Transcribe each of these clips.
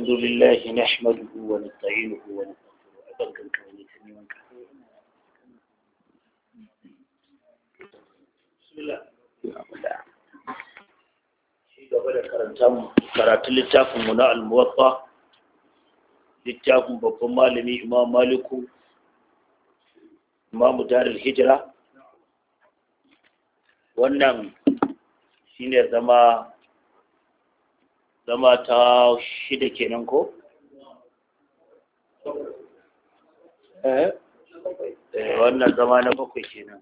الحمد لله نحمده ونستعينه ونستغفره أبدا بسم الله karatun littafinmu na almuwaffa littafin babban malami imam maliku imamu darul hijira wannan shine zama zama ta shida kenan ko? Eh? Eh, wannan zama na bakwai kenan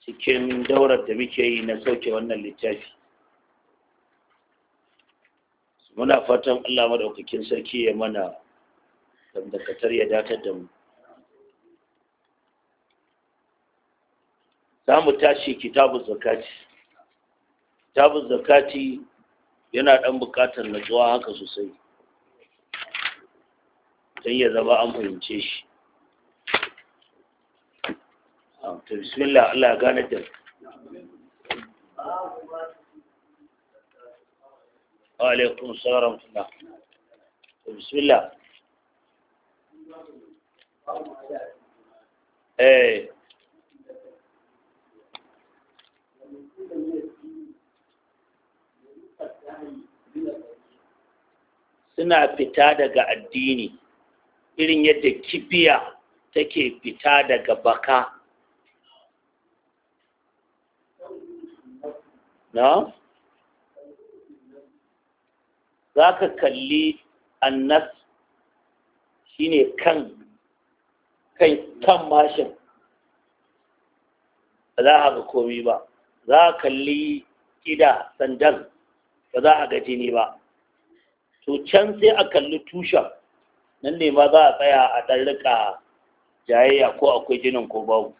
cikin daurar da muke yi na sauke wannan littafi muna fatan Allah maɗaukakin sarki ya mana tambakatar ya datar da mu za mu tashi kitabun zakati kitabun zakati yana ɗan buƙatar natsuwa haka sosai don ya zama an fahimce shi ah, ta bismillah Allah gane da alaikun sauran fina ta bismillah eh suna fita daga addini irin yadda kibiya take fita daga baka na za ka kalli annas shine kan kan kan mashin ba za a ga komi ba za a kalli ƙida sandan ba za a ga jini ba to can sai a kalli tushen nan ne ma za a tsaya a ɗan riƙa jayayya ko akwai jinin ko babu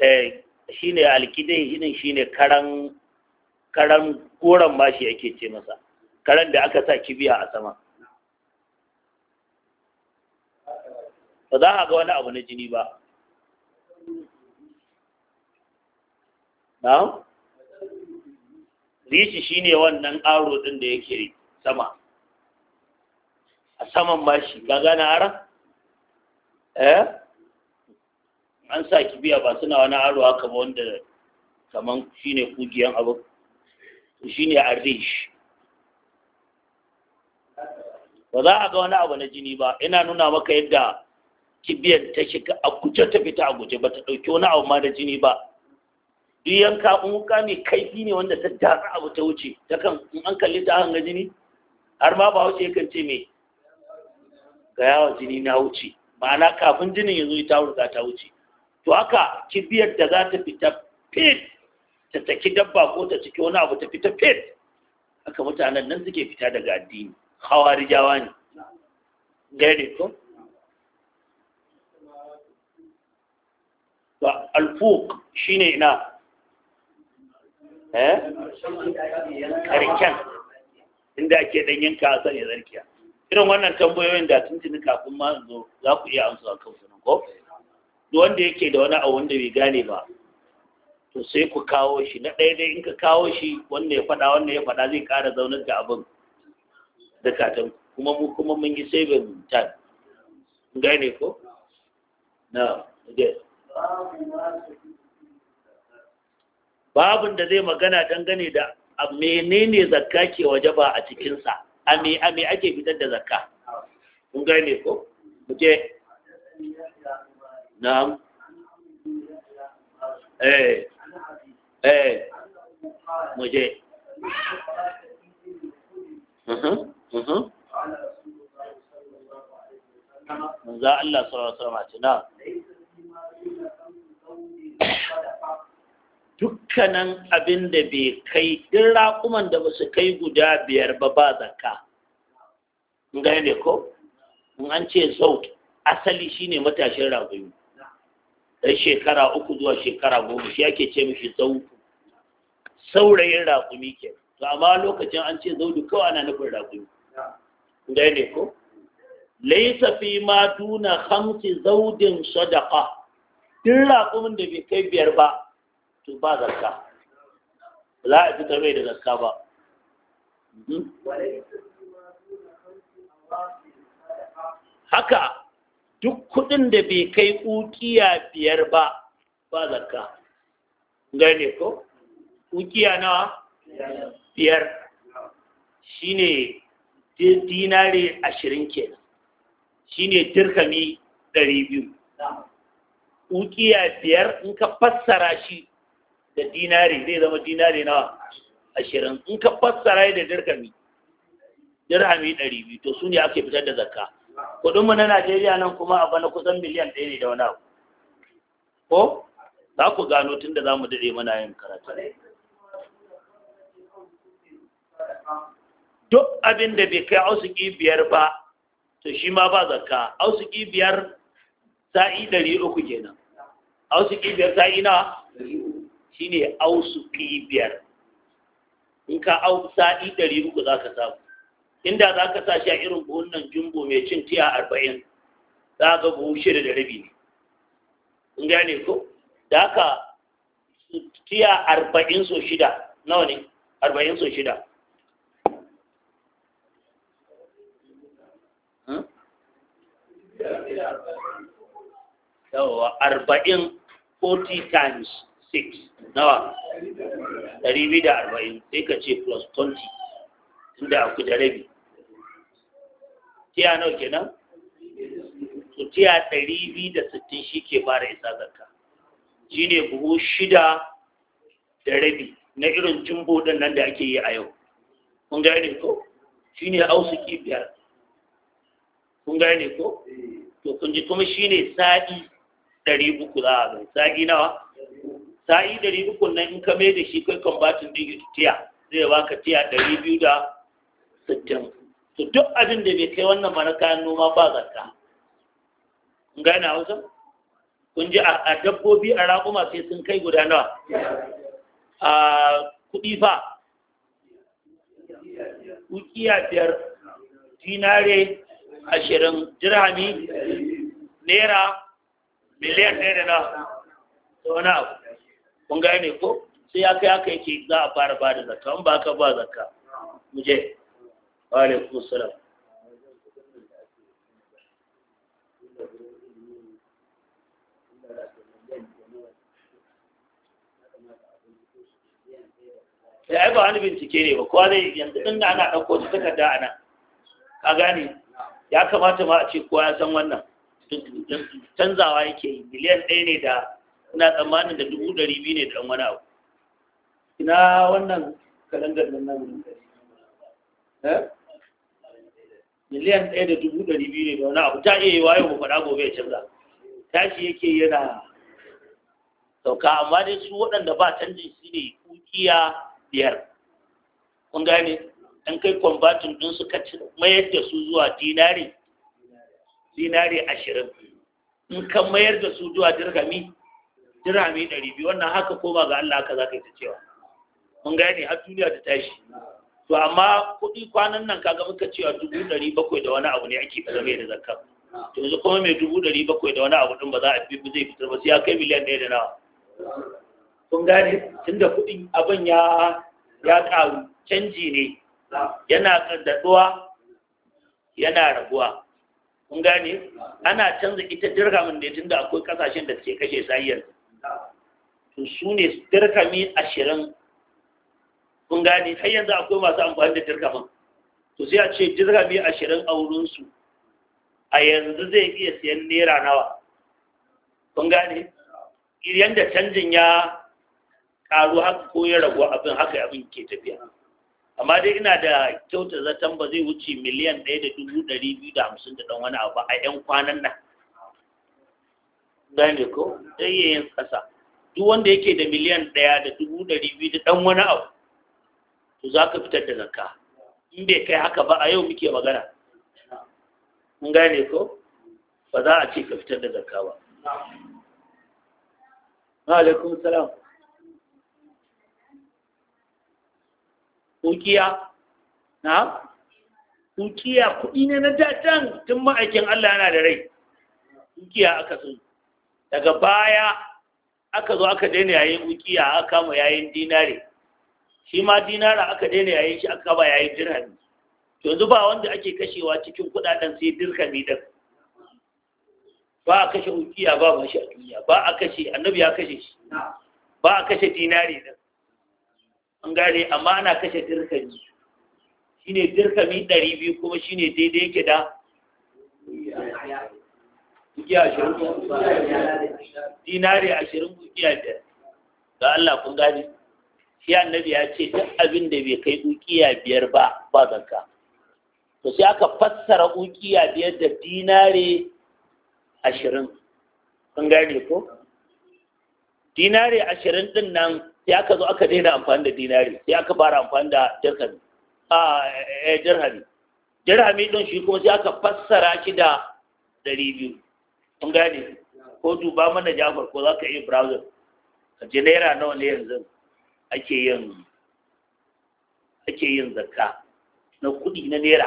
eh, shi ne alkidai hinin shi ne karan karan goron mashi yake ce masa karan da aka sa kibiya a sama ba za a ga wani abu na jini ba na? rishi shi ne wannan aro ɗin da yake sama a saman bashi Gaga na ara? eh an sa kibiya ba suna wani aro haka ba wanda kaman shine kugiyan abu Shi ne a rish. ba za a ga wani abu na jini ba ina nuna maka yadda kibiyar ta shiga a guje ta fita a guje ba ta ɗauki wani abu ma da jini ba shi yanka in wuka mai kaifi ne wanda ta datsa abu ta wuce ta kan in an kalli ta hanga jini har ma ba wuce yakan ce mai ga yawa jini na wuce ma'ana kafin jinin ya zo ta wurga ta wuce to haka kibiyar da za ta fita fit ta taki dabba ko ta ciki wani abu ta fita fit haka mutanen nan suke fita daga addini hawarijawa ne gare ko alfuk shine ina Eh? karken inda ake dan yanka a sanya zarkiya irin wannan tambayoyin da tuntuni kafin ma zo za ku iya amsa kan su ko duk wanda yake da wani abu wanda bai gane ba to sai ku kawo shi na ɗaya dai in ka kawo shi wanda ya faɗa wanda ya faɗa zai ƙara zaunar da abin da katan kuma mu kuma mun yi saving time gane ko na yes babun da zai magana dangane da menene zakka ke waje ba a cikinsa a me a me ake fitar da zakka kun gane ko muje na'am eh eh muje mhm uh-huh, mhm uh-huh. manzo Allah sallallahu alaihi wasallam na dukkanin abin da bai kai ɗin raƙuman da ba su kai guda biyar ba ba Nga ne ko in an ce zaut asali shine matashin raƙumi dan shekara uku zuwa shekara goma shi ake ce mashi zautu saurayin raƙumi ke to amma lokacin an ce zautu kawai ana nufin raƙumi ne ko laisa fi ma duna hamsi zaudin sadaka ɗin raƙumin da bai kai biyar ba to ba zarka ba a fitar mai da zarka ba haka duk kudin da bai kai ƙuƙiya biyar ba ba zarka gane ko Ƙuƙiya nawa biyar shine dinari ashirin kenan shine dirkami ɗari biyu Ƙuƙiya biyar in ka fassara shi da dinari zai zama dinari nawa ashirin in ka fassara da dirhami dirhami ɗari biyu to su ne ake fitar da zakka kuɗinmu na najeriya nan kuma a bana kusan miliyan ɗaya ne da wani abu ko za ku gano tun da za mu daɗe mana yin karatu duk abin da bai kai ausuki biyar ba to shi ma ba zakka ausuki biyar sa'i ɗari uku kenan ausuki biyar sa'i na shine ausu biyar in ka au sa'i ɗari uku za ka samu inda za ka sa shi a irin buhun nan jumbo mai cin tiya arba'in za ga buhu shida da rabi ne in gane ko da ka tiya arba'in so shida nawa ne arba'in so shida hmm? yawa arba'in 40 times 6 nawa 240 sai ka ce plus 20 inda aku da rabi tiya nawa kenan su tiya 260 shi ke fara isa zarka shi ne buhu shida da rabi na irin jumbo ɗin nan da ake yi a yau kun ne ko shi ne ausuki biyar kun ne ko eh. to kun ji kuma shi ne sa'i ɗari uku za a bai sa'i nawa sa'i ɗari uku nan in ka mai da shi kai kwambatin ɗin tiya zai baka tiya ɗari biyu da sittin to duk abin da bai kai wannan mana kayan noma ba zakka in gane hausa kun ji a dabbobi a raƙuma sai sun kai guda nawa a kuɗi fa ukiya biyar dinare ashirin dirhami naira miliyan ɗaya da na wani abu kun gane ko sai ya kai aka yake za a fara ba da zakka in ba ka ba zakka mu je wa alaikum salam da eh, ai ba wani bincike ne ba kowa zai yanzu din ana ɗauko su takarda a nan ka gane ya kamata ma a ce kowa ya san wannan canzawa yake miliyan ɗaya ne da ina tsammanin da dubu ɗari biyu ne ɗan wani abu ina wannan kalandar nan nan eh? miliyan ɗaya da dubu ɗari biyu ne da wani abu ta iya yi wayo yau faɗa gobe ya canza tashi yake yana sauka amma dai su waɗanda ba canji shi ne kukiya biyar kun gane an kai kwambatin ɗin suka mayar da su zuwa dinari dinari ashirin in kan mayar da su zuwa dirgami dirami ɗari biyu wannan haka koma ga Allah haka za ka yi ta cewa mun gane har duniya ta tashi to amma kuɗi kwanan nan kaga muka cewa dubu ɗari bakwai da wani abu ne ake ɗaga mai da zakka to yanzu kuma mai dubu ɗari bakwai da wani abu ɗin ba za a bibi zai fitar ba sai ya kai miliyan ɗaya da nawa kun gane tunda kuɗin abin ya ya ƙaru canji ne yana ƙaddaɗuwa yana raguwa kun gane ana canza ita dirhamin ne tunda akwai ƙasashen da suke kashe sayyar to su ne dirkami ashirin kun gane har yanzu akwai masu amfani da dirkamin to sai a ce dirkami ashirin a wurinsu a yanzu zai iya siyan nera nawa kun gane yadda canjin ya karu haka ko ya ragu abin haka abin ke tafiya amma dai ina da kyauta zaton ba zai wuce miliyan ɗaya da dubu ɗari biyu da hamsin da ɗan wani abu a 'yan kwanan nan gane ko zai iya yin kasa duk wanda yake da miliyan ɗaya da dubu ɗari biyu da ɗan wani abu to za ka fitar da zakka in bai kai haka ba a yau muke magana in gane ko ba za a ce ka fitar da zakka ba alaikum salam kukiya na kukiya kuɗi ne na dadan tun ma'aikin Allah yana da rai kukiya aka sun daga baya aka zo aka daina yayin ukiya aka kama yayin dinare shi ma dinara aka daina yayin shi aka kama yayin dirhami to yanzu ba wanda ake kashewa cikin kudaden sai dirhami din ba a kashe ukiya ba ba shi a duniya ba a kashe annabi ya kashe shi ba a kashe dinare din an gane amma ana kashe dirhami shine dirhami 200 kuma shine daidai yake da igiya ashirin dinari ashirin igiya biyar ga Allah kun gani shi annabi ya ce duk abin da bai kai ukiya biyar ba ba zakka to sai aka fassara ukiya biyar da dinare ashirin kun gane ko dinare ashirin din nan sai aka zo aka daina amfani da dinare sai aka fara amfani da dirhami a eh, eh, dirhami dirhami din shi kuma sai aka fassara shi da ɗari biyu kun gane ko duba mana jafar ko za ka yi browser ka ji naira nawa ne yanzu ake yin ake yin zakka na kuɗi na naira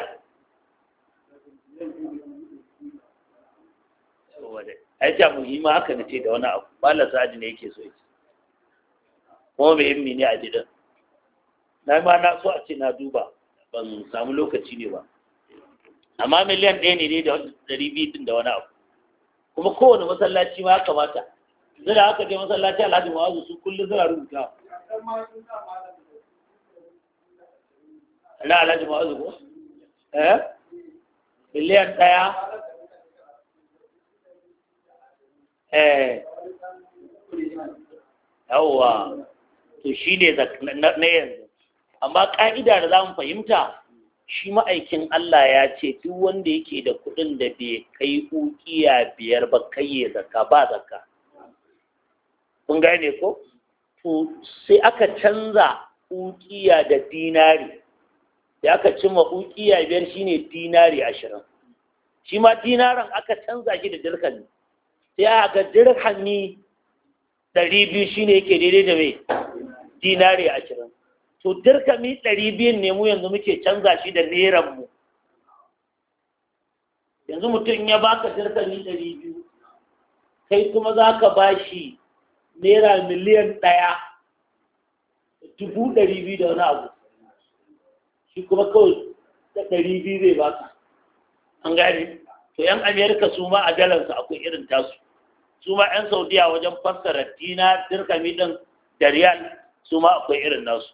ai ta muhimma haka na ce da wani abu malam sa'adi ne yake so yake kuma mai yin ne a gidan na ma na so a ce na duba ban samu lokaci ne ba amma miliyan ɗaya ne ne da ɗari biyu da wani abu kuma kowane masallaci ma ya kamata yanzu da haka je masallaci alhaji ma'azu su kullum suna rubuta na alhaji ma'azu ko eh miliyan ɗaya eh yawwa to shi ne na yanzu amma ƙa'ida da za mu fahimta shi ma'aikin Allah ya ce duk wanda yake da kuɗin da bai kai ukiya biyar ba kai ya zaka ba zaka kun gane ko to sai aka canza ukiya da dinari da aka cimma ukiya biyar shine dinari ashirin shi ma dinaran aka canza shi da dirhami sai aka dirhami ɗari biyu shine yake daidai da mai dinari ashirin to mi ɗari biyun ne mu yanzu muke canza shi da neran mu yanzu mutum ya baka mi ɗari biyu kai kuma za ka ba shi naira miliyan ɗaya dubu ɗari biyu da wani abu shi kuma kawai da ɗari biyu zai baka an gani to yan amerika su ma a dalansu akwai irin tasu su ma yan saudiya wajen fassara dina mi ɗin da riyal su ma akwai irin nasu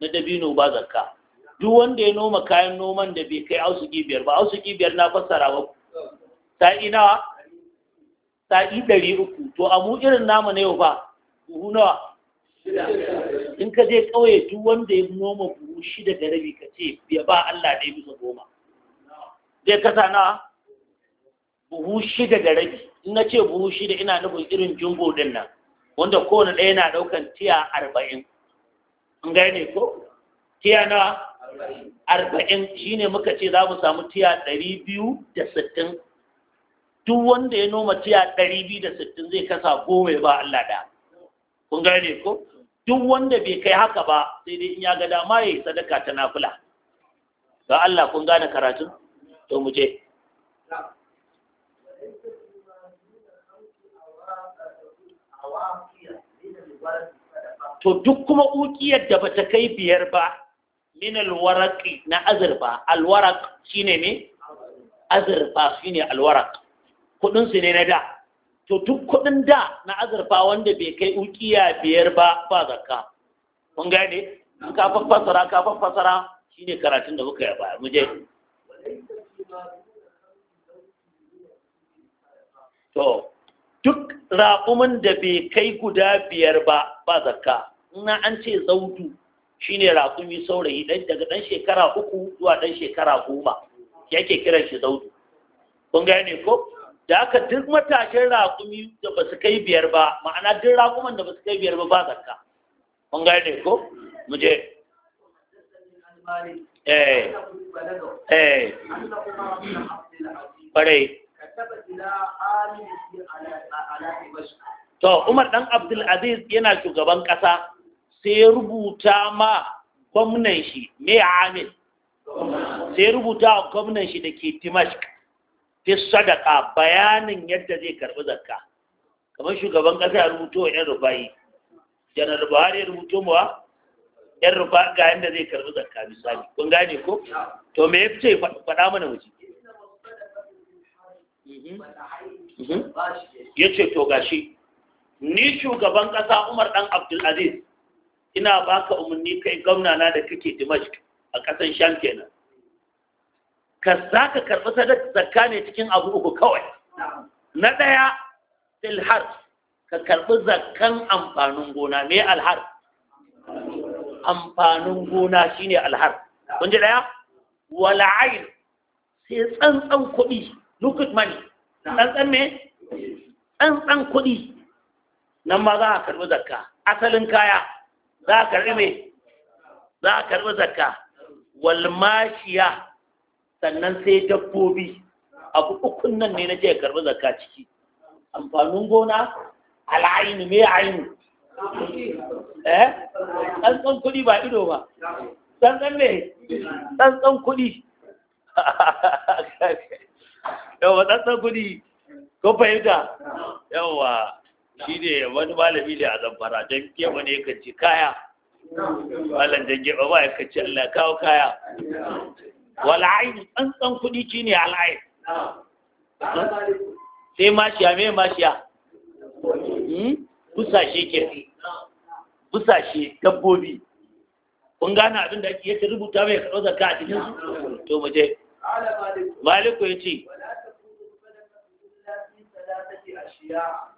na dabino ba zakka duk wanda ya noma kayan noman da bai kai ausu gibiyar ba ausu gibiyar na fassara ba sa'i nawa sa'i ɗari uku to a mu irin nama na yau ba buhu nawa in ka je ƙauye duk wanda ya noma buhu shida da rabi ka ce ya ba Allah ɗaya bisa goma zai kasa nawa buhu shida da rabi in na ce buhu shida ina nufin irin jumbo din nan wanda kowane ɗaya na ɗaukan tiya arba'in gane ko tiya na arba'in ne muka ce za mu samu tiya ɗari biyu da sittin duk wanda ya noma tiya ɗari biyu da sittin zai kasa goma ba Allah da kun gane ko duk wanda bai kai haka ba sai dai in ya ga dama ya yi sadaka ta nafula ga Allah kun gane karatun to mu je to duk kuma ukiyar da ba ta kai biyar ba min alwaraqi na azurfa alwaraq shine ne azurfa shine alwaraq kudin su ne na da to duk kudin da na azurfa wanda bai kai ukiya biyar ba ba zakka kun gane ka fassara ka fassara shine karatun da muka yi mu je to duk raƙumin da bai kai guda biyar ba ba zakka na an ce zautu shine raƙumi saurayi daga ɗan shekara uku zuwa ɗan shekara goma yake kiran shi zautu kun gane ko da aka duk matashin raƙumi da ba su kai biyar ba ma'ana duk raƙuman da ba su kai biyar ba ba zakka kun gane ko mu je eh eh ƙwarai To, Umar ɗan Abdulaziz yana shugaban ƙasa sai ya rubuta ma gwamnan shi, me amil, sai ya rubuta wa gwamnan shi da ke Timashk, fi sadaka bayanin yadda zai karɓi zakka. Kamar shugaban ƙasa ya rubuto wa ‘yan rufayi, janar Buhari ya rubuto mawa ‘yan rufa ga yadda zai karɓi zakka misali, kun gane ko? To, me ya fi ce faɗa mana waje? Mm-hmm. Mm-hmm. ya ce to gashi ni shugaban ƙasa umar ɗan abdulaziz ina baka umarni kai gwamna na da kake dimashk a ƙasan sham kenan ka za ka karɓi zakka ne cikin abu uku kawai na ɗaya ilhar ka karɓi zakkan amfanin gona me alhar amfanin gona shine alhar kun ji ɗaya wala'ayin sai tsantsan kuɗi liquid money ɗanɗan me Ɗanɗan kuɗi nan ma za a karɓi zakka asalin kaya za a karɓi me za a karɓi zakka walmashiya sannan sai dabbobi abu ukun nan ne na je karɓi zakka ciki amfanin gona al'ainu me ainu eh Ɗanɗan kuɗi ba ido ba Ɗanɗan me Ɗanɗan kuɗi yawa tsantsan kudi ko fahimta yawa shi ne wani malami da a zamfara don kewa ne kan ci kaya malam don kewa ba ya kanci allah kawo kaya wal'ayin tsantsan kudi shi ne al'ayin sai mashiya mai mashiya hmm? busashe ke busashe dabbobi kun gane abin da ake rubuta mai karɓar zakka a cikin su to mu je ya ce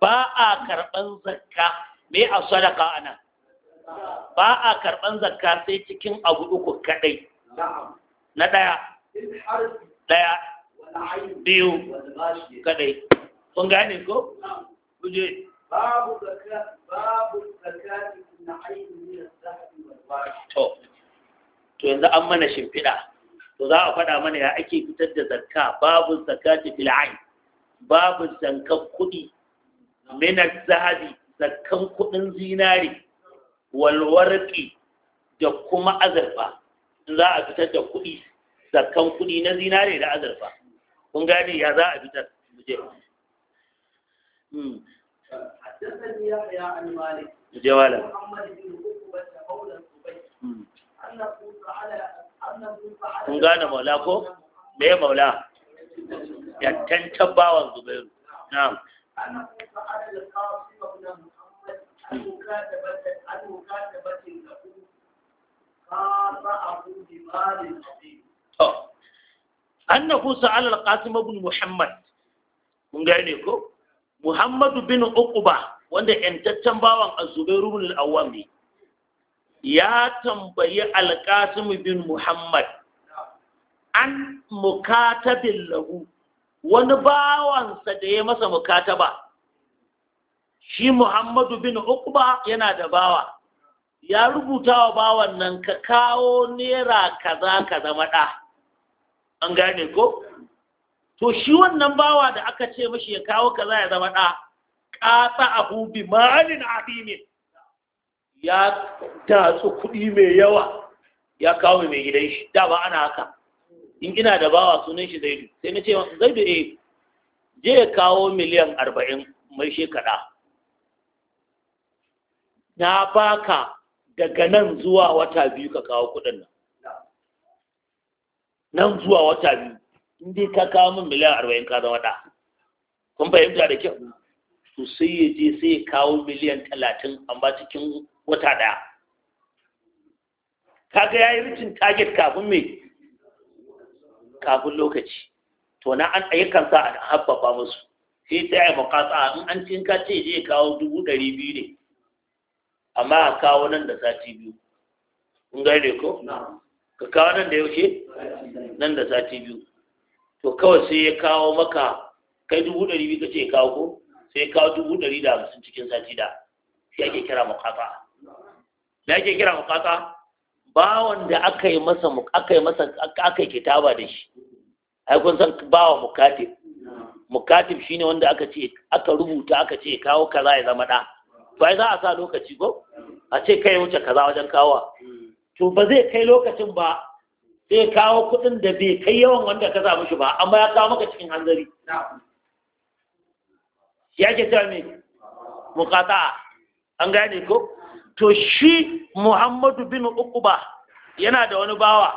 ba a karɓan zakka me a sadaka ana ba a karɓan zakka sai cikin abu uku kaɗai na ɗaya ɗaya biyu kaɗai kun gane ko? kuje babu zakka na ainihin to to yanzu an mana shimfiɗa to za a faɗa mana ya ake fitar da zakka babu zakati fil ain babu zankan kuɗi minat zahabi zakkan kuɗin zinari walwarki da kuma azurfa za a fitar da kuɗi zakkan kuɗi na zinari da azurfa kun gane ya za a fitar muje muje wala kun gane maula ko me maula ya tantabawan zubairu na'am annahu سأل القاسم بن محمد عن mun gane ko Muhammadu bin Uquba wanda ‘yantaccen bawan Azubairu bin al'awwam ne, ya tambayi Alƙasimu bin Muhammad an bin lahu wani bawansa da ya masa mukataba shi Muhammadu bin Uqba yana da bawa ya rubuta wa bawan nan ka kawo nera kaza ka zama ɗa an gane ko to shi wannan bawa da aka ce mashi ya kawo kaza ya zama ɗa ƙasa abu bi ma'anin ne. ya tatsu kuɗi mai yawa ya kawo mai gidan shi da ba ana haka in ina da bawa sunan shi zaidu sai na ce zaidu eh je ya kawo miliyan arba'in mai shekada na baka daga nan zuwa wata biyu ka kawo kudin nan nan zuwa wata biyu in dai ka kawo min miliyan arba'in ka zama da kun fahimta da kyau to sai ya je sai ya kawo miliyan talatin amma cikin wata daya kaga ya yi rikin target kafin mai kafin lokaci to na an ayyukan sa a haɓɓaɓa musu sai sai a buƙasa in an cin ka ce zai kawo dubu ɗari biyu ne amma a kawo nan da sati biyu kun ne ko ka kawo nan da yaushe nan da sati biyu to kawai sai ya kawo maka kai dubu ɗari biyu ka ce kawo ko sai ya kawo dubu ɗari da hamsin cikin sati da shi ake kira muƙasa da ake kira muƙasa bawan da aka yi masa aka yi masa aka yi kitaba da shi ai kun san bawa mukatib mukatib shine wanda aka ce aka rubuta aka ce kawo kaza ya zama da to ai za a sa lokaci ko a ce kai wuce kaza wajen kawo to ba zai kai lokacin ba sai kawo kuɗin da bai kai yawan wanda ka samu shi ba amma ya kawo maka cikin hanzari ya ke cewa me mukata an gane ko to shi Muhammadu bin Uqba yana da wani bawa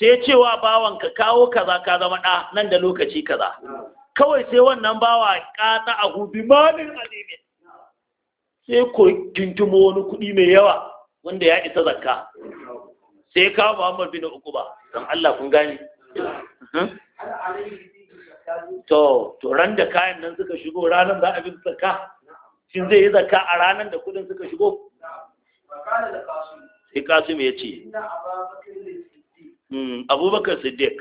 sai cewa bawan ka kawo kaza ka zama da nan da lokaci kaza kawai sai wannan bawa kata a hubi malin alimin sai ko tuntuma wani kuɗi mai yawa wanda ya isa zakka sai kawo Muhammadu bin Uqba dan Allah kun gani hmm? to to ran da kayan nan suka shigo ranan za a bin zakka shin zai yi zakka a ranan da kudin suka shigo sai kasim ya ce hmm, abubakar siddiq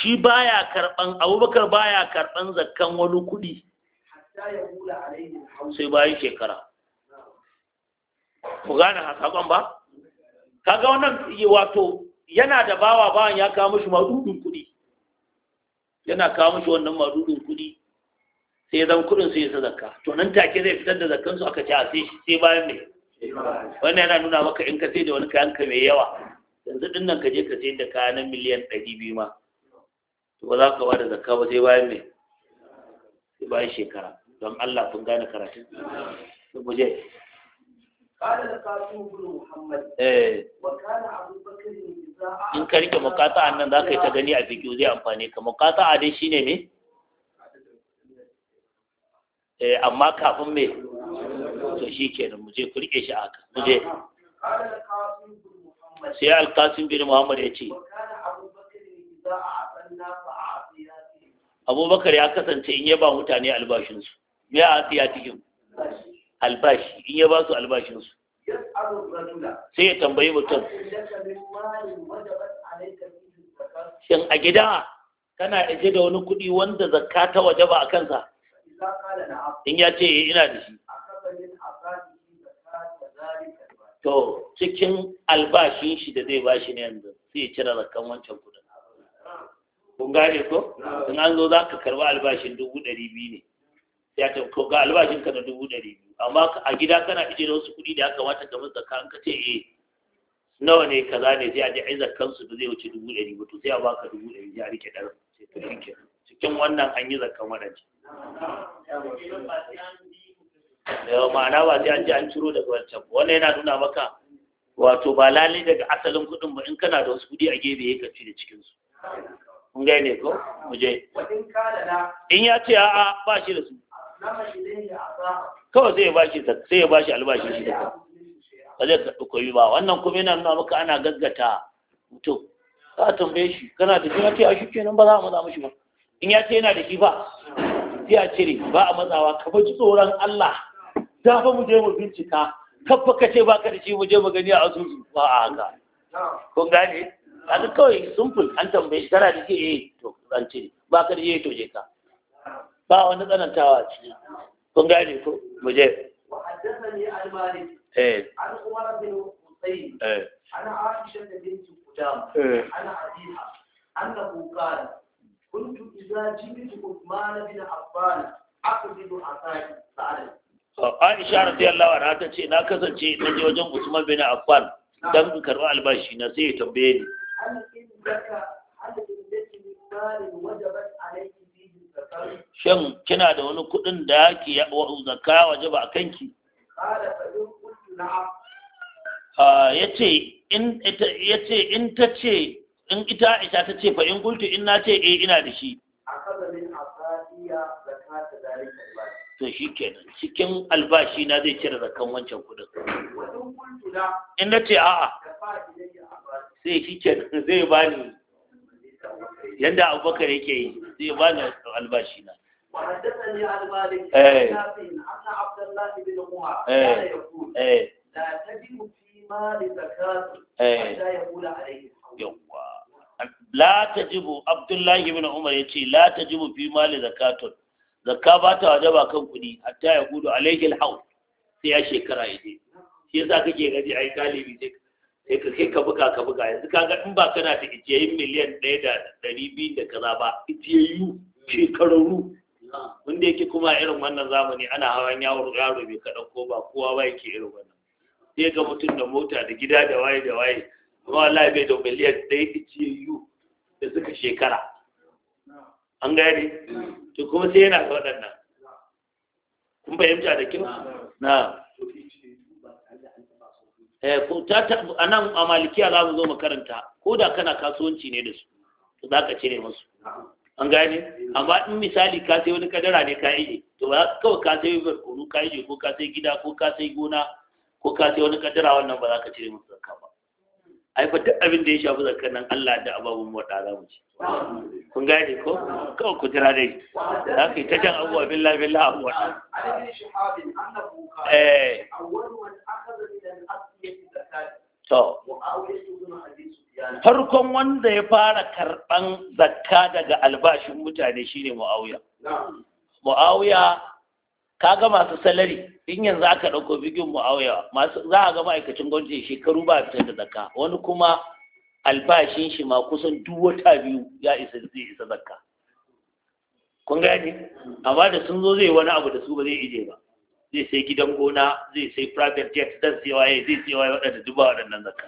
shi baya karban abubakar baya karban zakkan wani kuɗi sai bayan shekara ku gane hasakon ba kaga wannan wato yana da bawa bawan ya kawo mashi madudin kuɗi yana kawo mashi wannan madudin kuɗi sai ya zama kudin su yi zakka to nan take zai fitar da zakkan su aka ci a sai bayan me wannan yana nuna maka in ka sai da wani kayan ka mai yawa yanzu din nan ka je ka sai da kaya na miliyan ɗari biyu ma to ba za ka ba da zakka ba sai bayan me sai bayan shekara don Allah kun gane karatun mu je eh. in ka rike mukata nan za ka yi ta gani a fikiyu zai amfani ka mukata a dai shine me eh amma kafin me to shi kenan mu je kurke shi haka muje sai alkasim bin muhammad ya ce abubakar ya kasance in ya ba mutane albashinsu a asiya cikin albashi in ya ba su albashinsu sai ya tambayi mutum shin a gida kana ije da wani kuɗi wanda zakka ta waje ba a kansa in ya ce eh, ina da shi to cikin albashin shi da zai bashi ne yanzu sai ya cire kan wancan kudin kun gane ko in an zo za ka karba albashin dubu ɗari biyu ne ya ce ko ga albashin ka na dubu ɗari biyu amma a gida kana ije da wasu kuɗi da ya kamata ka masa ka ka ce eh nawa ne kaza ne sai a ji aizar kansu da zai wuce dubu ɗari ba to sai a baka dubu ɗari ya rike ɗarin sai to shi kenan cikin wannan an yi mara wadanci yau ma'ana ba sai an ji an ciro daga wancan wannan yana nuna maka wato ba lalle daga asalin kuɗin ba in kana da wasu kuɗi a gefe ya kafi da cikinsu kun ne ko mu je in ya ce a'a ba shi da su kawai sai ya bashi sai ya bashi albashi shi da ba zai karɓi koyi ba wannan kuma yana nuna maka ana gaggata mutum Za a tambaye shi kana da shi ya ce a shi kenan ba za mu za mu shi ba in ya ce yana da shi ba ya a cire ba a matsawa ka ji tsoron Allah ta fa mu je mu bincika fa ka ce baka da shi mu je mu gani a asusu ba a haka kun gane kaga kawai simple an tambaye tana da shi eh to an cire ka da shi to je ka ba wani tsanantawa a ciki kun gane ko mu je وحدثني عن مالك عن عمر بن حسين عن عائشة بنت قدام عن أبيها أنه قال كنت إذا جئت عثمان بن عفان أقبض عصاي سعد Aisha radiyallahu anha ta ce na kasance na je wajen Usman bin Affan dan in karɓi albashi na sai ya tambaye ni Shin kina da wani kuɗin da ya ke zakka waje ba a kanki? Ya ce in ta ce in ita aisha ta ce fa in gultu in na ce eh ina da shi to shi kenan cikin albashi na zai cire zakan wancan kudin in na ce a'a sai shi kenan zai bani yadda abubakar yake yi zai bani albashi na eh. Abdullahi Bin مالك Ya عبد الله بن عمر كان la tajibu abdullahi ibn umar ce la tajibu fi mali zakatun zakka ba ta wajaba kan kuɗi hatta ya gudu alaihi alhaul sai ya shekara ya je shi yasa kake gaji ai galibi sai sai ka kai ka buga ka buga yanzu kaga in ba kana da ijiyayin miliyan ɗaya da ɗari biyu da kaza ba ijiyayyu shekararru wanda yake kuma irin wannan zamani ana hawan yawon yaro bai kaɗan ko ba kowa ba yake irin wannan sai ga mutum da mota da gida da waye da waye kuma wallahi bai da miliyan ɗaya ijiyu da suka shekara an gane to kuma sai yana da waɗannan kun fahimta da kyau na eh, a nan a maliki za mu zo makaranta karanta ko da kana kasuwanci ne da su to za ka cire musu an ni. amma in misali ka sai wani kadara ne ka yi to ba kawai ka sai barkono ka yi ko ka sai gida ko ka sai gona ko ka sai wani kadara wannan ba za ka cire musu zakka ba ai duk abin da ya shafi zakar nan Allah da ababun wata za mu ci kun gane ko kawai ku jira dai za ka yi ta jan abuwa bin labin abuwa eh to farkon wanda ya fara karɓan zakka daga albashin mutane shine mu'awiya mu'awiya kaga masu salari in yanzu aka ɗauko bigin mu'awiya masu za a ga ma'aikacin gwamnati shekaru ba fitar da zakka wani kuma albashin shi ma kusan duk wata biyu ya isa zai isa zakka kun gani? amma da sun zo zai wani abu da su ba zai ije ba zai sai gidan gona zai sai private jet dan sai waye zai sai waye waɗanda duba waɗannan zakka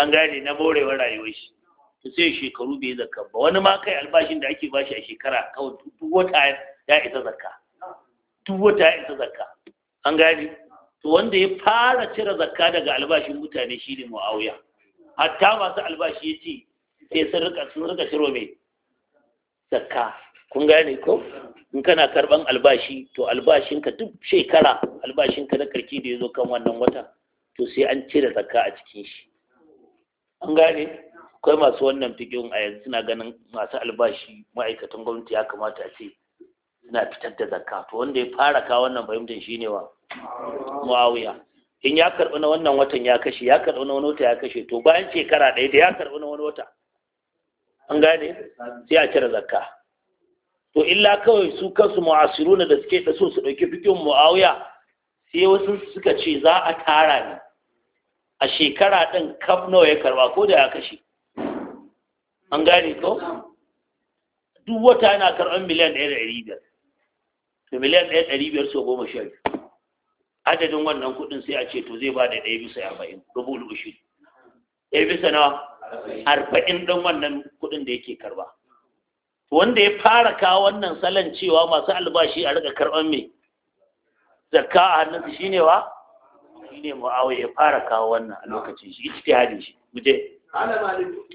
an gane na morewar rayuwar shi to sai shekaru bai zakka ba wani ma kai albashin da ake bashi a shekara kawai duk wata ya isa zakka duk wata ya isa zakka an gani to wanda ya fara cire zakka daga albashin mutane shi ne mu'awiya hatta masu albashi ya ce sai sun rika sun rika ciro mai zakka kun gane ko in kana karban albashi to albashinka duk shekara albashinka na karki da ya zo kan wannan wata to sai an cire zakka a cikin shi an gane kai masu wannan fikin a yanzu suna ganin masu albashi ma'aikatan gwamnati ya kamata a ce suna fitar da zakka to wanda ya fara ka wannan fahimtar shine wa muawiya in ya karɓi na wannan watan ya kashe ya karɓi na wani wata ya kashe to bayan shekara ɗaya da ya karɓi na wani wata an gane sai a cire zakka to illa kawai su kansu mu'asiruna da suke da so su ɗauki fikin muawiya sai wasu suka ce za a tara ne a shekara ɗin kaf nawa ya karɓa ko da ya kashe an gane ko duk wata yana karɓar miliyan ɗaya da ɗari biyar to miliyan ɗaya ɗari biyar sau goma sha biyu adadin wannan kuɗin sai a ce to zai ba da ɗaya bisa arba'in rubu shi ɗaya bisa na arba'in ɗin wannan kuɗin da yake karba wanda ya fara kawo wannan salon cewa masu albashi a riƙa karɓar mai zakka a hannunsa shine wa shine mu'awai, ya fara kawo wannan a lokacin shi ita hadin shi je?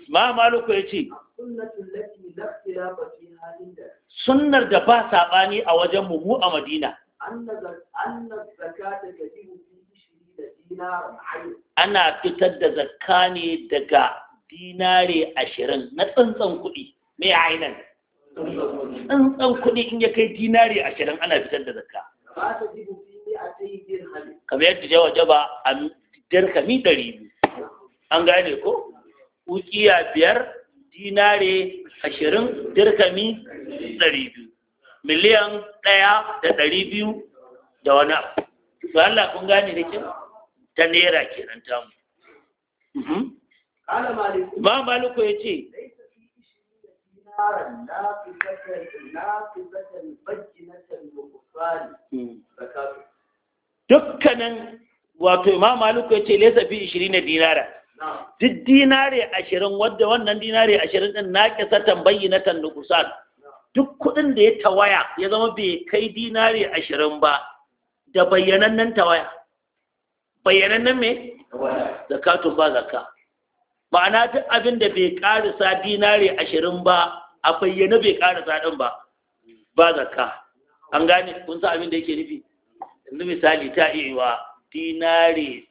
ma maluku ya ce sunnatul lati la ikhtilafa fi halin da sunnar da ba saɓani a wajen mu a madina ana fitar da zakka ne daga dinare ashirin na tsantsan kuɗi mai ainihin tsantsan kuɗi in ya kai dinare ashirin ana fitar da zakka kamar yadda jawa jaba a dirhami ɗari biyu an gane ko ukiya biyar dinare ashirin dirkami ɗari biyu miliyan ɗaya da ɗari biyu da wani abu to Allah kun gane da ke ta naira nan tamu ma mhm. maliku ya ce dukkanin wato ma maluku ya ce hmm. lesa fi na dinara duk dinare ashirin wadda wannan dinare ashirin ɗin na kisa tambayi na tannukusan duk kuɗin da ya tawaya ya zama bai kai dinare ashirin ba da bayyanannen tawaya bayyanannen me zakatun ba zakka ma'ana duk abin da bai karisa dinare ashirin ba a bayyana bai karisa ɗin ba ba zakka an gane kun sa abin da yake nufi yanzu misali ta iya wa dinare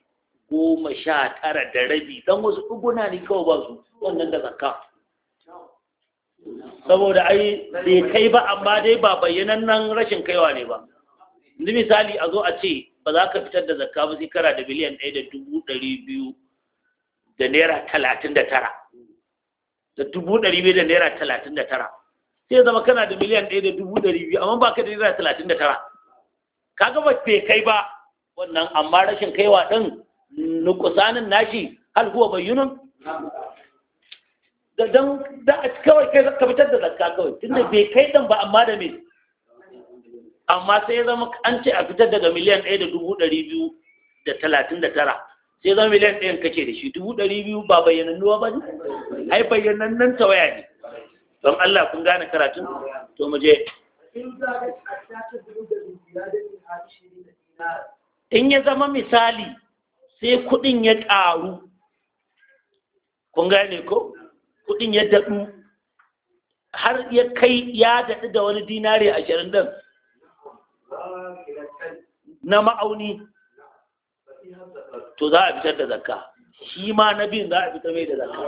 goma sha tara da rabi don wasu ɗuguna ne kawai ba su wannan da zaka saboda ai bai kai ba amma dai ba bayyanan nan rashin kaiwa ne ba yanzu misali a zo a ce ba za ka fitar da zakka ba sai kara da biliyan ɗaya da dubu ɗari biyu da naira talatin da tara da dubu ɗari biyu da naira talatin da tara sai zama kana da miliyan ɗaya da dubu ɗari biyu amma ba ka da naira talatin da tara kaga ba bai kai ba wannan amma rashin kaiwa ɗin nukusanin nashi hal huwa bayyinun da dan da kawai kai ka fitar da zakka kawai tunda bai kai dan ba amma da me amma sai ya zama an ce a fitar daga miliyan ɗaya da dubu ɗari biyu da talatin da tara sai zama miliyan ɗayan kake da shi dubu ɗari biyu ba bayyanannuwa ba ne ai bayyanannan waya ne don Allah kun gane karatun to mu je in ya zama misali sai kuɗin ya ƙaru kun gane ko kuɗin ya daɗu har ya kai ya daɗu da wani dinari ashirin ɗin na ma'auni to za a fitar da zakka shi ma na biyun za a fitar mai da zakka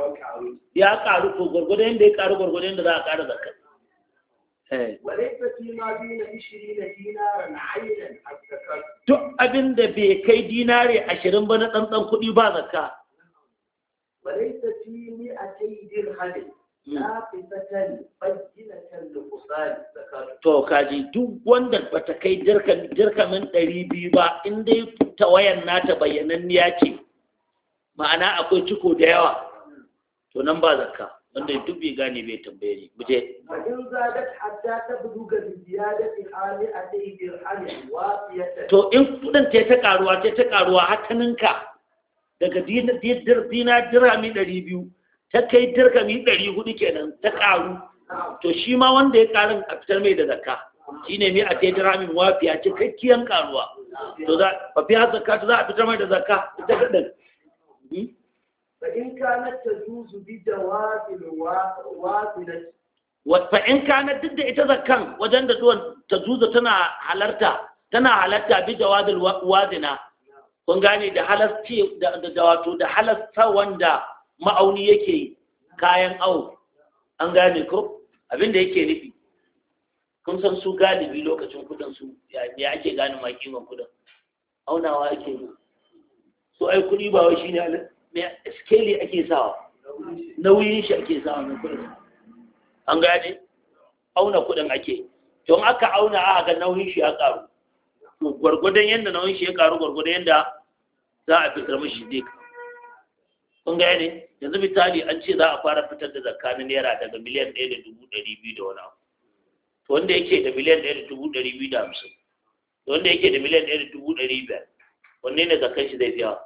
ya ƙaru to gwargwadon da ya ƙaru gwargwadon da za a ƙara zakka Eh. Duk abinda bai kai dinari ashirin ba na ba hmm. To kaji duk wanda ba ta kai jirkamin ɗari biyu ba in ta wayan nata bayyananniya ce ma'ana akwai ciko da yawa to nan ba zakka. wanda duk bai gane bai tambaye ni mu je to in kudin ta ta karuwa ta ta karuwa har ta ninka daga dina dinar ɗari biyu ta kai dirhami ɗari kenan ta karu to shi ma wanda ya karin a fitar mai da zakka shi ne mai a ta dirhami wafiya cikakkiyan karuwa to za a fi har zakka za a fitar mai da zakka ita kaɗan hmm? فإن كانت تجوز بجواز الواصلة فإن كانت ضد إتذكر وجند تجوز تنا حلرتا تنا حلرتا بجواز الواذنة kun gane da halarci da wato da halasta wanda ma'auni yake kayan awo an gane ko da yake nufi kun san su galibi lokacin kudin su ya ake gane ma kiman kudin aunawa ake yi so ai kudi ba wai shine skeli ake sawa nauyin shi ake sawa na kudin an gane auna kudin ake don aka auna a ga nauyin shi ya karu gwargwadon yadda nauyin shi ya karu gwargwadon yadda za a fitar mashi zai An gaya ne yanzu misali an ce za a fara fitar da zakka na naira daga miliyan ɗaya da dubu ɗari biyu da wani abu to wanda yake da miliyan ɗaya da dubu ɗari biyu da hamsin to wanda yake da miliyan ɗaya da dubu ɗari biyar wanne ne zakkan shi zai fi yawa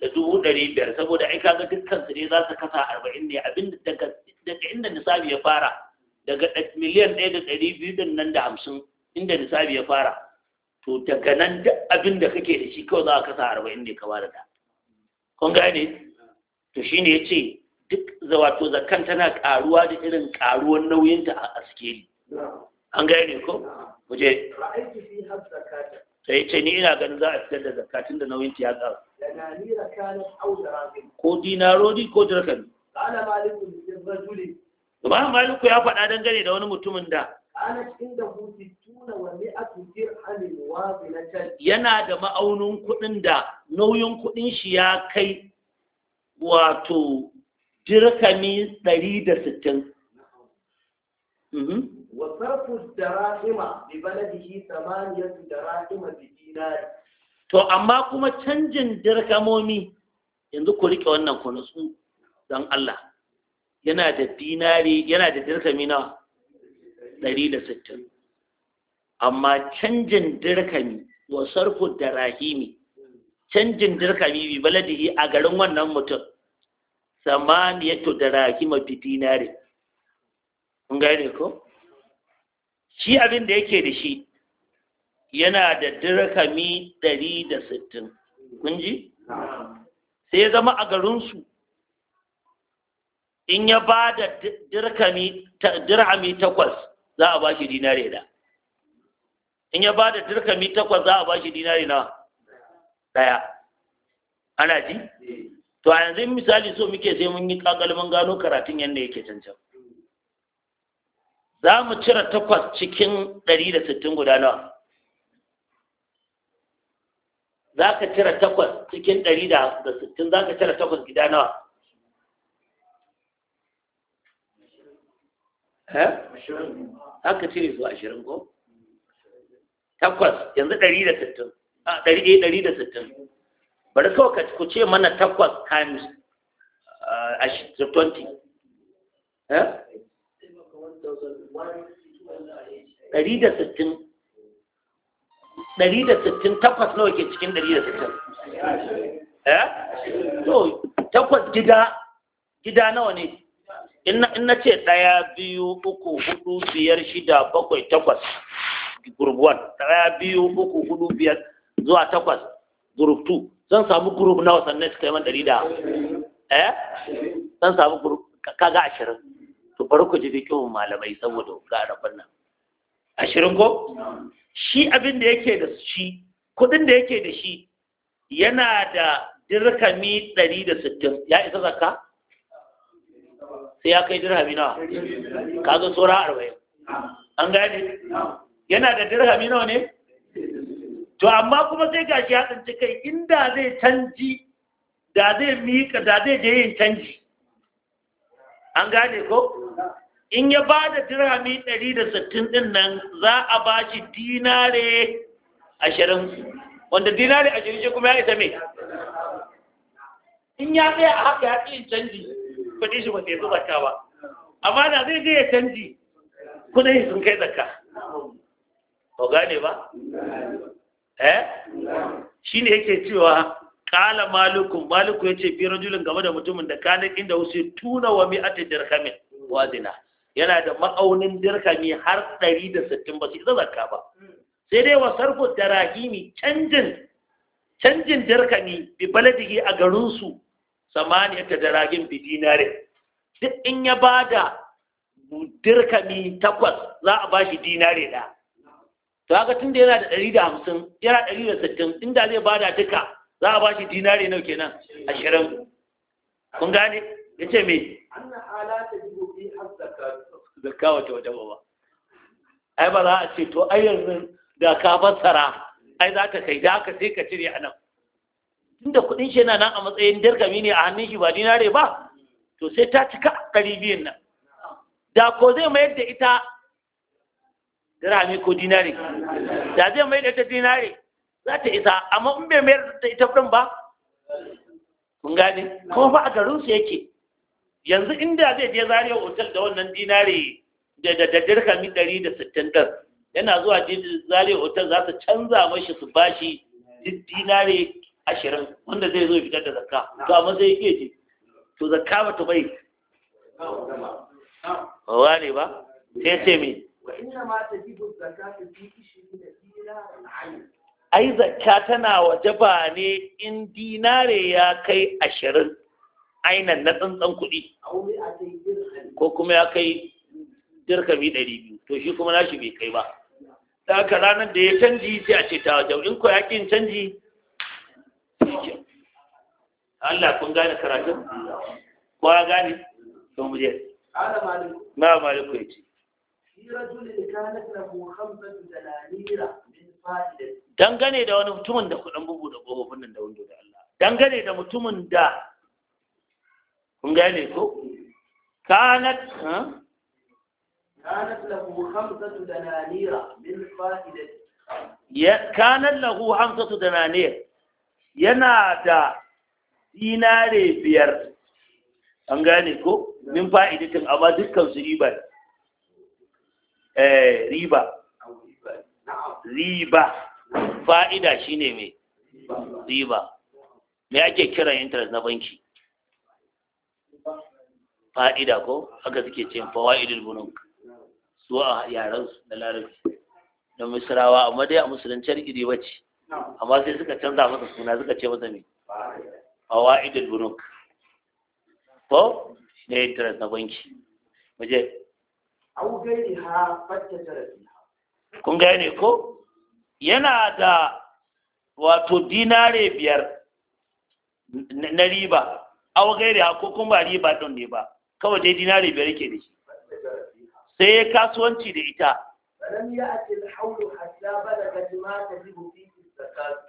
da dubu ɗari biyar saboda ai kaga dukkan su ne za su kasa arba'in ne abin daga inda nisabi ya fara daga miliyan ɗaya da ɗari biyu da nan da hamsin inda nisabi ya fara to daga nan duk abin da kake da shi kawai za ka kasa arba'in ne ka da ta kun gane to shi ne ya ce duk wato zakan tana karuwa da irin ƙaruwar nauyinta a askeli an gane ko muje sai ce ni ina ganin za a fitar da zakatun da nauyin ya ƙaru ko dinarodi ko dirhami Imam Malik ya faɗa dangane da wani mutumin da yana da ma'aunin kuɗin da nauyin kuɗin shi ya kai wato dirkami 160 وصرف الدراهم ببلده ثمانية دراهم بدينار to amma kuma canjin dirkamomi yanzu ku rike wannan ku nutsu don Allah yana da dinari yana da dirkami na 160 amma canjin dirkami wa sarfu Rahimi, canjin dirkami bi baladihi a garin wannan mutum samaniyatu Rahima bi dinari kun gane ko shi abin da yake da shi yana da dirhami dari da sittin kun ji sai ya zama a garinsu in ya ba da dirhami takwas za a ba shi dinare da in ya ba da dirhami takwas za a ba shi dinare na ɗaya ana ji eh. to a yanzu misali so muke sai mun yi kakalmin gano karatun yadda yake cancan za mu cire takwas cikin ɗari da sittin guda nawa za ka cire takwas cikin ɗari da sittin za ka cire takwas gida nawa haka eh? cire su ashirin ko takwas yanzu ɗari da sittin a ɗari ɗaya eh, ɗari da sittin bari kawai ka ku ce mana takwas times 20 eh, ɗari da sittin takwas nawa ke cikin ɗari da sittin eh to takwas gida gida nawa ne in na ce ɗaya biyu uku hudu biyar shida bakwai takwas group 1 ɗaya biyu uku hudu biyar zuwa takwas group 2 zan samu group nawa sannan suka yi man ɗari da eh zan samu group kaga ashirin to bar ku ji fikihun malamai saboda ga rabin nan ashirin ko shi abin da yake da shi kudin da yake da shi yana da dirhami ɗari da sittin ya isa zakka sai ya kai dirhami nawa ka zo tsora arba'in an gane yana da dirhami nawa ne to amma kuma sai gashi ya tsinci kai inda zai canji da zai miƙa da zai je yin canji an gane ko in ya ba da dirhami 160 din nan za a ba shi dinare 20 wanda dinare 20 shi kuma ya isa me in ya tsaya a haka ya tsayin canji kudin shi ba ta yi zubata ba amma da zai je ya canji kudin sun kai zakka ko gane ba eh shi ne yake cewa kala malikun maluku ya ce biyar julin game da mutumin da kanin inda wasu tuna wa mi'ati dirhamin wazina yana da ma'aunin dirhami har 160 ba su isa zakka ba sai dai wa sarfu darahimi canjin canjin dirhami bi baladihi a garinsu samaniya ta darahim bi dinare duk in ya bada dirhami takwas za a bashi dinare da to haka tun da yana da 150 yana 160 inda zai bada duka za a ba shi dinari nau kenan ashirin kun gane ya ce me zakka wata wata ba ai ba za a ce to ai yanzu da ka fassara ai za ta kai da haka sai ka cire a nan tunda kuɗin shi yana nan a matsayin dirkami ne a hannun shi ba dinare ba to sai ta cika ɗari biyun nan da ko zai mayar da ita dirhami ko dinare da zai mayar da ita dinare za ta isa amma in bai mayar da ita ɗin ba kun gane kuma ba a su yake yanzu inda zai je zariya otal da wannan dinare da da da dirhami 160 da sittin ɗin yana zuwa zariya otal za su canza mashi su bashi dinare ashirin wanda zai zo fitar da zakka to amma sai yake ce to zakka ba ta bai ba ne ba sai ce me wa inna ma fi al-ayn ai zakka tana wajaba ne in dinare ya kai ashirin ainihin na tsantsan kuɗi ko kuma ya kai dirkami ɗari biyu to shi kuma nashi bai kai ba ta haka ranar da ya canji sai a ce ta wajen in ko ƙin canji Allah kun gane karatun ko ya gane to mu je na maliku ya ce dangane da wani mutumin da kudin bugu da kofofin nan da wando da Allah dangane da mutumin da kun gane ko kanat ha kanat lahu khamsatu dananira min fa'idati ya kanat lahu khamsatu dananir yana da dinare biyar an gane ko min fa'idatin amma dukkan su riba eh riba riba fa'ida shine mai riba me ake kiran interest na banki fa'ida ko haka suke ce fawa'idul bunuk zuwa a yaran su da larabci da misrawa amma dai a musulunciyar iri bace amma sai suka canza masa suna suka ce masa me fawa'idul bunuk ko ne interest na banki waje au gairi ha fatta tarafi kun gane ko yana da wato dinare biyar na riba awa gairi ko kuma ba riba ɗin ne ba kawai dai dinare biyar ke da shi sai ya kasuwanci da ita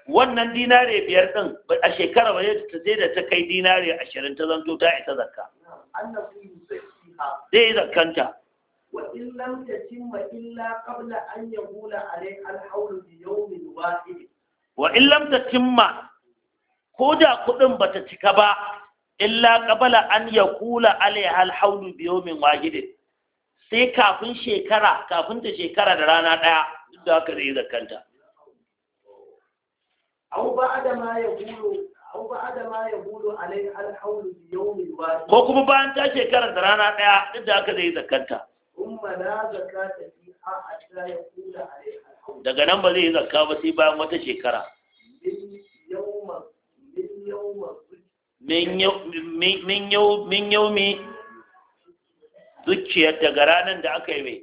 wannan dinare biyar ɗin a shekara ba ta zai da ta kai dinare ashirin ta zanto ta isa zakka zai yi zakkanta وإن لم تتم إلا قبل أن يقول الحول بيوم واحد وإن لم تتم كودا بتتكبا إلا ko da يقول bata cika ba illa sai kafin shekara kafin ta shekara da rana daya duk da haka zai zakanta ko kuma bayan ta shekara da rana ɗaya duk da haka zai zakanta daga nan ba zai yi zakka ba sai bayan wata shekara min yaumi zuciyar daga ranar da aka yi mai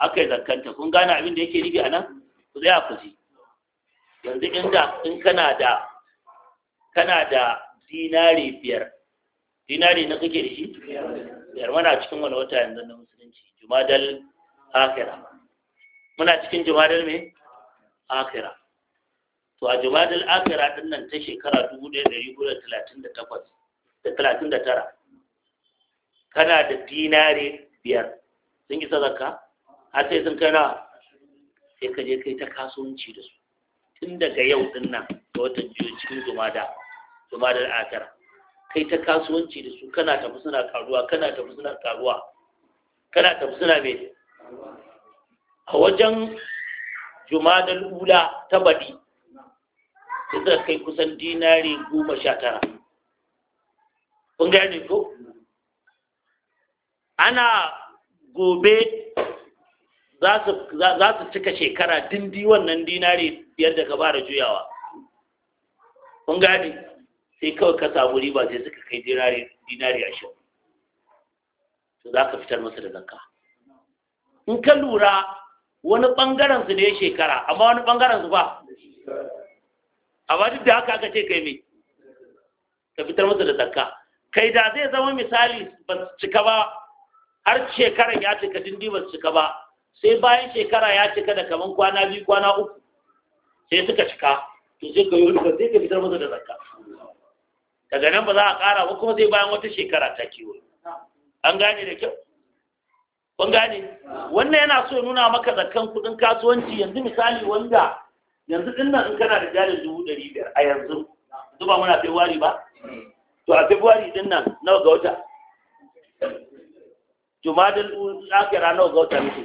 aka yi zakkanta kun gane abin da yake nufi a nan ku zai ku ji yanzu inda in kana da kana da dinari biyar dinari na kake da shi biyar mana cikin wani wata yanzu na musulunci jumadal akhira muna cikin jumadal me akhira to a jumadal akhira din nan ta shekara 1938 da 39 kana da dinare biyar sun isa zakka har sai sun kai nawa sai ka je kai ta kasuwanci da su tun daga yau din nan ga watan jiyo cikin jumada jumadal akara kai ta kasuwanci da su kana tafi suna karuwa kana tafi suna karuwa kana tafsira mai a wajen jumadar ula ta baɗi ka kai kusan dinari goma sha tara kun gane ko ana gobe za su cika shekara dindi wannan dinari biyar da ka bara juyawa kun gane sai kawai ka samu riba sai suka kai dinari ashirin za ka fitar masa da zakka in ka lura wani ɓangaren su ne shekara amma wani ɓangaren su ba amma duk da haka aka ce kai me ka fitar masa da zakka kai da zai zama misali ba su cika ba har shekaran ya cika dindi ba su cika ba sai bayan shekara ya cika da kaman kwana biyu kwana uku sai suka cika to sai ka yi wani sai ka fitar masa da zakka daga nan ba za a ƙara ba kuma zai bayan wata shekara ta kiwo an gane da kyau kun gane wannan yana so nuna maka zakan kudin kasuwanci yanzu misali wanda yanzu dinnan in kana da jari dubu ɗari biyar a yanzu yanzu ba muna februari ba to a februari dinnan nan nawa ga wata jumadin akira nawa ga wata mutu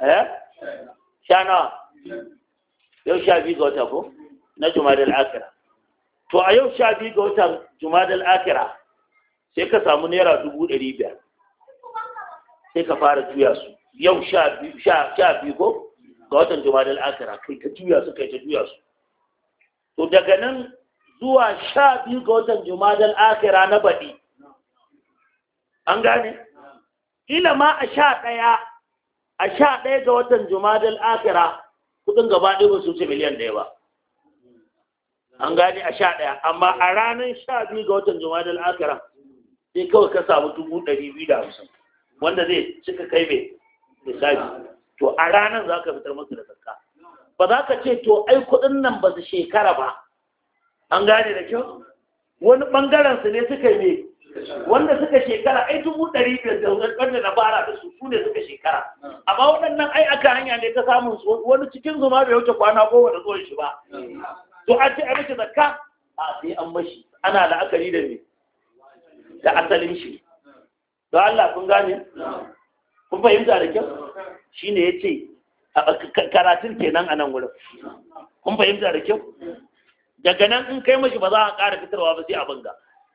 eh sha nawa yau sha biyu ga wata ko na jumadin akira to a yau sha biyu ga wata jumadin akira sai ka samu naira dubu ɗari biyar sai ka fara juya su yau sha biyu ko ga watan jumadal akira kai ta juya su kai ta juya su to daga nan zuwa sha biyu ga watan jumadal akira na baɗi an gane ina ma a sha ɗaya a sha ɗaya ga watan jumadal akira kudin gaba ɗaya ba su ce miliyan ɗaya ba an gane a sha ɗaya amma a ranar sha biyu ga watan jumadal akira sai kawai ka samu dubu ɗari biyu da hamsin wanda zai cika kai mai misali to a ranar za ka fitar musu da zakka ba za ka ce to ai kuɗin nan ba su shekara ba an gane da kyau wani ɓangaren su ne suka yi wanda suka shekara ai dubu ɗari biyar da da na fara da su su ne suka shekara amma waɗannan ai aka hanya ne ta samun su wani cikin zuma bai wuce kwana goma da zuwan shi ba to an ce a mace zakka a sai an mashi ana la'akari da me da asalin shi don Allah kun gane kun fahimta da kyau shine ya ce karatun kenan a nan wurin kun fahimta da kyau daga nan in kai mashi ba za a ƙara fitarwa ba sai a banga.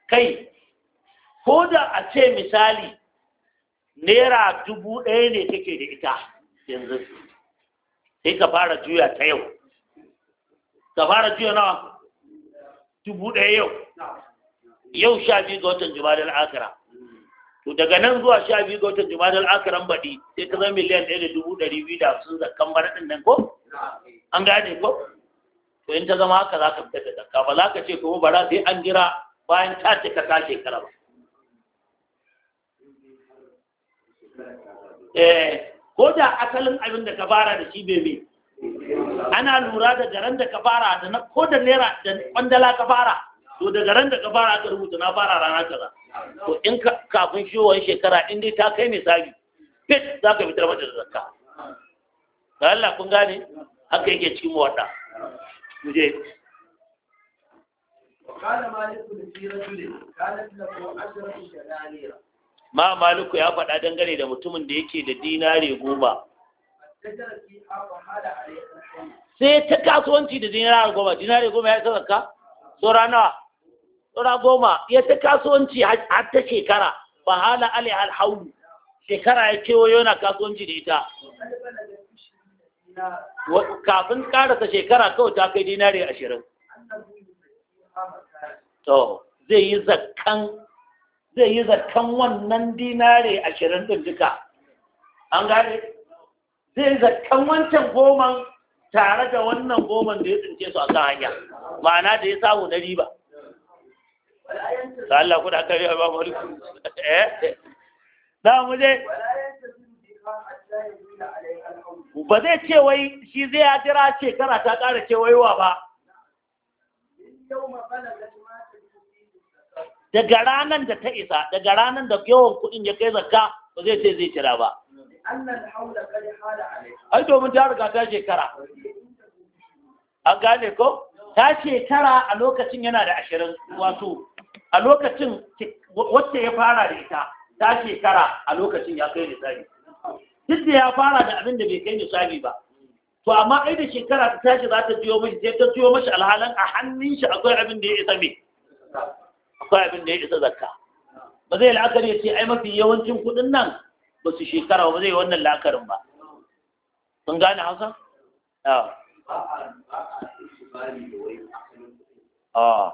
kai ko da a ce misali naira dubu ɗaya ne kake da ita yanzu sai ka fara juya ta yau ka fara juya nawa dubu ɗaya yau yau sha biyu ga watan jumadal akira to daga nan zuwa sha biyu ga watan jumadal akiran baɗi sai ka zama miliyan ɗaya da dubu ɗari biyu da hamsin kan bana ɗin nan ko an gane ko to in ta zama haka za ka fitar da zakka ba za ka ce kuma bara sai an jira bayan ta ka ta shekara ba eh, ko da asalin abin da ka fara da shi bebe ana lura da garan da ka fara da na ko da naira da kwandala ka fara to daga ran da ka fara aka rubuta na fara rana kaza to in kafin wani shekara in dai ta kai misali fit za ka fitar mata da zakka ga Allah kun gane haka yake cikin wata. mu je ma maliku ya faɗa dangane da mutumin da yake da dinare goma sai ta kasuwanci da dinare goma dinare goma ya sa so ranawa tsura goma ya ta kasuwanci har ta shekara ba hala ali alhawu. shekara ya kewayo yana kasuwanci da ita kafin karasa shekara kawai ta kai dinari ashirin to zai yi zakan zai yi wannan dinari ashirin ɗin duka an gane zai yi zakkan wancan goman tare da wannan goman da ya tsince su a kan hanya ma'ana da ya samu na riba da Allah kuna kare ba malik eh da mu je ba zai ce wai shi zai ya jira shekara ta ƙara ce waiwa ba daga ranar da ta isa daga ranar da yawan kuɗin ya kai zakka ba zai ce zai cira ba ai domin ta riga ta shekara an gane ko ta shekara a lokacin yana da ashirin wato a lokacin wacce ya fara da ita ta shekara a lokacin ya kai nisabi duk da ya fara da abin da bai kai nisabi ba to amma ai da shekara ta tashi za ta jiyo mashi sai ta jiyo mashi alhalan a hannun shi akwai abin da ya isa me akwai abin da ya isa zakka ba zai la'akari ya ce ai mafi yawancin kuɗin nan ba su shekara ba zai wannan la'akarin ba sun gane hausa? ah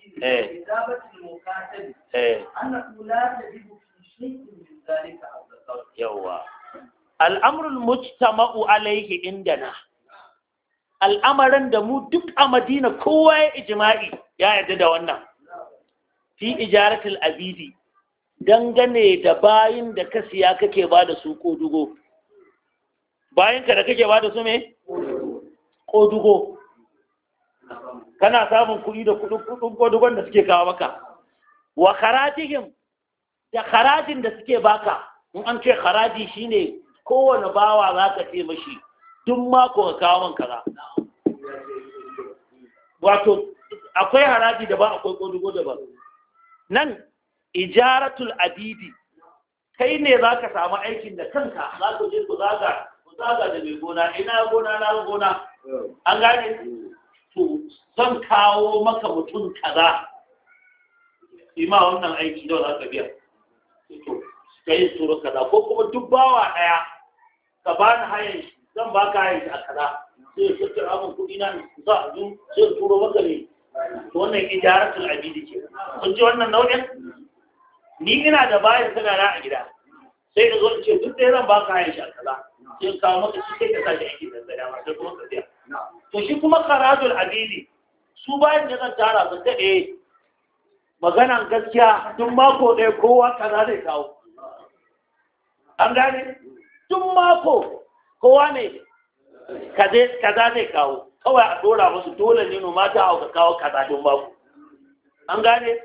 Eh. Eh. yawa al'amrul mujtama'u alaihi indana al'amarin da mu duk a madina kowa ya ijima'i ya yadda da wannan fi ijaratul abidi dangane da bayan da ka siya kake ba da su kodugo bayan ka da kake ba da su me kodugo kana samun kuɗi da kuɗin kodugon da suke kawo maka wa kharajihim da kharajin da suke baka in an ce kharaji shine kowane bawa za ka ce mashi duk mako ka kawo man kaza wato akwai haraji daban akwai kodugo daban nan ijaratul abidi kai ne za ka samu aikin da kanka za ka je ku zaga ku zaga da mai gona ina gona na gona an gane to zan kawo maka mutum kaza ima wannan aiki da za ka biya to ka yi tsoro kaza ko kuma duk bawa ɗaya ka ba ni hayan shi zan ba ka hayan shi a kaza sai ya fitar abin kuɗi na za a zo sai ya turo maka ne to wannan ijaratul abidi ke kun ji wannan nau'in ni ina da bayan suna na a gida sai ka zo in ce duk da zan ba ka hayan shi a kaza sai ka kawo maka shi sai ka sa shi aiki da dama sai kuma ka biya to shi kuma karatul abidi su bayan da zan tara sun daɗe maganan gaskiya tun mako ɗaya kowa kaza zai kawo an gane tun mako kowa ne kaza zai kawo kawai a dora musu dole ne noma ta hau ka kawo kaza tun mako an gane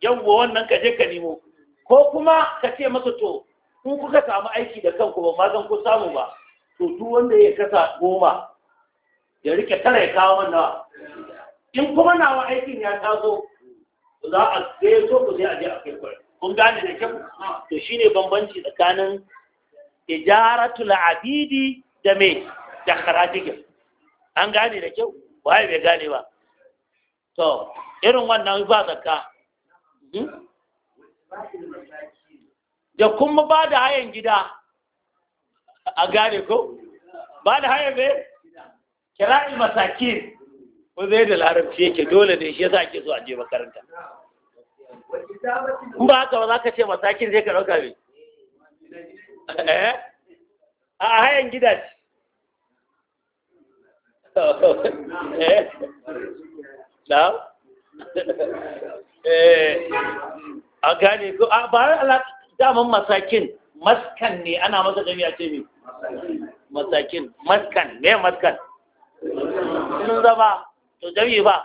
yawwa wannan ka ka nemo ko kuma ka ce masa to in kuka samu aiki da kanku ba ma zan ku samu ba to duk wanda ya kasa goma ya rike tara ya kawo man nawa in kuma nawa aikin ya taso za a sai so ku sai a je a kai kwari kun gane da kyau to shine bambanci tsakanin ijaratul abidi da me da karatikin. an gane da kyau waye bai gane ba to irin wannan ba zakka hmm? da kuma ba da hayan gida a gane ko ba da hayan bai kira'il masakin ko zai da larabci yake dole ne shi yasa ake zuwa je makaranta in ba haka ba za ka ce masakin zai ka ɗauka ne? Eh? a hayan gida eh? na eh. a gane ko a bayan alaƙaman masakin maskan ne ana masa jami'a ce ne masakin maskan me maskan sun zama to jami'i ba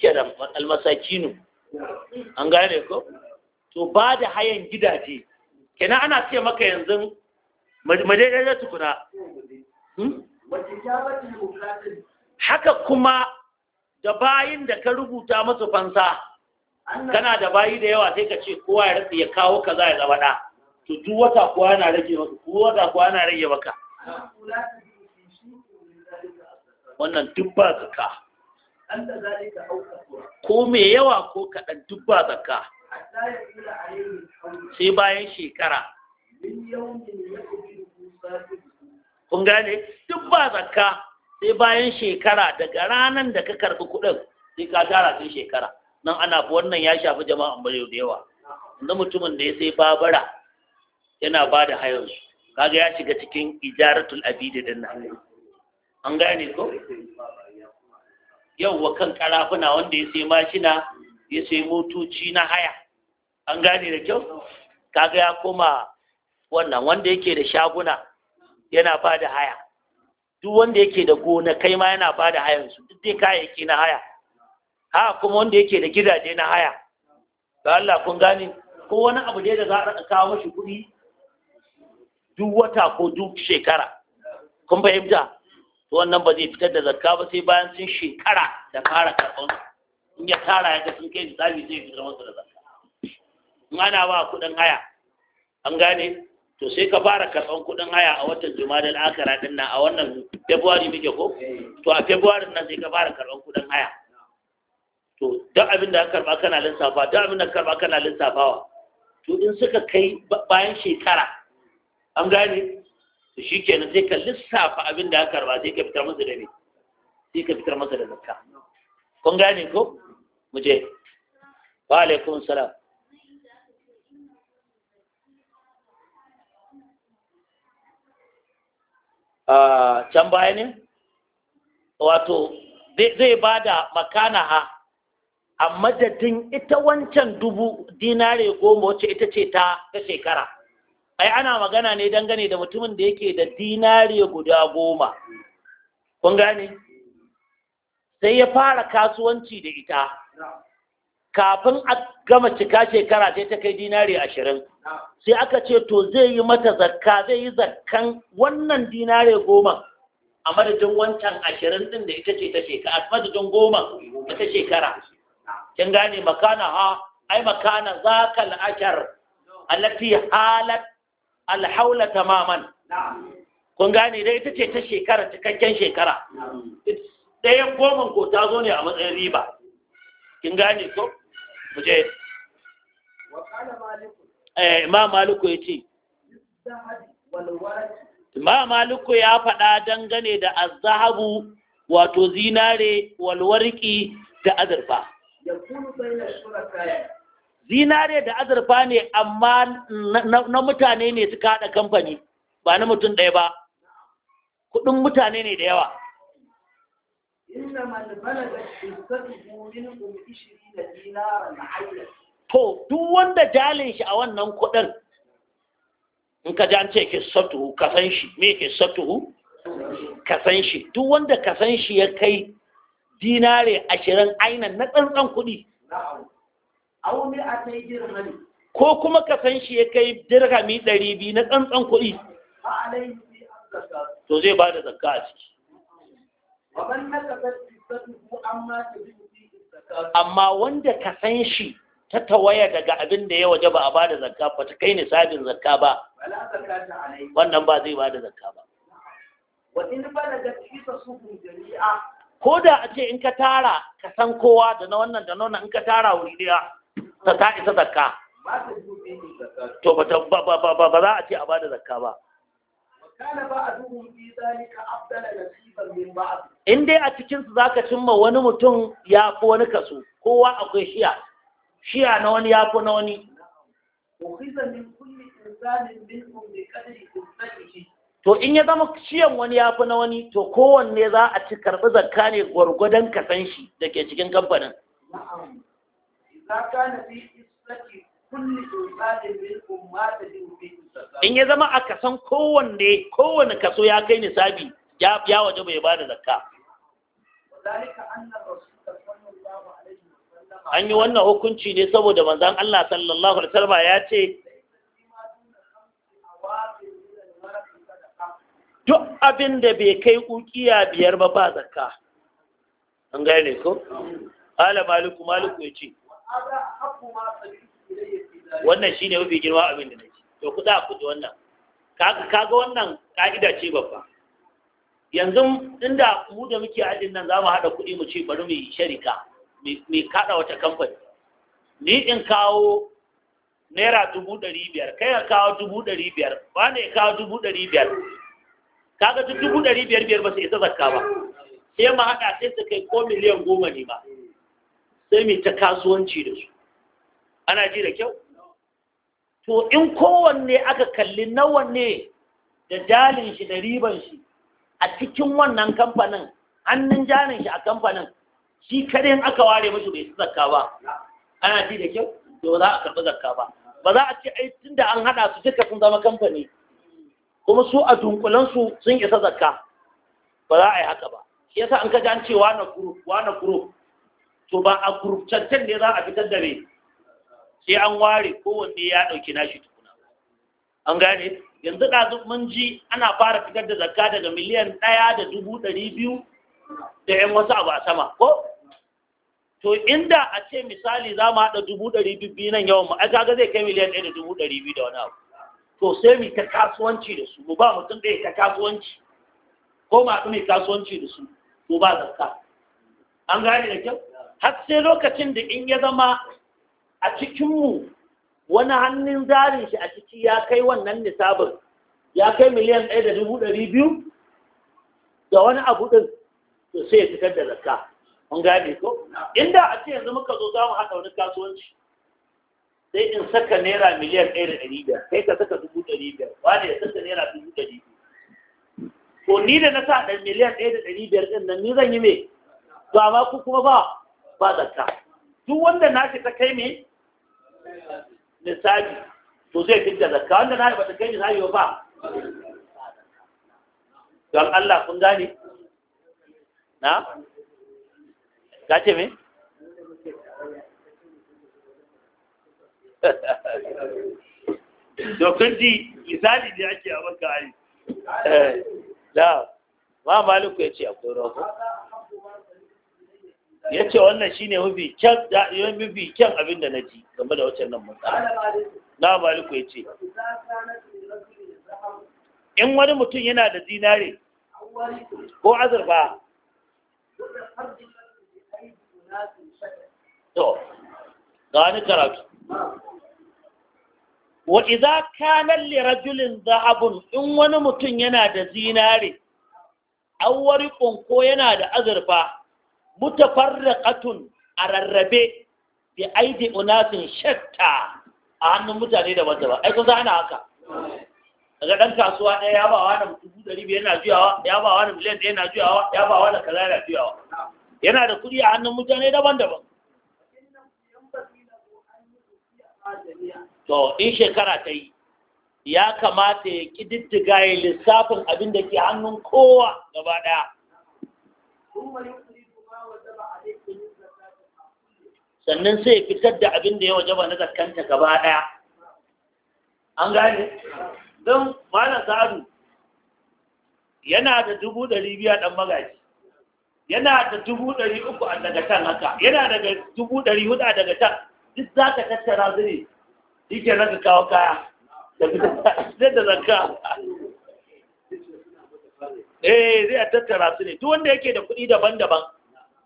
kenan almasakinu an gane ko to ba da hayan gidaje kenan ana ce maka yanzu madaidaita tukuna hmm? haka kuma da bayin da ka rubuta masu fansa kana da bayi da yawa sai ka ce kowa ya ya kawo ka za ya zama ɗa to duk wata kuwa rage maka wata kuwa yana rage maka wannan dubba zaka ko mai yawa ko kaɗan dubba zaka sai bayan shekara kun gane duk zaka sai bayan shekara daga ranar da ka karɓi kuɗin sai ka tara sai shekara nan ana wannan ya shafi jama'an bayo da yawa na mutumin da ya sai babara yana ba da hayar kaga ya shiga cikin ijaratul abidi din nan an gane ko wa kan karafuna wanda ya sai mashina ya sai motoci na haya an gane da kyau kaga ya koma wannan wanda yake da shaguna yana ba da haya duk wanda yake da gona kai ma yana ba da hayan su duk dai kayayyaki na haya ha kuma wanda yake da gidaje na haya ga Allah kun gane ko wani abu dai da za a kawo mashi kuɗi duk wata ko duk shekara kun fahimta to wannan ba zai fitar da zakka ba sai bayan sun shekara da fara karɓar in ya tara ya ga sun kai misali zai fitar masa da zakka in ana ba kuɗin haya an gane to sai ka fara karɓan kuɗin haya a watan jumadal akara ɗin nan a wannan february muke ko to a february nan sai ka fara karɓan kuɗin haya to duk abin da ka karɓa kana lissafa duk abin da ka karɓa kana lissafawa to in suka kai bayan shekara an gane to shi kenan sai ka lissafa abin da aka karba sai ka fitar masa da ne sai ka fitar masa da zakka kun gane ko mu je wa alaikum salam can baya ne wato zai ba da makana ha a madadin ita wancan dubu dinare goma wacce ita ce ta shekara ai ana magana ne dangane da mutumin da yake da dinari guda goma kun gane sai ya fara kasuwanci da ita kafin a gama cika shekara sai ta kai dinari ashirin sai aka ce to zai yi mata zakka zai yi zakkan wannan dinari goma a madadin wancan ashirin ɗin da ita ce ta shekara a madadin goma da ta shekara kin gane makana ha ai makana zakal ashar alati halat alhaula tamaman kun gane dai ita ce ta shekara cikakken shekara ɗayan goma ko ta zo ne a matsayin riba kin gane ko mu je eh, ma maliku ya ce ma maliku ya faɗa dangane da azahabu wato zinare walwarki da azurfa zinare da azurfa ne amma na mutane ne suka haɗa kamfani ba na mutum ɗaya ba kuɗin mutane ne da yawa to duk wanda jalin shi a wannan kuɗin in ka jan ce ke ka kasan shi me ke ka kasan shi duk wanda ka san shi ya kai dinare ashirin ainihin na tsantsan kuɗi aw a atay dirhami. ko kuma ka san shi ya kai dirhami ɗari biyu na tsantsan kuɗi to zai ba da zakka a ciki amma wanda ka san shi ta tawaya daga abin da ya waje ba a ba da zakka ba ta kai nisabin zakka ba wannan ba zai ba da zakka ba ko da a ce in ka tara ka san kowa da na wannan da na wannan in ka tara wuri daya ta ta isa zakka to ba ba ba ba ba za a ce a bada zakka ba in dai a cikinsu za ka cimma wani mutum ya fi wani kaso kowa akwai shiya shiya na wani ya fi na wani to in ya zama shiyan wani ya fi na wani to kowanne za a ci karɓi zakka ne gwargwadon kasan shi da ke cikin kamfanin كان في إصلاة in ya zama a kasan kowanne kowanne kaso ya kai nisabi ya waje bai bada zakka an yi wannan hukunci ne saboda manzan Allah sallallahu alaihi wasallam ya ce duk abin da bai kai kukiya biyar ba ba zakka an gane ko ala maliku maliku ya ce wannan shine mafi girma abin da nake to ku za ku ji wannan kaga kaga wannan ka'ida ce babba yanzu inda mu da muke ajin nan za mu haɗa kuɗi mu ce bari mu yi sharika mai kaɗa wata kamfani ni in kawo naira dubu ɗari biyar kai ka kawo dubu ɗari biyar ba ne kawo dubu ɗari biyar kaga duk dubu ɗari biyar biyar ba su isa zakka ba sai mu hada sai su kai ko miliyan goma ne ba sai mai ta kasuwanci da su ana ji da kyau to in kowanne aka kalli nawa ne da dalin shi da riban shi a cikin wannan kamfanin hannun jarin shi a kamfanin shi kadai aka ware mashi bai su zakka ba ana ji da kyau to za a karɓi zakka ba ba za a ce ai tunda an haɗa su duka sun zama kamfani kuma su a su sun isa zakka ba za a yi haka ba shi yasa an kaji an ce wane group wane group to ba a gurubcancan ne za a fitar da mai sai an ware kowanne ya ɗauki nashi tukuna an gane yanzu ɗazu mun ji ana fara fitar da zakka daga miliyan ɗaya da dubu ɗari biyu da ‘yan wasu abu a sama ko to inda a ce misali za mu haɗa dubu ɗari biyu nan yawan mu aka ga zai kai miliyan ɗaya da dubu ɗari biyu da wani abu to sai mu ta kasuwanci da su mu ba mutum ɗaya ta kasuwanci ko ma mai kasuwanci da su mu ba zakka an gane da kyau har sai lokacin da in ya zama a cikinmu wani hannun zarin shi a ciki ya kai wannan nisabin ya kai miliyan ɗaya da dubu ɗari biyu wani abu ɗin to sai ya fitar da zakka mun gane ko inda a ce yanzu muka zo za mu haɗa wani kasuwanci sai in saka naira miliyan ɗaya da ɗari biyar kai ka saka dubu ɗari biyar wani ya saka naira dubu ɗari ni da na sa ɗan miliyan ɗaya da ɗari biyar ɗin nan ni zan yi me to amma ku kuma ba ba zakka duk wanda ce ta kai mai misali to zai da zakka wanda na ba ta kai misali ba don Allah kun gane na ka ce me dokun ji misali ne ake a maka ayi da eh, ma maluku ya ce akwai rago ya ce wannan shi ne mafi kyan abin da na ji game da wacce nan matsala na maliku ya ce in wani mutum yana da zinare ko azurfa to ga wani karatu wa iza kana li rajulin zahabun in wani mutum yana da zinare awwariqun ko yana da azurfa mutafarraqatun a rarrabe bi aidi unasin shatta a hannun mutane da wanda ba ai kun ana haka daga dan kasuwa ɗaya ya ba wa na dubu ɗari biyar na juyawa ya ba wa na miliyan ɗaya na juyawa ya ba wa na kaza yana juyawa yana da kuɗi a hannun mutane daban-daban to in shekara ta yi ya kamata ya ƙididdiga ya lissafin abin da ke hannun kowa gaba ɗaya sannan sai fitar da abin da ya waje ba na zakanta gaba ɗaya an gane don malam sa'adu yana da dubu ɗari biya ɗan magaji yana da dubu ɗari uku a daga can haka yana daga dubu ɗari hudu a daga can duk za ka tattara su ne shi ke zaka kawo kaya da da zaka eh zai a tattara su ne duk wanda yake da kuɗi daban-daban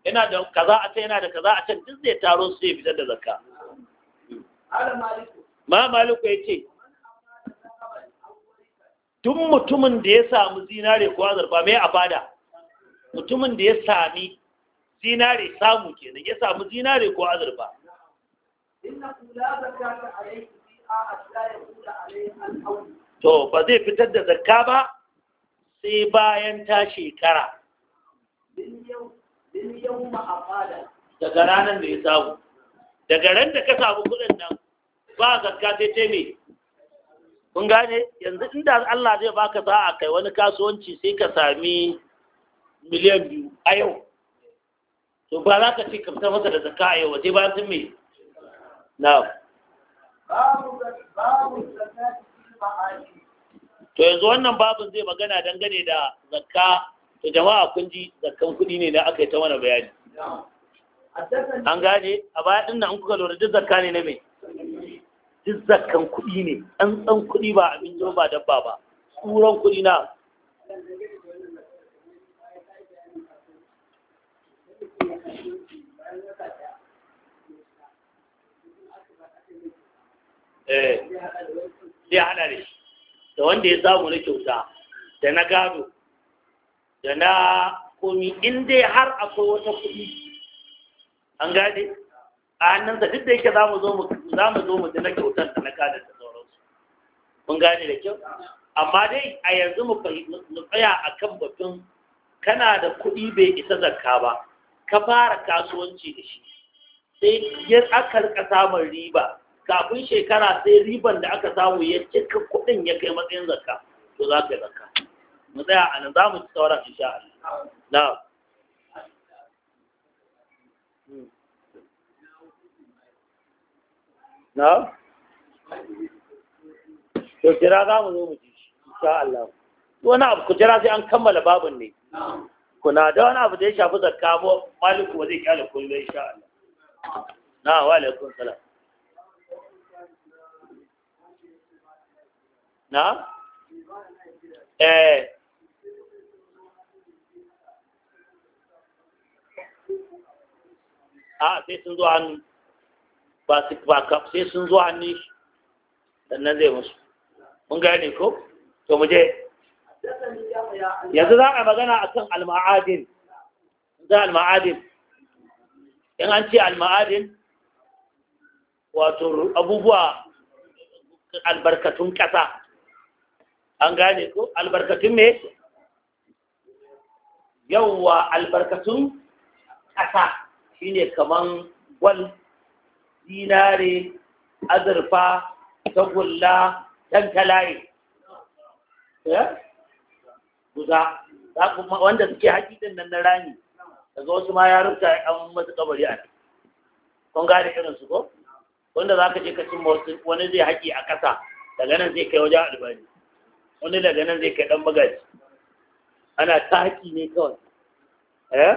yana da kaza a can yana da kaza a can duk zai taro su zai fitar da zakka ma maliku ya ce tun mutumin da ya samu zinare ko azurfa mai a mutumin da ya sami zinare samu kenan ya samu zinare ko azurfa to ba zai fitar da zakka ba sai bayan ta shekara daga ranar da ya samu daga ran da ka samu kudin nan ba zakka sai ce me kun gane yanzu inda Allah zai baka sa'a kai wani kasuwanci sai ka sami miliyan biyu a yau to ba za ka ce ka fita masa da zakka a yau sai ba sun me na to yanzu wannan babin zai magana dangane da zakka to jama'a kun ji zakkan kuɗi ne da aka yi ta mana bayani an gane a baya ɗin nan kuka lura duk zakka ne na me duk zakkan kuɗi ne an kuɗi ba abinci ba dabba ba Kuran kuɗi na Eh, sai haɗa da wanda ya samu na kyauta da na gado da na komi in dai har akwai wata kuɗi an gane a hannun da duk da yake za mu zo mu ji na kyautar da na kada da sauransu mun gane da kyau amma dai a yanzu mu tsaya a kan batun kana da kuɗi bai isa zakka ba ka fara kasuwanci da shi sai yin aka rika samun riba kafin shekara sai riban da aka samu ya cika kuɗin ya kai matsayin zakka to za ka yi zakka mu tsaya a nan za mu ci sauran insha Allah na? na'am to jira za mu zo mu ji insha Allah wani abu ku jira sai an kammala babun ne kuna da wani abu da ya shafi zakka ko maliku zai kyale kullu insha Allah na wa alaikum salam na eh a sai sun zo hannu ba su ba sai sun zo hannu sannan zai musu mun gane ko to mu je yanzu za a magana akan al-ma'adin za al-ma'adin in an ce al-ma'adin wato abubuwa albarkatun ƙasa an gane ko albarkatun me yawwa albarkatun ƙasa shine kaman gwal dinare azurfa tagulla tankalaye eh? guza wanda suke haƙiƙin nan na rani daga wasu ma ya rubuta an masu kabari a ne kun gane irin su ko wanda za ka je ka cimma wasu wani zai haƙi a ƙasa daga nan zai kai wajen albari, wani daga nan zai kai ɗan bagaji ana ta haƙi ne kawai eh?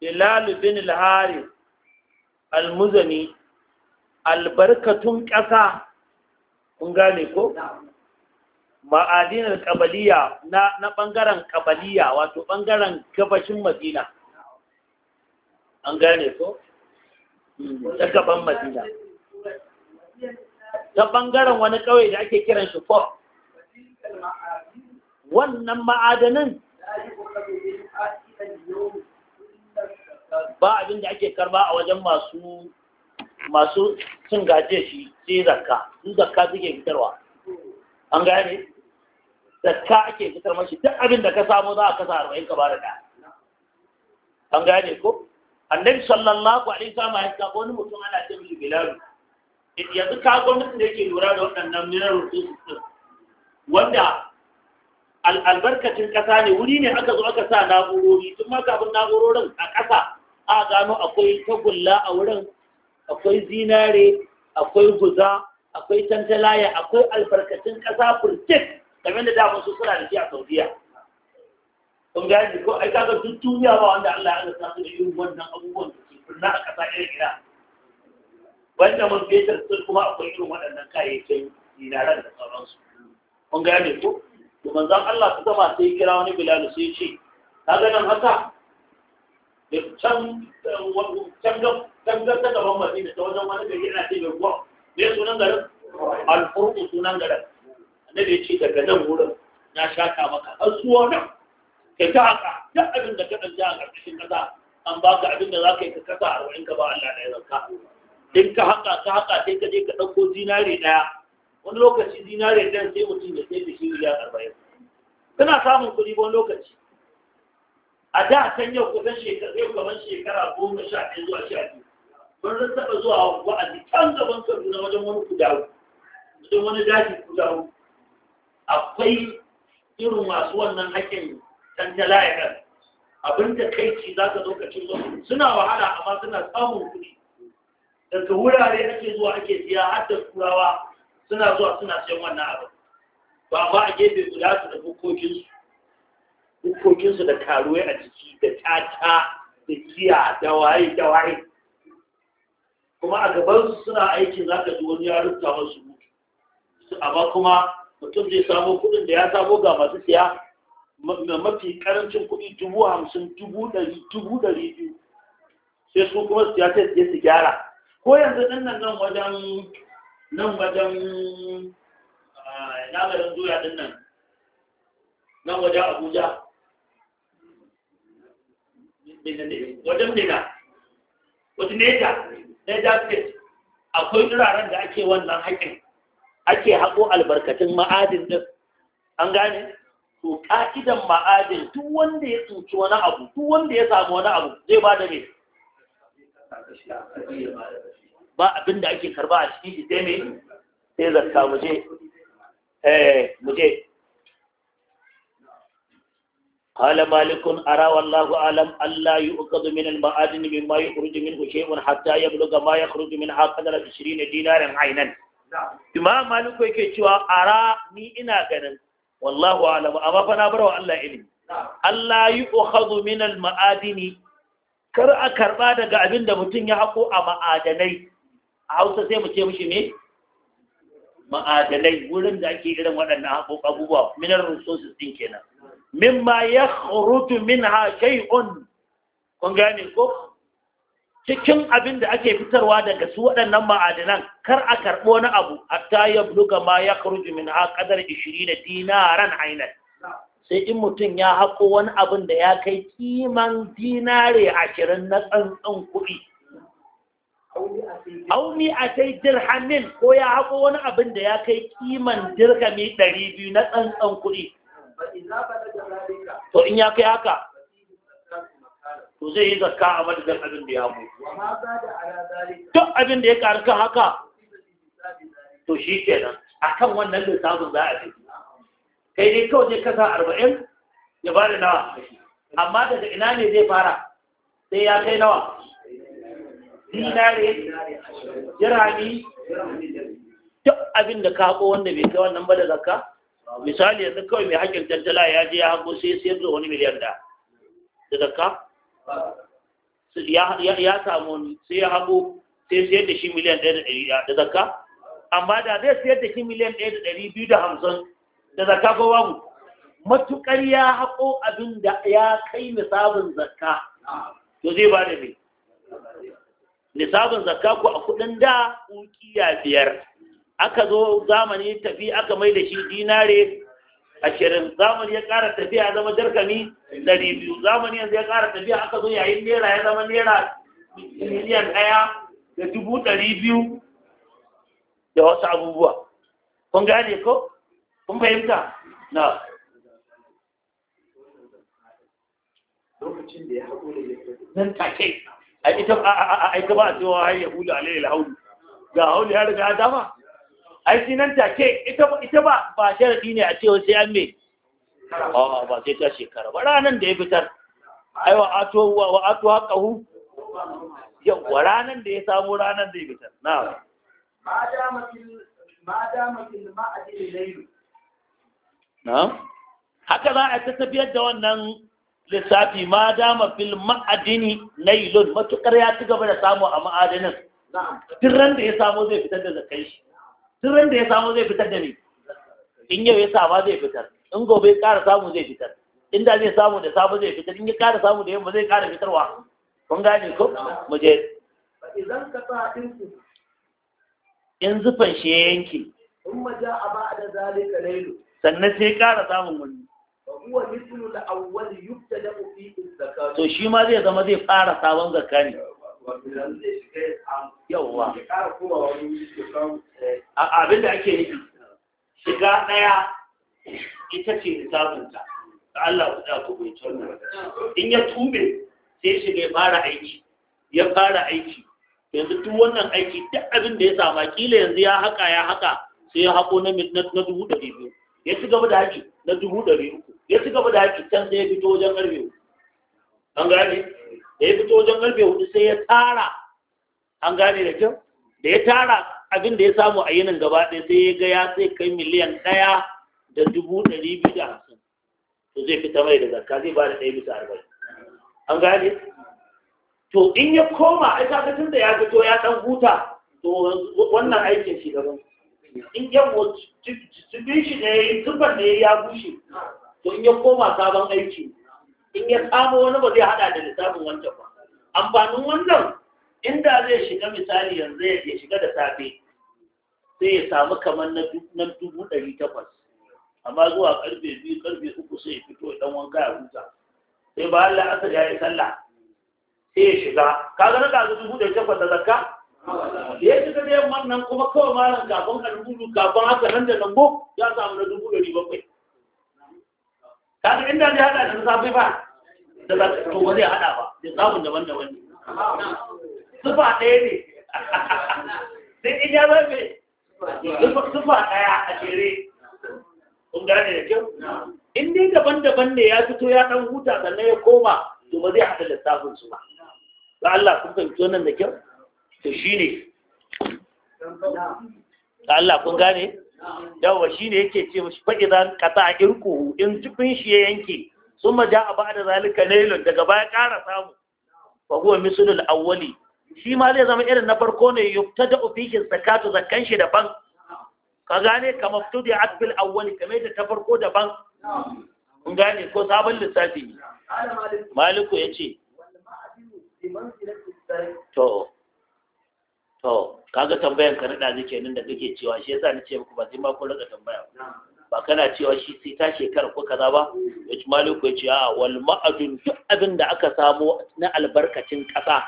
bilal bin al-harith al-muzani albarkatun ƙasa kun gane ko ma'adinar kabaliya na na ƙabaliya kabaliya wato ɓangaren gabashin madina an gane ko ta gaban madina ta ɓangaren wani ƙauye da ake kiran shi ko wannan ma'adanin ba abin da ake karba a wajen masu masu cin gaje shi sai zakka su zakka suke fitarwa an gane zakka ake fitar mashi duk abin da ka samu za a kasa arba'in ka bada da an gane ko annabi sallallahu alaihi wasallam ya ka wani mutum ana ce mishi bilal yanzu ka gwamnatin da yake lura da waɗannan mineral su wanda albarkacin ƙasa ne wuri ne aka zo aka sa na'urori tun ma kafin na'urorin a ƙasa a gano akwai tagulla a wurin akwai zinare akwai guza akwai tantalaya akwai albarkatun ƙasa furtik kamar da damar su suna da shi a saudiya kun gani ko ai ga duk duniya ba wanda Allah ya rasa su da irin wannan abubuwan da ke na a ƙasa irin ina wanda mun fetar sun kuma akwai irin waɗannan kayayyakin zinaren da sauransu kun gani ko to zan Allah su zama sai kira wani bilalu sai ce ta nan haka da can can ta gaban madina ta wajen wani gari yana ce ruwa me sunan garin alfurku sunan garin annabi ya ce daga nan wurin na shaka maka An zuwa nan ka ta haka duk abin da ka ɗanja a ƙarƙashin ƙasa an ba ka abin da za ka yi ka kasa arba'in ka ba Allah na ya zanka in ka haka ka haka sai ka je ka ɗauko zinare ɗaya wani lokaci zinare ɗaya sai mutum ya sai da shi miliyan arba'in kana samun kuɗi wani lokaci a da kan yau kusan shekara yau kamar shekara goma sha ɗaya zuwa sha biyu mun taɓa zuwa wa'azi can gaban kaduna wajen wani kudawo wajen wani daji kudawo akwai irin masu wannan haƙƙin tantala ya kan abin da kai ci za ka zo ka suna wahala amma suna samun kuɗi daga wurare ake zuwa ake siya har da turawa suna zuwa suna siyan wannan abin ba ba a gefe guda su da bukokinsu hukokinsu da karuwai a ciki da tata da kiya da waye da waye kuma a gaban su suna aikin za ka ji wani ya rubuta masu mutu amma kuma mutum zai samo kuɗin da ya samo ga masu siya mafi karancin kuɗi dubu hamsin dubu ɗari dubu ɗari biyu sai su kuma su ya sai su gyara ko yanzu ɗin nan nan wajen nan wajen ah, na garin doya ɗin nan nan wajen abuja wajen mena wajen neja neja state akwai wuraren da ake wannan haƙin ake haƙo albarkatun ma'adin din an gane to ka'idan ma'adin duk wanda ya tsinci wani abu duk wanda ya samu wani abu zai ba da me ba abin da ake karba a ciki ita ne sai zarta muje eh muje قال مالك أرى والله أعلم ألا يؤخذ من المعادن مما يخرج منه شيء حتى يبلغ ما يخرج من قدر 20 دينارا عينا Imam مالك yake cewa ara ni ina ganin wallahu alamu amma fa na Allah ilimi Allah yi min al kar a karba daga abin da mutum ya hako a ma'adanai Hausa sai mu ce mishi me ma'adanai wurin da ake irin waɗannan abubuwa minar resources din kenan mimma ya rutu min on kun gane ko cikin abin da ake fitarwa daga su waɗannan ma'adinan, kar a karɓo na abu hatta ya ga ma ya rutu min ha ƙadar da dinaran ainihin sai in mutum ya haƙo wani abin da ya kai kiman dinare ashirin na tsantsan kuɗi auni a kai dirhamin ko ya haƙo wani abin da ya kai kiman dirhami ɗari biyu na tsantsan kuɗi to in ya kai haka to zai yi zakka a madadin abin da ya mu duk abin da ya karu kan haka to shi kenan a kan wannan lissafin za a fi kai dai kawai zai kasa arba'in ya ba da nawa amma daga ina ne zai fara sai ya kai nawa dinare jirami duk abin da kako wanda bai kai wannan ba da zakka misali yanzu kawai mai haƙƙin tattala ya je ya hango sai siyar da wani miliyan da da zakka ya samu sai ya hango sai siyar da shi miliyan ɗaya da ɗari da zakka amma da zai siyar da shi miliyan ɗaya da ɗari biyu da hamsin da zakka ko babu matuƙar ya haƙo abin da ya kai nisabin zakka to zai ba da mai nisabin zakka ko a kuɗin da ukiya biyar aka zo zamani tafi aka mai da shi dinare ashirin zamani ya ƙara tafiya zama jarkami ɗari biyu zamani yanzu ya ƙara tafiya aka zo yayin nera ya zama nera miliyan ɗaya da dubu ɗari biyu da wasu abubuwa kun gane ko kun fahimta na lokacin da ya haƙo da ya nan take a ita ba a cewa har ya hula alayhi alhaulu ga haulu ya riga dama ai shi nan take ita ba ita ba ba ne a cewa sai an me a'a ba sai ta shekara ba ranar da ya fitar ai wa ato wa ato yawa ranan da ya samu ranar da ya fitar na'am ma dama fil ma dama fil haka za a tafiyar da wannan lissafi ma dama fil ma'adini laylun matukar ya ci gaba da samu a ma'adinin duk ran da ya samu zai fitar da zakai shi turan da ya samu zai fitar da ni in yau ya sama zai fitar in gobe ya ƙara samu zai fitar in da zai samu da safe zai fitar in ya ƙara samu da yamma zai ƙara fitarwa kun gane ko mu je in zufan shi ya yanke sannan sai ƙara samun wani to shi ma zai zama zai fara sabon zakka ne yawwa um, abin da ake nufi shiga ɗaya ita ce hisabinta da Allah ku za ku bincin wannan in ya tube sai shiga ya fara aiki ya fara aiki yanzu duk wannan aiki duk abin da ya sama kila yanzu ya haka ya haka sai ya hako na dubu ɗari biyu ya ci gaba da haki na dubu ɗari uku ya ci gaba da haki can sai ya fito wajen ƙarfe an gane da ya fito wajen karfe hudu sai ya tara an gane da kyau da ya tara abin da ya samu a yinin gaba ɗaya sai ya ga ya sai kai miliyan ɗaya da dubu ɗari biyu da hamsin to zai fita mai da zakka zai ba da ɗaya bisa arba'in an gane to in ya koma ai kaga tun da ya fito ya ɗan huta to wannan aikin shi gaba in ya cibin shi ne zuban ne ya bushe to in ya koma sabon aiki in ya kamo wani ba zai hada da lissafin wancan ba amfanin wannan inda zai shiga misali yanzu ya shiga da safe sai ya samu kamar na dubu ɗari takwas amma zuwa karfe biyu karfe uku sai ya fito dan wanka ya huta sai ba Allah asar ya yi sallah sai ya shiga kaga na kaga dubu ɗari takwas da zakka ya shiga da yamman nan kuma kawai malam kafin albudu kafin haka nan da nan ya samu na dubu ɗari bakwai kaga inda zai haɗa da safe ba da za ka to ba zai haɗa ba da tsabun daban daban ne sufa ɗaya ne sai in ya zai sufa ɗaya a jere kun gane da kyau in dai daban daban ne ya fito ya ɗan huta sannan ya koma to ba zai haɗa lissafin su ba ba Allah kun fahimci wannan da kyau to shine ga Allah kun gane yawa shine yake ce mashi fa'idan a irquhu in tukun shi ya yanke sun maja a da zalika daga baya kara samu Fa huwa mislul awwali shi ma zai zama irin na farko ne da ofishin zakatu zakkan shi daban ka gane kamar tudi atfil awwali kamar da ta farko daban kun gane ko sabon lissafi ne maliku ya ce to to kaga tambayan ka zai zake nan da kake cewa shi yasa nace muku ba zai ma ko raka tambaya ba kana cewa shi sai ta shekara ko kaza ba ya ci maliku ya ce a wal ma'adun duk abin da aka samu na albarkacin ƙasa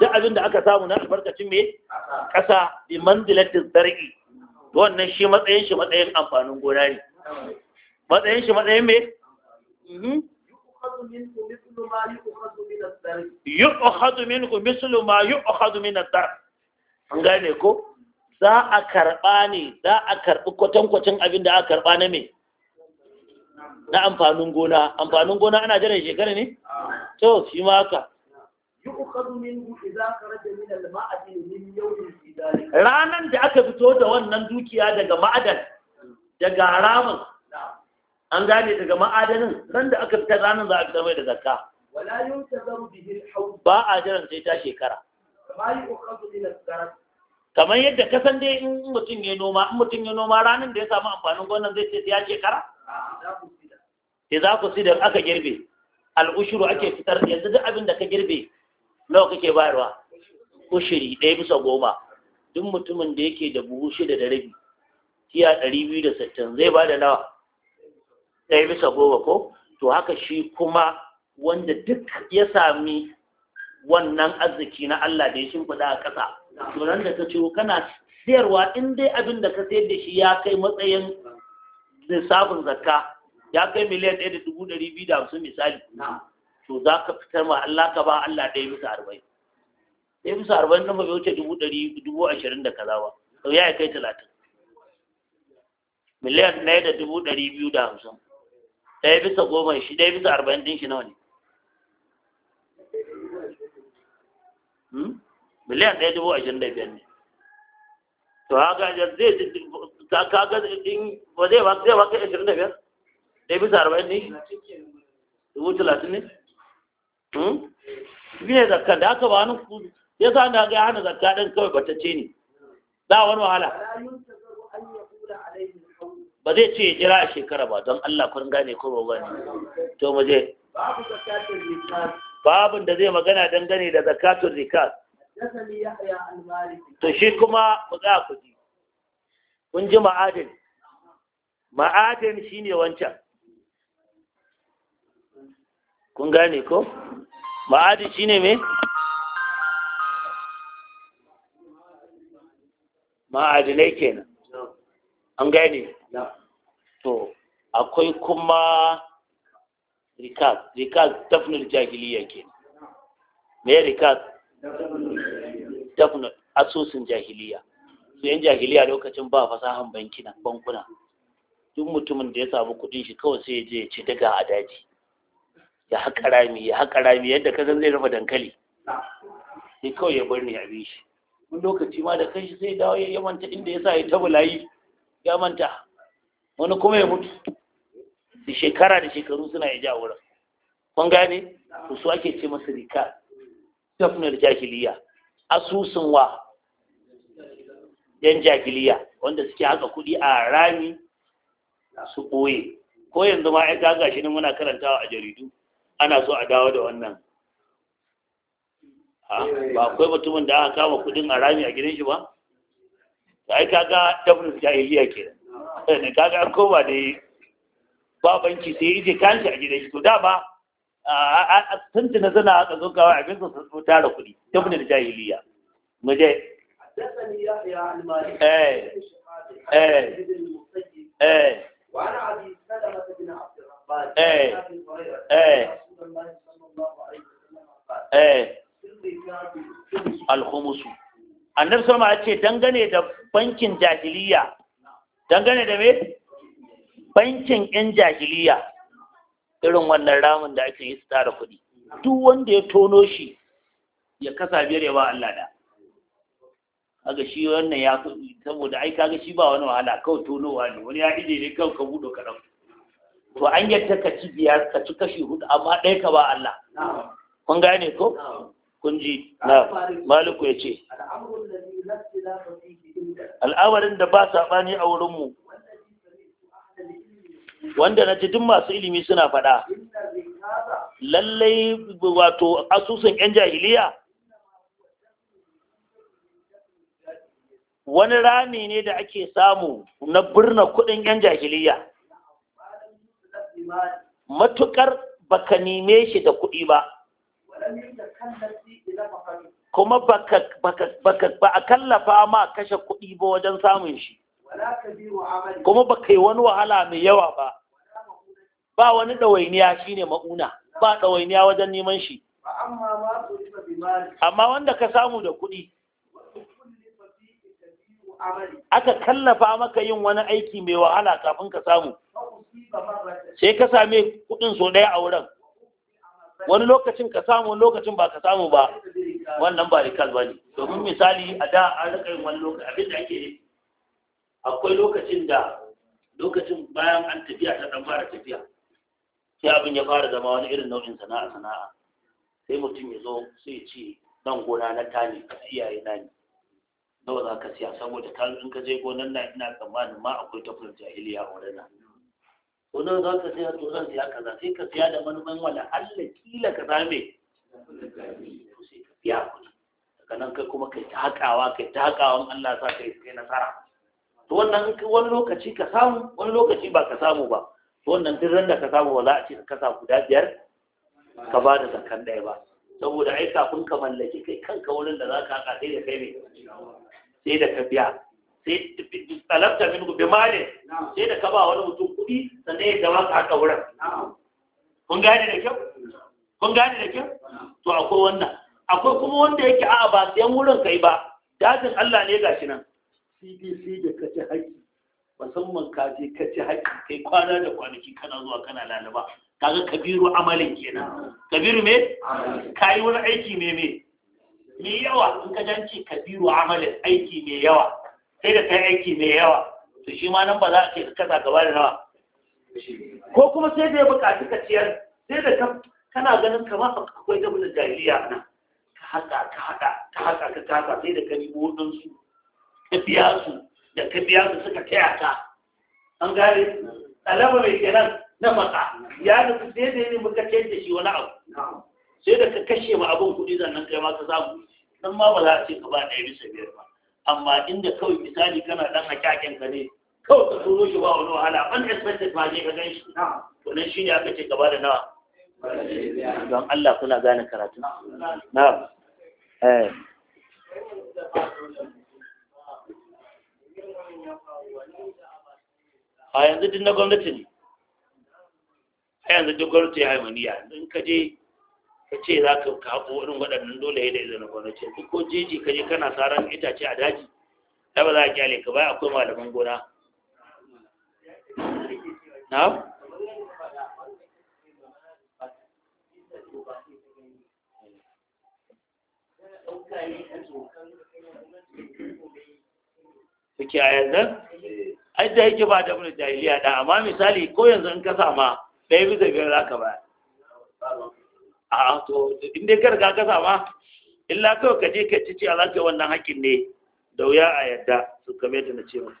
duk abin da aka samu na albarkacin me ƙasa bi manzilatin zar'i wannan shi matsayin shi matsayin amfanin gona ne matsayin shi matsayin me mhm. yu'khadhu minhu mislu ma yu'khadhu min ad-dar an gane ko za a karɓa ne za a karɓi kwatankwacin abin da aka karɓa na me na amfanin gona amfanin gona ana jiran shekara ne to shi ma haka ranan da aka fito da wannan dukiya daga ma'adan daga haramun an gane daga ma'adanin ran da aka fita ranar za a fita mai da zakka ba a jiran sai ta shekara kamar yadda ka san dai in mutum ya noma in mutum ya noma ranar da ya samu amfanin gonan zai ce ya shekara sai za ku sidar aka girbe al'ushuru ake fitar yanzu duk abin da ka girbe nawa kake bayarwa ushiri ɗaya bisa goma duk mutumin da yake da buhu shida da rabi tiya ɗari biyu da sittin zai ba da nawa ɗaya bisa goma ko to haka shi kuma wanda duk ya sami wannan arziki na Allah da ya shimfiɗa a ƙasa turan nan da ka ciro kana siyarwa in dai abin da ka sayar da shi ya kai matsayin lissafin zakka ya kai miliyan ɗaya da dubu ɗari biyu da hamsin misali to za ka fitar ma Allah ka ba Allah ɗaya bisa arba'in ɗaya bisa arba'in na mafi wuce dubu ɗari dubu ashirin da kaza ba to ya kai talatin miliyan ɗaya da dubu ɗari biyu da hamsin ɗaya bisa goma shi ɗaya bisa arba'in ɗin shi nawa ne hmm? miliyan ɗaya dubu ashirin da biyar ne to haka zai kaga in ba zai ba zai ba kai ashirin da biyar ɗaya bisa arba'in ne dubu talatin ne hmm? shi ne zakka da aka ba wani ku ya sa da ga hana zakka ɗin kawai ba ta ni. Za da wani wahala ba zai ce jira a shekara ba don Allah kun gane ko ba gane to mu je Babu da zai magana dangane da zakatun rikas to shi kuma ku za ku ji kun ji ma'adin ma'adin shine wancan kun gane ko ma'adin shine me ma'adinai kenan an gane to akwai kuma rikas rikas tafnul jahiliya kenan me rikas dafnul asusun jahiliya su yan jahiliya lokacin ba fasahan bankina bankuna duk mutumin da ya samu kudin shi kawai sai ya je ya ci daga a daji ya haƙa rami ya haƙa rami yadda kazan zai rufe dankali sai kawai ya bar ni a shi wani lokaci ma da kanshi sai dawo ya manta inda ya sa ya yi ya manta wani kuma ya mutu da shekara da shekaru suna ya ja wurin kun gane su ake ce masu rika dafnar jahiliya asusun wa yan jahiliya wanda suke haka kuɗi a rami su ɓoye ko yanzu ma ya gaga shi ne muna karantawa a jaridu ana so a dawo da wannan ba akwai mutumin da aka kama kuɗin a rami a gidan shi ba ta ai kaga dafnar jahiliya ke ne kaga an koma da ba banki sai ije je kanshi a gidan shi to da ba a tuntuna suna haka zo kawai abin su sun tara kuɗi ta da jahiliya mu je alhumusu eh, eh, eh. annabi sama ya ce dangane da bankin jahiliya dangane da me bankin yan jahiliya irin wannan ramin da ake yi su tara kuɗi duk wanda ya tono shi ya kasa biyar ya ba Allah da aga shi wannan ya saboda ai kaga shi ba wani wahala kawai tonowa ne wani ya ije ne kawai ka buɗe ka to an yadda ka ci biyar ka ci kashi hudu amma ɗaya ka ba Allah kun gane ko kun ji na maliku ya ce al'amarin da ba saɓani a wurinmu wanda na ji duk masu ilimi suna faɗa lallai wato asusun 'yan jahiliya wani rami ne da ake samu na birna kudin 'yan jahiliya matukar baka nime shi da kudi ba kuma baka ba a kallafa ma kashe kudi ba wajen samun shi kuma ba kai wani wahala mai yawa ba ba wani ɗawainiya shine ma'una ba ɗawainiya wajen neman shi amma wanda ka samu da kuɗi aka kallafa maka yin wani aiki mai wahala kafin ka samu sai ka same kuɗin so ɗaya a wurin wani lokacin ka samu lokacin ba ka samu ba wannan ba rikal ba ne domin misali a da an rika yin wani lokacin abin da ake akwai lokacin da lokacin bayan an tafiya ta dan fara tafiya sai abin ya fara zama wani irin nau'in sana'a sana'a sai mutum ya zo sai ce nan gona na tani ka siyaye na ne nawa za ka siya saboda ka in ka je gonan na ina tsammanin ma akwai tafiyar jahiliya a wurin nan ko za ka siya to zan siya kaza sai ka siya da manoman wala Allah kila ka zame sai ka siya kuɗi daga nan kai kuma kai ta haƙawa kai ta haƙawa Allah sa kai kai nasara to wannan in wani lokaci ka samu wani lokaci ba ka samu ba to wannan duk randa ka samu ba za a ce ka kasa guda biyar ka ba da zakan ɗaya ba saboda ai kafin ka mallaki kai kanka wurin da za ka haƙa sai da kai ne sai da ka biya sai talabta min bi malin sai da ka ba wani mutum kuɗi sannan ya gaba ka haƙa wurin kun gane da kyau kun gane da kyau to akwai wannan akwai kuma wanda yake a'a ba sayan wurin kai ba dajin Allah ne gashi nan sai da ka ci haƙƙi musamman ka je ka ci haƙƙi kai kwana da kwanaki kana zuwa kana lalaba kaga kabiru amalin kenan kabiru me ka yi wani aiki me me yawa in ka janci kabiru amalin aiki me yawa sai da kai aiki me yawa to shi ma nan ba za a ce ka kasa gaba da nawa ko kuma sai da ya buƙaci ka ciyar sai da ka kana ganin kamar akwai da mutu jahiliya nan ka haƙa ka haƙa, ka haƙa ka haƙa. sai da ka nemo waɗansu tafiya su da tafiya su suka taya ta. an gane alama mai kenan na maka ya nufi da yi muka tayar da shi wani abu sai da ka kashe ma abin kuɗi sannan kai ma ka samu nan ma ba za a ce ka ba ɗaya bisa biyar ba amma inda kawai misali kana ɗan hakakin ka ne kawai ka turo shi ba wani wahala an expected ma je ka gan shi to nan shine aka ce gaba da nawa don Allah kuna gane karatu na'am eh a yanzu din na gwamnati ne a yanzu duk gwamnati ya haimaniya in ka je ka ce za ka haƙo wani waɗannan dole ya da na gwamnati duk ko jeji ka je kana saran itace a daji ai ba za a kyale ka bai akwai malaman gona na Suke a yanzu? ai da yake ba da mun jahiliya da amma misali ko yanzu in ka sama ɗaya bisa biyar za ka bayar a to in dai kar ka sama illa kawai ka je ka ci ci a za wannan haƙƙin ne da wuya a yadda su kame ta na ce maka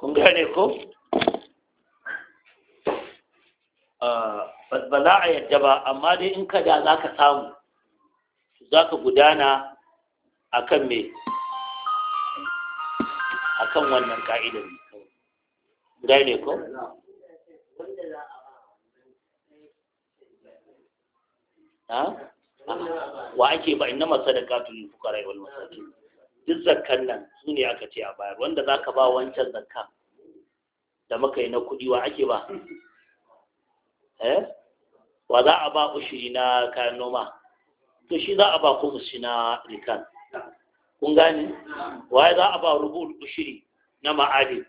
kun gane ko ah, ba za a yadda ba amma dai in ka da za ka samu za ka gudana a kan me a kan wannan ka'idar gane ko wa ake ba inna masadaqatul fukarai wal masakin duk zakkan nan su ne aka ce a bayar wanda za ka ba wancan zakka da muka yi na kuɗi wa ake ba eh? wa za a ba ushiri na kayan noma to shi za a ba ku ushi na rikan kun gane wa za a ba rubul ushiri na ma'adi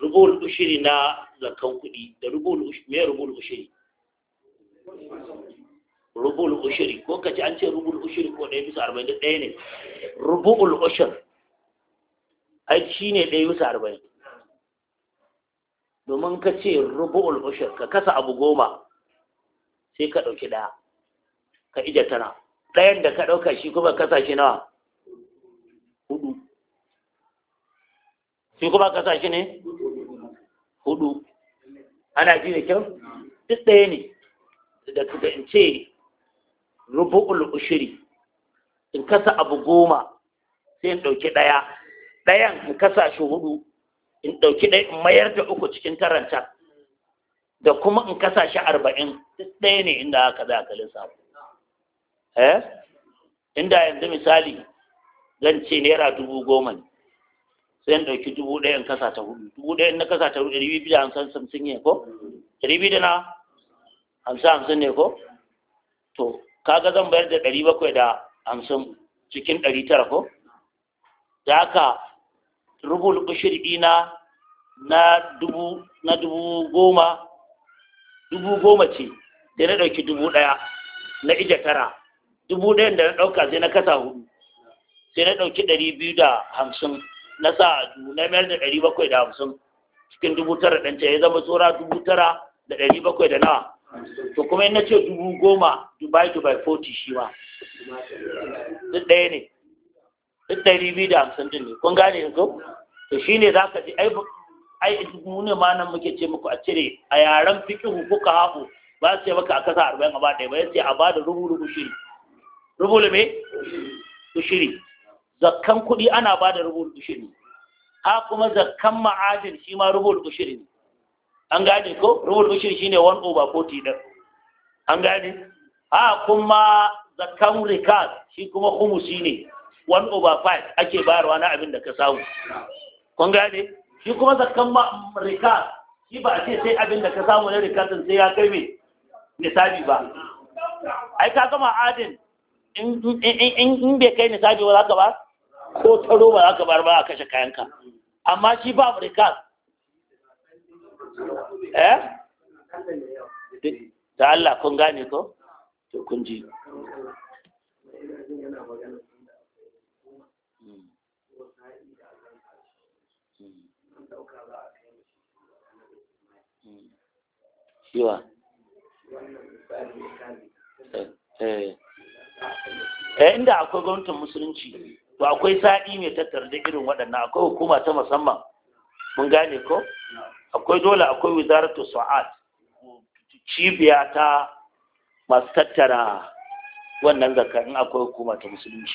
rubul ushiri na zakkan kuɗi da rubul me rubul ushiri rubul ushiri ko kace an ce rubul ushiri ko ɗaya bisa arba'in da ɗaya ne rubul ushur ai shi ne ɗaya bisa arba'in domin ka ce rubul ushur ka kasa abu goma sai ka ɗauki ɗaya ka ija tana ɗayan da ka ɗauka shi kuma kasa shi nawa hudu shi kuma kasa shi ne hudu ana ji da kyau duk ɗaya ne da in ce rubu'ul ushiri in kasa abu goma sai in ɗauki ɗaya ɗayan in kasa shi hudu in ɗauki ɗaya in mayar da uku cikin taranta da kuma in kasa shi arba'in duk ɗaya ne inda haka za kalin lissafa eh inda yanzu misali zan ce naira dubu goma ne sai in ɗauki dubu ɗaya in kasa ta hudu dubu ɗaya in na kasa ta hudu ɗari biyu da hamsin hamsin ne ko ɗari biyu da na hamsin hamsin ne ko to kaga zan bayar da ɗari bakwai da hamsin cikin ɗari tara ko da haka rubul ushir ɗina na dubu na dubu goma dubu goma ce da na ɗauki dubu ɗaya na ija tara dubu ɗaya da na ɗauka sai na kasa hudu sai na ɗauki ɗari biyu da hamsin na sa na mayar da ɗari bakwai da hamsin cikin dubu tara ɗan ya zama tsora dubu tara da ɗari bakwai da nawa to kuma in ce dubu goma dubai dubai 40 shi ma duk ɗaya ne duk ɗari biyu da hamsin din ne kun gane yanzu to shi ne za ka ji ai ai mu ne ma nan muke ce muku a cire a yaren fikihu ka haku ba su ce maka a kasa arba'in a ba ɗaya ba ya ce a ba da rubu rubu shiri rubu me shiri. zakkan kuɗi ana ba da rubu shiri. ha kuma zakkan ma'adin shi ma rubu shiri. ne an gane ko rubul ushir shine 1 over 40 din an gane a kuma zakan rikas shi kuma khumusi ne 1 over 5 ake bayarwa na abin da ka samu kun gane shi kuma zakan rikas shi ba a ce sai abin da ka samu na din sai ya kai mai nisabi ba ai ka gama adin in bai kai nisabi ba za ka ba ko taro ba za ka bar ba a kashe kayanka amma shi ba rikas eh da Allah kun gane ko to kun ji Yiwa. Eh, eh. eh, inda akwai gwamnatin musulunci, to akwai sa'i mai tattara da irin waɗannan akwai hukuma ta musamman mun gane ko akwai dole akwai wizaratu sa'ad cibiya ta masu tattara wannan zakar in akwai hukuma ta musulunci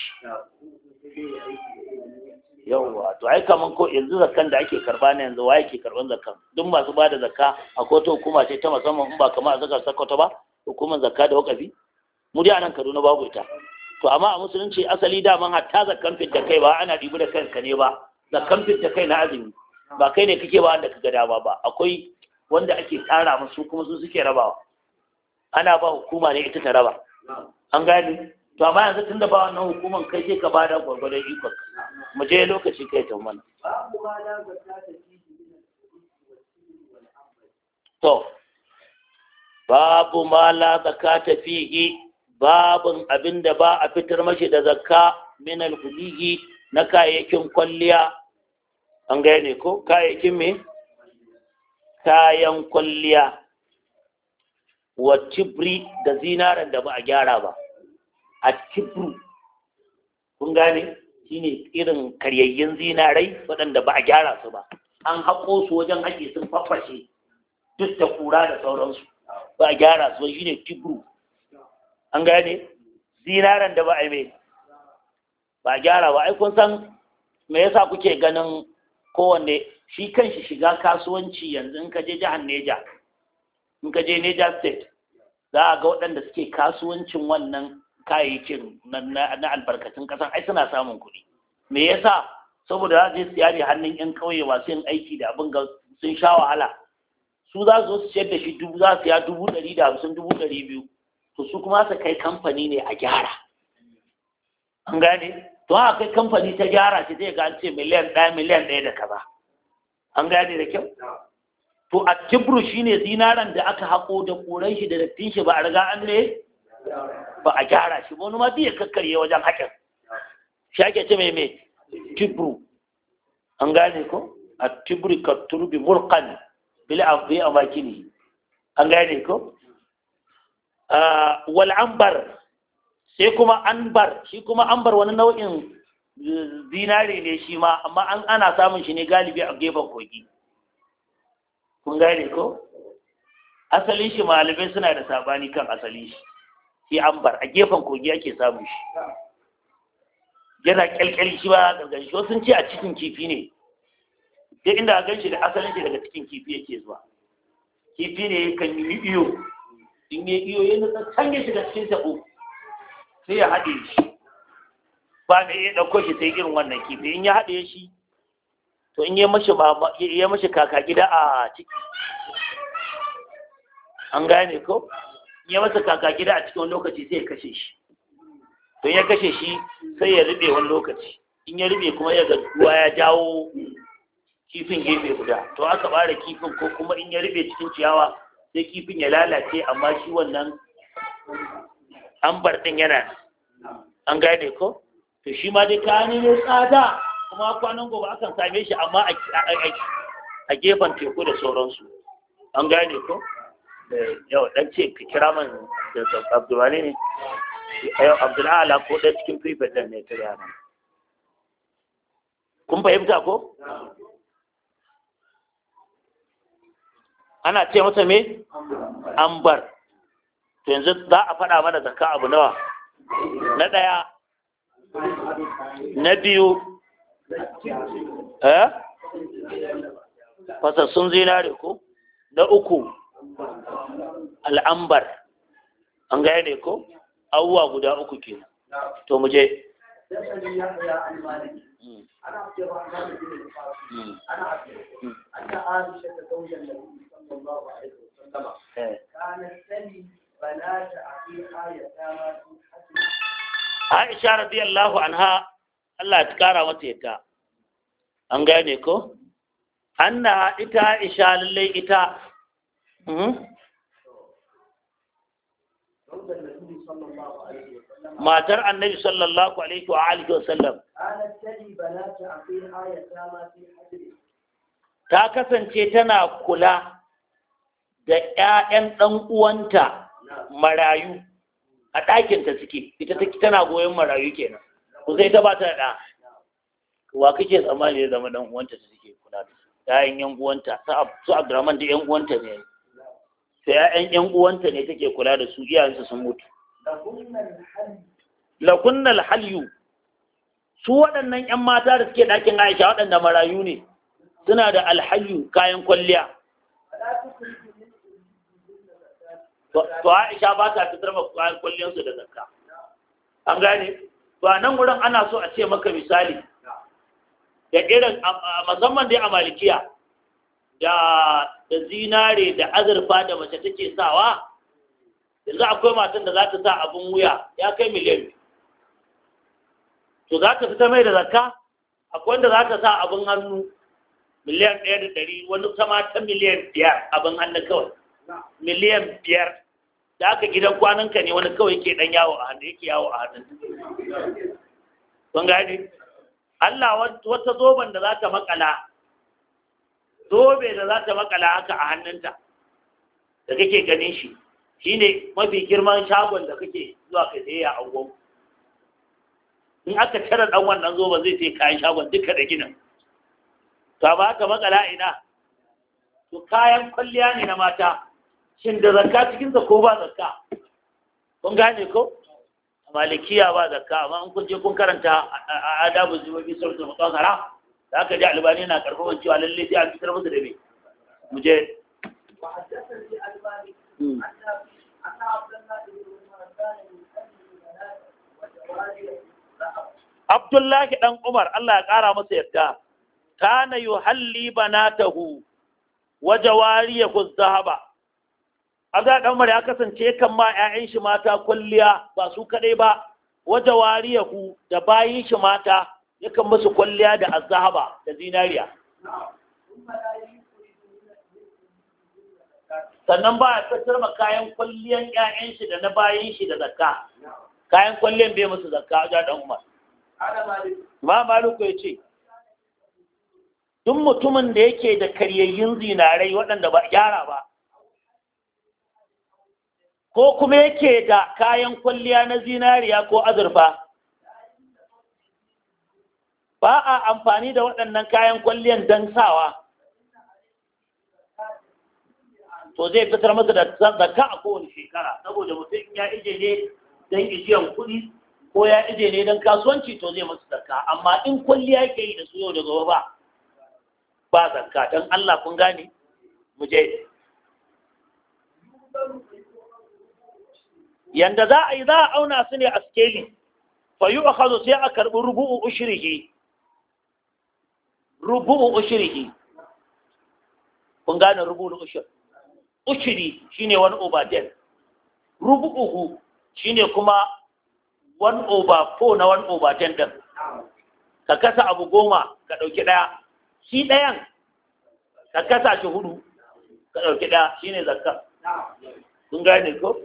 yawwa to ai kaman ko yanzu zakan da ake karba ne yanzu waye ke karban zakan duk masu bada zakka akwai ta hukuma ce ta musamman in ba kamar a zakar sakkwato ba hukumar zakka da wakafi mu dai anan Kaduna babu ita to amma a musulunci asali daman hatta zakkan fitta kai ba ana dibi da kanka ne ba zakkan fitta kai na azumi ba kai ne kake ba wanda ga dama ba akwai wanda ake tsara musu kuma su suke rabawa ana ba hukuma ne ita ta raba an gane to amma yanzu tunda ba wannan hukuman kai sai ka ba da gwargwadon ikon mu je lokaci kai ta mana to babu ma la zakata fihi babun abinda ba a fitar mashi da zakka min al na kayayyakin kwalliya an ne, ko kayayyakin me kayan kwalliya wa cibri da zinaran da ba a gyara ba a tibru kun gane shine irin karyayyen zinarai waɗanda ba a gyara su ba an haƙo su wajen haƙe sun fafashe duk da kura da sauransu ba a gyara su shi ne tibru an gane zinaran da ba a yi mai ba a gyara ba ai kun san me yasa kuke ganin kowanne shi kan shi shiga kasuwanci yanzu in ka je jihar neja in ka je neja state za a ga waɗanda suke kasuwancin wannan kayayyakin na albarkatun ƙasar ai suna samun kuɗi me yasa saboda za su siya ne hannun yan ƙauye masu yin aiki da abin ga sun sha wahala su za su zo siyar da shi dubu za su siya dubu ɗari da hamsin dubu ɗari biyu to su kuma su kai kamfani ne a gyara an gane to a kai kamfani ta gyara shi zai ga an ce miliyan ɗaya miliyan ɗaya da kaza an gane da kyau to a kibru shine zinaran da aka haƙo da ƙoran shi da dattin shi ba a riga an ne ba a gyara shi ba wani ma biya kakkarye wajen haƙin shi ake ce mai mai kibru an gane ko a kibru ka turbi mulkan bil abu a makini an gane ko ah, wal ambar sai kuma bar shi kuma bar wani nau'in eh, zinare ne shi ma amma an ana samun shi ne galibi a gefen kogi kun gane ko asalin shi malamai suna da sabani kan asalin shi shi bar a gefen kogi ake samun shi yana kyalkyali shi ba daga shi sun ce a cikin kifi ne duk inda a ganshi da asalin shi daga cikin kifi yake zuwa kifi ne kan yi iyo in yi iyo yana can ya shiga cikin tabo sai ya haɗe shi ba mai iya ɗauko shi sai irin wannan kifi in ya haɗe shi to in ya mashi kaka gida a ciki an gane ko ya masa kaka gida a cikin lokaci sai ya kashe shi to ya kashe shi sai ya rube wani lokaci in ya rube kuma ya ruwa ya jawo kifin gefe guda to aka bare kifin ko kuma in ya rube cikin ciyawa sai kifin ya lalace amma shi wannan ambar ɗin yana an gane ko to shi ma dai kani ne tsada kuma kwanan gobe akan same shi amma a gefen teku da sauransu an gane ko eh, yau dan ce ka kira man da abdulwani ne yau abdulala ko ɗan cikin prefect ɗin ne ta yana kun fahimta ko ana ce masa me ambar to yanzu za a faɗa mana zakka abu nawa na ɗaya na biyu eh fasassun zinare ko na uku al'ambar an gaya ne ko abubuwa guda uku ke. to mu je a hmm. ba hmm. hmm. Aisha radiyallahu anha Allah ta kara mata yadda an gane ko anna ita Aisha lalle ita mhm. matar annabi sallallahu alaihi wa alihi wa sallam ta kasance tana kula da ƴaƴan ɗan uwanta marayu a ɗakinta suke ita tana goyon marayu kenan ku sai ta ba ta da wa kake tsammani ya zama dan uwanta ta suke kula da ƴaƴan yan uwanta su Abdurrahman da yan uwanta ne sai ƴaƴan yan uwanta ne take kula da su iyayensu sun mutu lakunnal halyu su waɗannan ƴan mata da suke ɗakin Aisha waɗanda marayu ne suna da alhalyu kayan kwalliya to Aisha ba ta fitar ma kullun su da zakka an gane to a nan gurin ana so a ce maka misali da irin musamman dai a malikiya da da zinare da azurfa da mace take sawa yanzu akwai matan da za ta sa abin wuya ya kai miliyan to za ta fita mai da zakka akwai wanda za ta sa abin hannu miliyan ɗaya da ɗari wani sama ta miliyan biyar abin hannu kawai miliyan biyar da aka gidan kwananka ne wani kawai ke dan yawo a hannu yake yawo a hannun kun gani Allah wata zoben da za ta makala zobe da za ta makala haka a hannunta da kake ganin shi ne mafi girman shagon da kake zuwa ka je ya angon in aka tara dan wannan zoba zai ce kayan shagon duka da ginin ta ba ka makala ina to kayan kwalliya ne na mata shin da zakka cikinsa ko ba zakka kun gane ko malikiya ba zakka amma in kun je kun karanta adabu zubi sautul mutahara da aka ji albani na karfafa cewa lalle sai a fitar musu da me mu je Abdullahi dan Umar Allah ya kara masa yarda kana yuhalli banatahu wa jawariyahu dhahaba a dan mare ya kasance kan ma 'ya'yan shi mata kwalliya ba su kadai ba waje wariyahu da bayin shi mata yakan musu kwalliya da azhaba da zinariya sannan ba ya fitar ma kayan kwalliyan 'ya'yan shi da na bayin shi da zakka kayan kwalliyan bai musu zakka a dan umar ma maliku ya ce duk mutumin da yake da karyayyun zinarai waɗanda ba gyara ba ko kuma yake da kayan kwalliya na zinariya ko azurfa ba a amfani da waɗannan kayan kwalliyan don sawa to zai fitar masa da zaka a kowane shekara saboda mutum ya ije ne don ijiyan kuɗi ko ya ije ne don kasuwanci to zai masa zaka amma in kwalliya ke yi da su yau da gaba ba ba zaka don Allah kun gane mu je yanda za a yi za a auna su ne a skeli fa yi sai a karɓi rubu'u ushirihi rubu'u ushirihi kun gane rubu'u ushir ushiri ne one over ten shi ne kuma one over four na one over ten din ka kasa abu goma ka ɗauki ɗaya shi ɗayan ka kasa shi hudu ka ɗauki ɗaya Shi ne zakka kun gane ko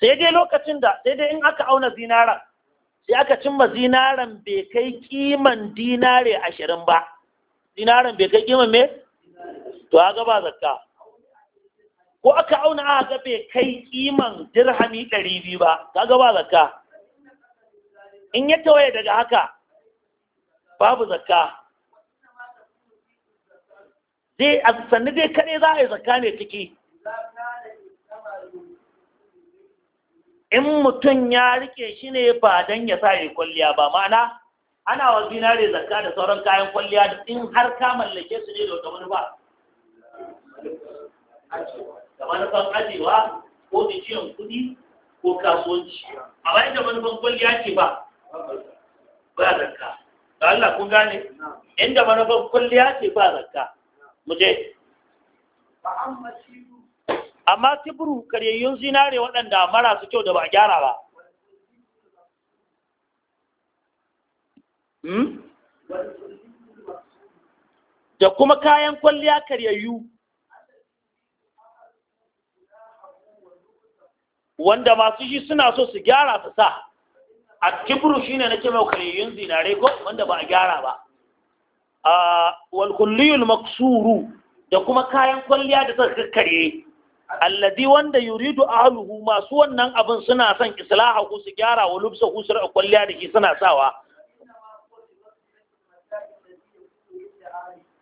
sai dai lokacin da sai dai in aka auna zinaran, sai aka cimma zinaren bai kai kiman dinare ashirin ba zinaren bai kai kiman me to haka ba zakka ko aka auna haka bai kai kiman dirhami ɗari biyu ba kaga ba zakka in ya tawaye daga haka babu zakka zai a sannu dai kaɗai za a yi zaka ne ciki in mutum ya rike shi ne ba don ya sa yi kwalliya ba ma'ana ana wa zinare zakka da sauran kayan kwalliya da in har ka mallake su ne da wata wani ba da manufan ajewa ko ciyon kuɗi ko kasuwanci amma inda manufan kwalliya ce ba ba zakka da Allah kun gane inda manufan kwalliya ce ba zakka muje amma tibru karyayyun zinare waɗanda marasu kyau da ba a gyara ba hmm? da kuma kayan kwalliya karyayyu wanda masu shi suna so su gyara su sa a tibru shine nake mai karyayyun zinare ko wanda ba a gyara ba wal kulliyul maksuru da kuma kayan kwalliya da zan kakkare alladhi wanda yuridu ahluhu masu wannan abin suna son islaha ku su gyara wa lubsa ku su kwalliya da shi suna sawa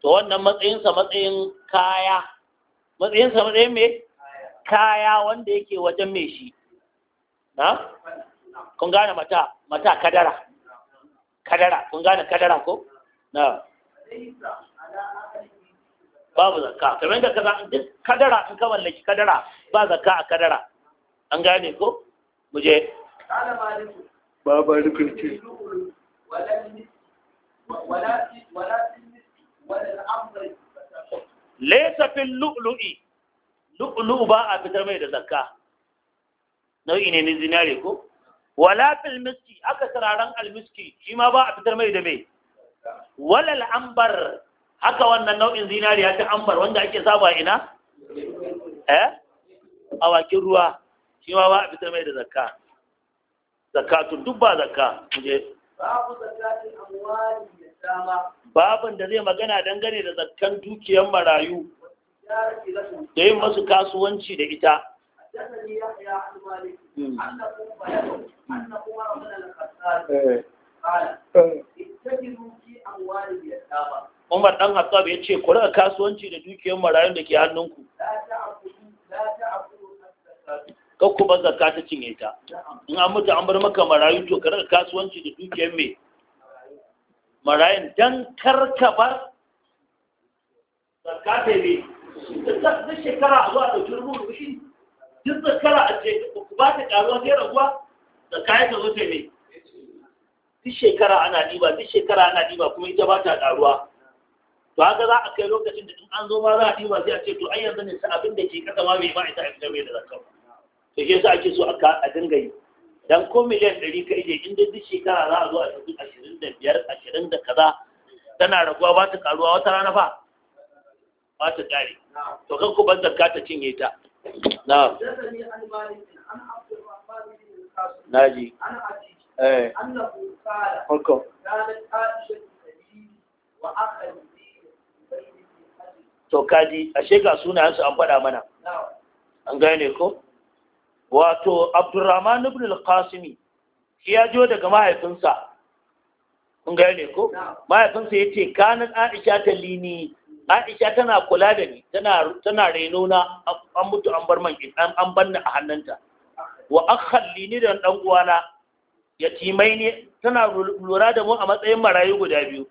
to wannan matsayinsa matsayin kaya matsayinsa matsayin me kaya wanda yake wajen me shi na kun gane mata mata kadara kadara kun gane kadara ko na babu zakka kamar da kaza duk kadara in ka mallaki kadara ba zakka a kadara an gane ko mu je baba rufin ce laisa fil lu'lu'i lu'lu'u ba a fitar mai da zakka nau'i ne na zinare ko wala fil miski aka sararan al-miski shi ma ba a fitar mai da mai walal ambar haka wannan nau'in zinariya ta ambar wanda ake saba ina eh a wakin ruwa shi ma ba a fita mai da zakka zakatun duk ba zakka kuje babu zakatin amwali da dama babin da zai magana dangane da zakkan dukiyar marayu da yin masu kasuwanci da ita أنه Umar ɗan Hattab ya ce, Kuri a kasuwanci da dukiyar marayun da ke hannunku. Kakku ba Zaka ta cinye ta. In an mutu an bar maka marayu to kar ka kasuwanci da dukiyar mai. Marayun dan karka bar zakka ta ne. Duk shekara a zuwa da jirgin rubushi, duk zakara a ce ku ba ta ƙaruwa sai raguwa, zakka ya ta zo ta ne. duk shekara ana diba duk shekara ana diba kuma ita ba ta ƙaruwa to haka za a kai lokacin da in an zo ma za a diba sai a ce to ai yanzu ne abin da ke kasa ma bai ba ita a mai da zakka to shi yasa ake so a dinga yi dan ko miliyan ɗari ka je inda duk shekara za a zo a tafi ashirin da biyar ashirin da kaza tana raguwa ba ta karuwa wata rana fa ba ta ƙare to kan ku ban zakka ta cinye ta na naji eh Haka. To kaji, ashe ga sunayensu an faɗa mana. An gane ko? Wato, Abdurrahman ibn al-Qasimi, shi ya jo daga mahaifinsa. An gane ko? Mahaifinsa ya ce, kanin Aisha ta lini, Aisha tana kula da ni, tana reno na an mutu an bar man an bar ni a hannunta. Wa akhalli ni da dan uwana yatimai ne tana lura da mu a matsayin marayu guda biyu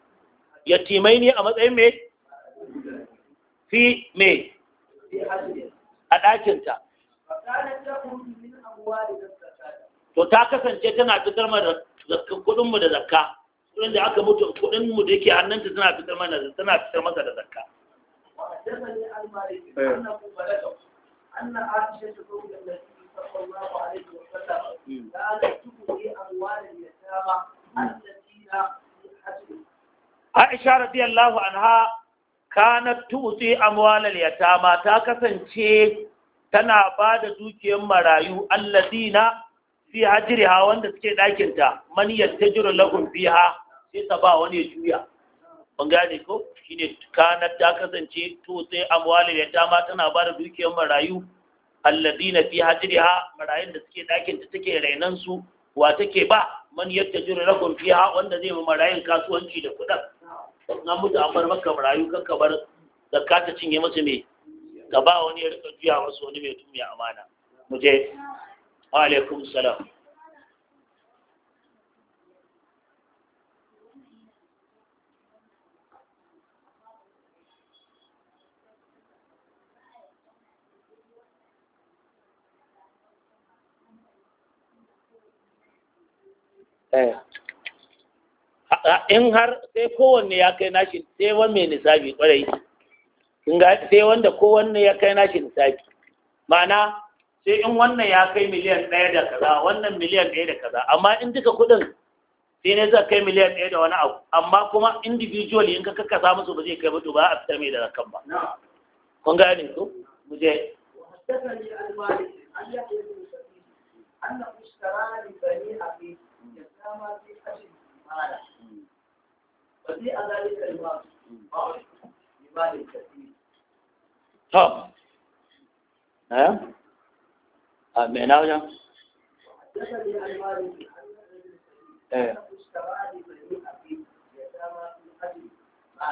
yatimai ne a matsayin me fi me a ɗakinta to ta kasance tana fitar mana kuɗinmu da zakka kudin da aka mutu kuɗinmu da yake hannunta tana fitar mana tana fitar masa da zakka أن عائشة زوج da Hmm. Hmm. Aisha radiyallahu anha kana tu'ti amwal al-yatama ta kasance tana ba da dukiyar marayu alladina fi hajriha wanda suke dakin ta man yattajiru lahum fiha sai ta ba wani ya juya ban gane ko shine kana ta kasance tu'ti amwal al-yatama tana ba da dukiyar marayu alladina fi hajriha marayin da suke dakin da take rainan su wa take ba man yattajiru lakum fiha wanda zai ma marayun kasuwanci da kuɗin na mutu a bar maka marayu kan ka bar ka ta cinye masa me ka ba wani ya rika juya wasu wani mai duniya amana mu je wa alaikum salam Eh. in har sai kowanne ya kai nashi sai wani mai nisabi kwarai kin sai wanda kowanne ya kai nashi nisabi ma'ana sai in wannan ya kai miliyan ɗaya da kaza wannan miliyan ɗaya da kaza amma in duka kuɗin sai ne zai kai miliyan ɗaya da wani abu amma kuma individual in ka kakkasa musu ba zai kai mutu ba a fitar mai daga kan ba kun gane ku mu je طب ها من وجه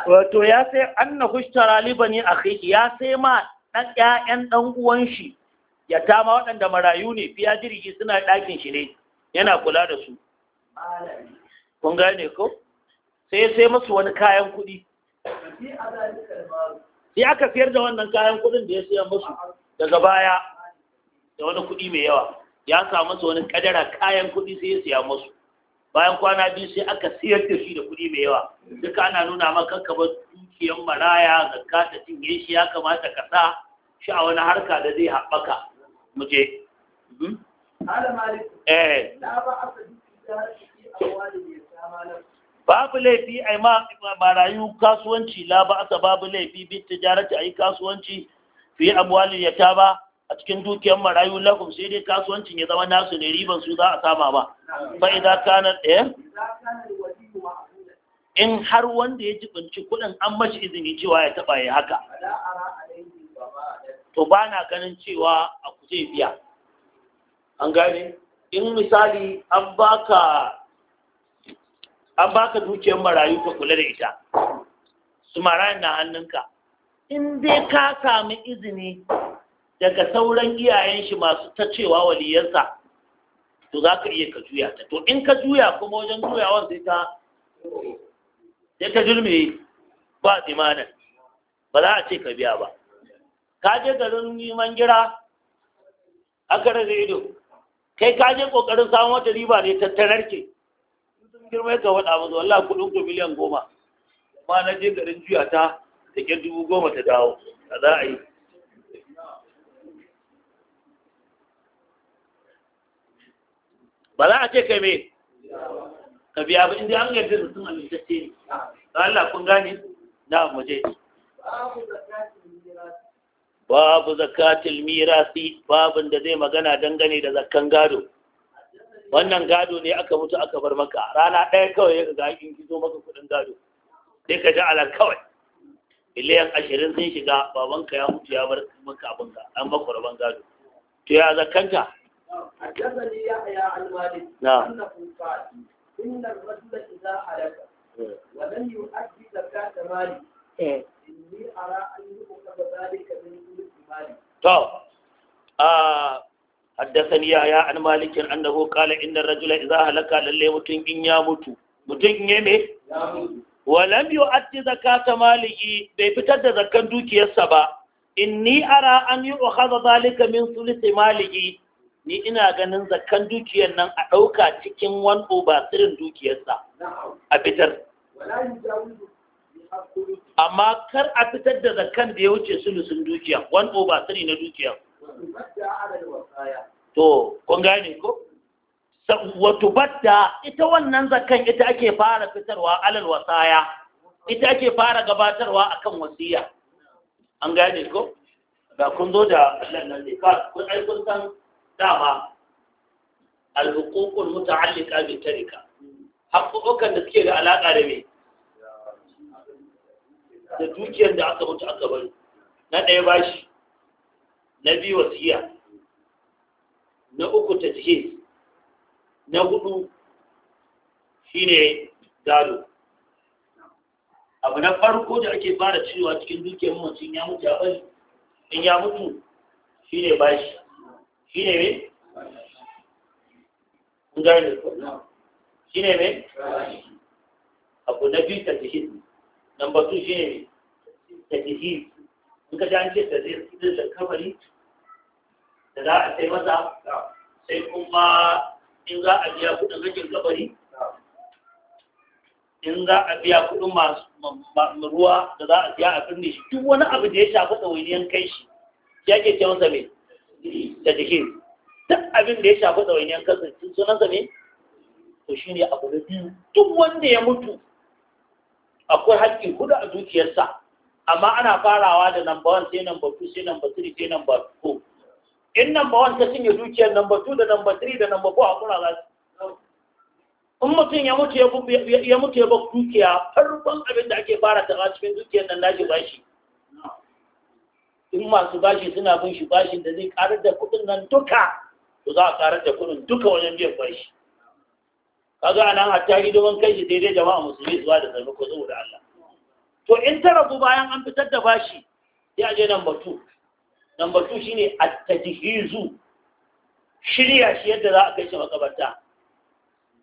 wato ya sai anna hushtara libani ya sai ma ɗanyayan ɗanuwan ɗan uwan shi ya tama waɗanda marayu ne fiya jirgi suna ɗakin shi ne yana kula da su kun gane ko sai sai musu wani kayan kuɗi sai aka fiyar da wannan kayan kuɗin da ya siya musu daga baya da wani kuɗi mai yawa ya samu su wani kadara kayan kuɗi sai ya siya musu bayan kwana biyu sai aka siyar da shi da kuɗi mai yawa duka ana nuna maka kanka ba dukiyar maraya ga ka ta cinye shi ya kamata ka sa shi a wani harka da zai haɓaka mu je hmm? eh babu laifi a ma marayu kasuwanci la ba aka babu laifi bi tijarati a yi kasuwanci fi abuwali ya ba a cikin dukiyar marayu lakum sai dai kasuwancin ya zama nasu ne riban su za a sama ba fa idan eh in har wanda ya jibinci kudin an mashi izini cewa ya taba ya haka to ba na ganin cewa a zai biya an gane in misali an baka an baka dukiyar marayu ka kula da ita su marayan na hannunka in dai ka sami izini daga sauran iyayen shi masu ta cewa waliyansa to za ka iya ka juya ta to in ka juya kuma wajen juyawar sai ta sai ta jirme ba imanin ba za a ce ka biya ba ka je garin neman gira aka rage ido kai ka je kokarin samun wata riba ne tattalar ke girma ya faɗa zuwa Allah kudin ku miliyan goma amma na je garin juya ta da ke dubu goma ta dawo a za a yi ba za a ce kai me ka biya ba inda an yarda da sun amintacce ne ga Allah kun gane na muje babu zakatul mirasi babin da zai magana dangane da zakkan gado wannan gado ne aka mutu aka bar maka rana ɗaya kawai ya ga in gizo maka kuɗin gado sai ka ji ala kawai miliyan ashirin sun shiga babanka ya mutu ya bar maka abin ka an maka rabon gado to ya zakanta حدثني يحيى عن مالك انه قال ان الرجل اذا هلك ولم يؤدي زكاه ماله اني ارى ان يؤخذ ذلك من ملك ماله. طب آه حدثني يا يا عن مالك انه قال ان الرجل اذا هلك لله متين إن يموت متن يمي ولم يؤدي زكاة ماله بيبتد زكاة دوكي السبا إني أرى أن يؤخذ ذلك من ثلث ماله ni ina ganin zakan dukiyar nan a ɗauka cikin wani obasirin dukiyarsa a fitar amma kar a fitar da zakan da ya wuce sulusun dukiya wani obasiri na dukiyar to kun gane ko wato batta ita wannan zakan ita ake fara fitarwa alal wasaya ita ake fara gabatarwa akan wasiya an gane ko da kun zo da lannan ne ba kun ai kun san dama al-huququl muta'alliqa bi tarika haƙoƙan da suke da alaƙa da me da dukiyar da aka mutu aka bari na ɗaya bashi na biyu wasiya na uku tajhiz na hudu shine gado abu na farko da ake fara cewa cikin dukiyar mutum ya mutu a bari in ya mutu shine bashi shine me kun gane shine me abu na biyu tajhiz number 2 shine tajhiz in ka an ce da zai zai da kabari da za a sai masa sai kuma in za a biya kudin rikin kabari in za a biya kudin masu ruwa da za a biya a birni shi duk wani abu da ya shafi ɗawainiyan kai shi ya ke ce masa mai da jihir duk abin da ya shafi ɗawainiyan kansa suna mai to shi ne abu na biyu duk wanda ya mutu akwai haƙƙin kudu a dukiyarsa amma ana farawa da number one sai number two sai number three sai number four in number one ta cinye dukiyar number two da number three da number four a kuna za su in mutum ya mutu ya mutu ya ba dukiya farkon abin da ake fara ta cikin dukiyar nan nashi bashi in masu bashi suna bin shi bashin da zai karar da kudin nan duka to za a karar da kudin duka wajen biyan bashi kaga anan hatta hidiman kai shi daidai jama'a musulmi zuwa da taimako saboda Allah to in ta rabu bayan an fitar da bashi sai a je number 2 number 2 shine at-tajhizu shirya shi yadda za a kai shi makabarta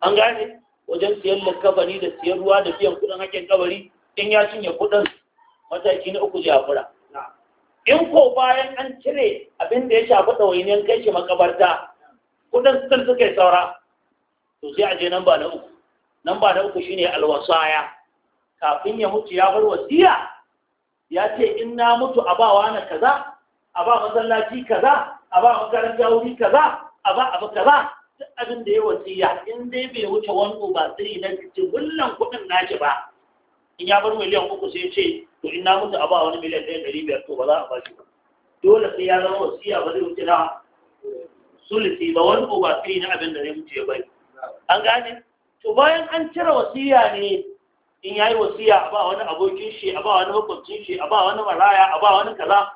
an gane wajen siyan makabari da siyan ruwa da biyan kudin hakkin kabari in ya cinye kudin mataki na uku fura in ko bayan an cire abin da ya shafi ɗawainiyar kai shi makabarta kudin sun suka yi saura to sai a je number na uku namba na uku shine alwasaya kafin ya mutu ya bar wasiya ya ce in na mutu a bawa na kaza a ba masallaci kaza a ba makaranta wuri kaza a ba abu kaza duk abin da ya wasiya in dai bai wuce wani ba sai na jibullan kuɗin nashi ba in ya bar miliyan uku sai ce to in na mutu a ba wani miliyan ɗaya ɗari biyar to ba za a ba shi ba dole sai ya zama wasiya ba zai wuce na sulisi ba wani ba sai na abin da zai wuce ya bari an gane to bayan an cire wasiya ne in yayi wasiya a ba wani abokin shi a ba wani makwabcin shi a ba wani maraya a ba wani kaza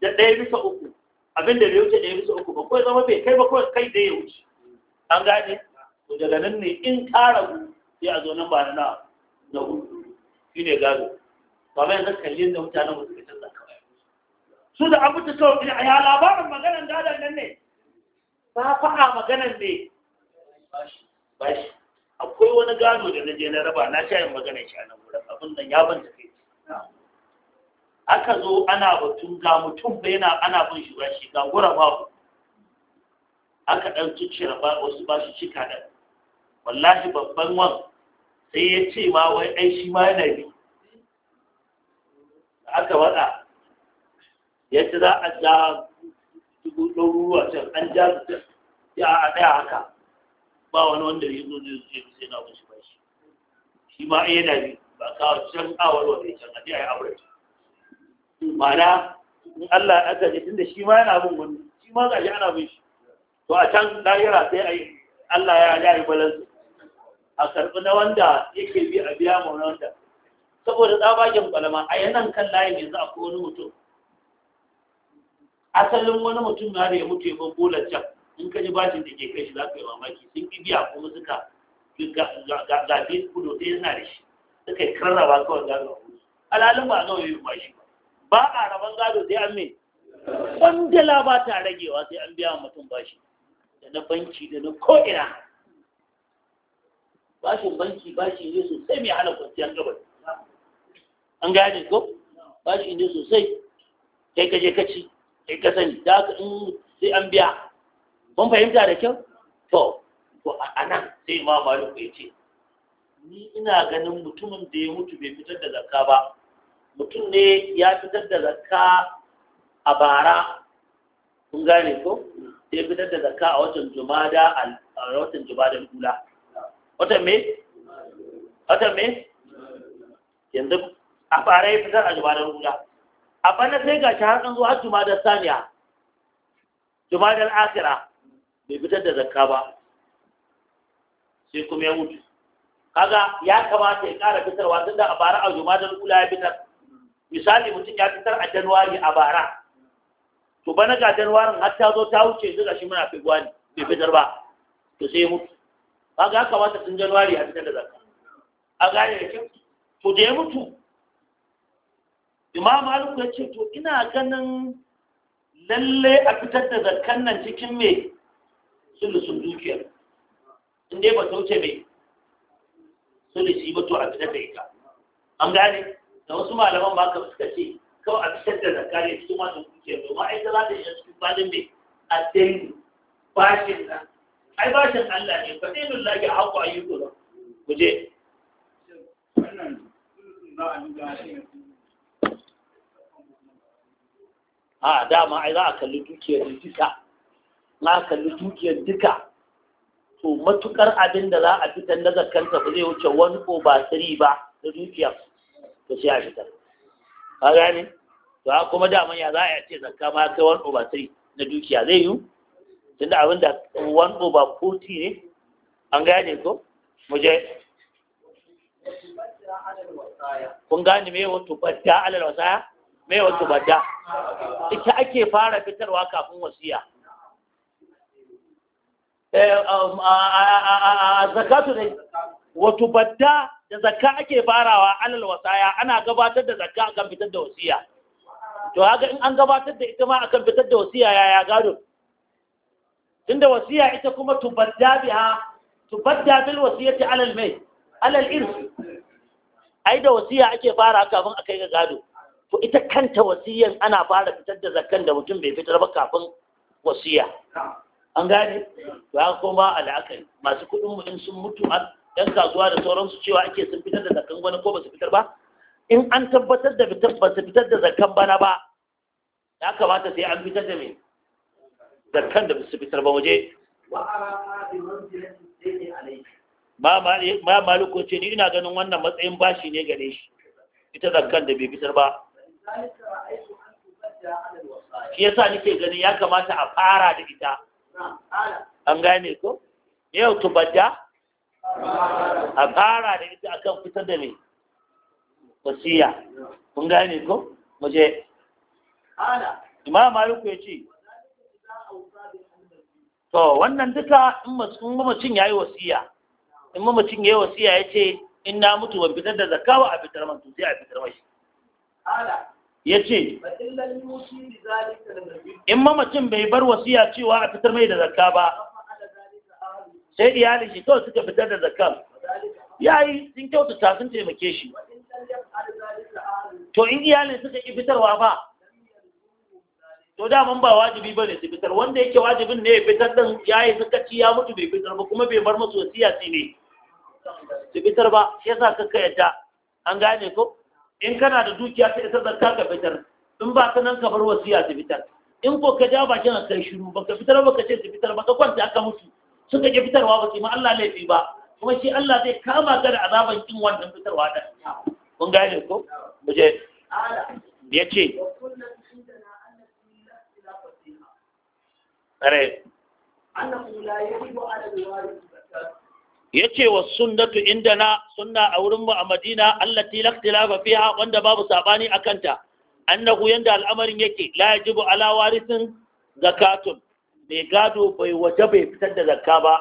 da ɗaya bisa uku abin da bai wuce ɗaya bisa uku ba kawai zama bai kai ba kawai kai ɗaya wuce an gane to daga nan ne in ƙara ku sai a zo nan ba na na hudu shi ne gado ba mai zan kalli da mutanen mu suka canza kawai su da abu ta kawai a ya labarin maganan gadon nan ne ba fa'a maganan ne ba shi akwai wani gado da na je na raba na sha yin magana shi a nan wurin abin nan ya ban tafi aka zo ana batun ga mutum ba yana ana bin shi ba shi ga gura aka ɗan ciccira ba wasu ba shi cika da wallahi babban wan sai ya ce ma wai ai shi ma yana bi aka wada yadda za a ja dubu ɗaruruwa can an ja ya a ɗaya haka ba wani wanda ya zo zai zai zai na wuce ba shi shi ma ai yana biyu. ba ka can awar wanda ya can a biya ya aure ma'ana in Allah ya aka tun da shi ma yana bin wani shi ma gashi ana bin shi to a can lahira sai yi, Allah ya ya yi balansu a karɓi na wanda yake bi a biya ma wanda saboda tsabagen kwalama a yanan kan layin yanzu akwai wani mutum asalin wani mutum na da ya mutu ya bola can in ka ji bashin da ke kai shi za ka yi mamaki sun fi biya kuma suka gafe kudu ɗaya yana da shi suka yi karraba kawai gado a alhalin ba a gama yin bashi ba ba a rabon gado sai an mai kwandala ba ta ragewa sai an biya mutum bashi da na banki da na ko'ina bashin banki bashi ne sosai mai hana kwanciyar gabar an gane ko bashi ne sosai kai ka je ka ci kai ka sani da haka in sai an biya Kun fahimta da kyau to ko a nan sai ma malik ya ce ni ina ganin mutumin da ya mutu bai fitar da zakka ba mutum ne ya fitar da zakka a bara kun gane ko Ya fitar da zakka a watan jumada a watan jumada kula watan me watan me yanzu a bara ya fitar a jumada kula a bana sai ga shi har kan zuwa jumada saniya jumadar akira bai fitar da zakka ba sai kuma ya mutu kaga ya kamata ya ƙara fitarwa tun da a bara a zuma da lula ya fitar misali mutum ya fitar a januwari a bara to bana ga januwarin har ta zo ta wuce zai ga shi muna fi gwani bai fitar ba to sai ya mutu kaga ya kamata tun januwari a fitar da zakka a gane da kyau to da ya mutu imam malik ya ce to ina ganin lalle a fitar da zakkan nan cikin me sulusun dukiyar in dai ba wuce mai sulusi ba to a fitar da ita an gane da wasu malaman ba ka suka ce kawai a fitar da zakari ne cikin wannan dukiyar domin ai za ta iya cikin fadin mai tsayin bashin nan ai bashin Allah ne fa dai lillahi a haƙo ayyuka ba ku je a dama ai za a kalli dukiyar duka na kalli dukiyar duka to matukar abin da za a fitar na zakanta ba zai wuce wani ko ba ba na dukiya to sai a fitar ka gane to a kuma da ya za a ce zakka ma kai wani over three na dukiya zai yiwu tunda abin da wani over forty ne an gane ko mu je kun gane me wato badda alal wasaya me wato badda ita ake fara fitarwa kafin wasiya Eh, um, zakatu ne wato badda da zakka ake farawa alal wasaya ana gabatar da zakka akan fitar da wasiya to haka in an gabatar da ita ma akan fitar da wasiya yaya gado tunda wasiya ita kuma tubadda biha tubadda bil wasiyati alal mai alal irs ai da wasiya ake fara kafin akai ga gado to ita kanta wasiyan ana fara fitar da zakkan da mutum bai fitar ba kafin wasiya an gane to an koma al'akari masu kudin mu in sun mutu a yan kasuwa da sauransu cewa ake sun fitar da zakan bana ko ba su fitar ba in an tabbatar da fitar ba su fitar da zakan bana ba ya kamata sai an fitar da me zakan da su fitar ba waje ma maliko ce ni ina ganin wannan matsayin bashi ne gare shi ita zakan da bai fitar ba shi yasa nake ganin ya kamata a fara da ita an gane ko yau tubadda a ƙara da ita akan fitar da ne wasiya kun gane ko muje imam maluku ya ce to wannan duka in mamacin ya yi wasiya in mamacin ya yi wasiya ya ce in na mutu ban fitar da zakawa a fitar man sai a fitar mashi ya ce in mamacin bai bar wasiya cewa a fitar mai da zakka ba sai iyalin shi kawai suka fitar da zakkan ya yi sun kyautata sun taimake shi to in iyalin suka ki fitarwa ba to daman ba wajibi ba ne su fitar wanda yake wajibin ne ya fitar ɗin ya yi ci ya mutu bai fitar ba kuma bai bar masu wasiya su ne su fitar ba shi yasa kakka yadda an gane ko in kana da dukiya ta isa zakka ka fitar in ba ka nan ka bar wasiya ta fitar in ko ka ja bakin kai shiru baka fitar ba ka ce ta fitar ka kwanta aka mutu suka ke fitarwa ba baki ma Allah laifi ba kuma shi Allah zai kama ka da azaban kin wannan fitarwa da kun gane ko mu je yace أنه لا ya ce wa sunnatu na sunna a wurin mu a madina allati la ikhtilafa fiha wanda babu sabani kanta. annahu yanda al'amarin yake la yajibu ala warisin zakatun mai gado bai waje bai fitar da zakka ba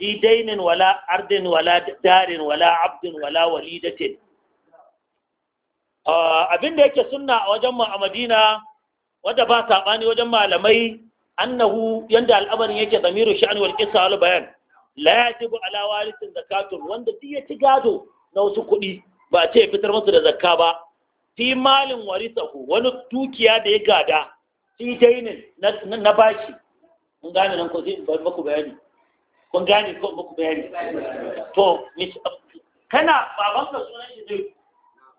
didainin wala ardin wala darin wala abdin wala walidatin ah, abin yake sunna a wajen a madina wanda ba sabani wajen malamai annahu yanda al'amarin yake zamiru sha'an wal qissa wal bayan la yajibu ala warithin zakatun wanda duk ya ci gado na wasu kuɗi ba ce ya fitar masa da zakka ba fi malin warisahu wani dukiya da ya gada fi dainin na bashi kun gane nan ko sai muku bayani kun gane ko muku bayani to kana baban ka sunan shi zai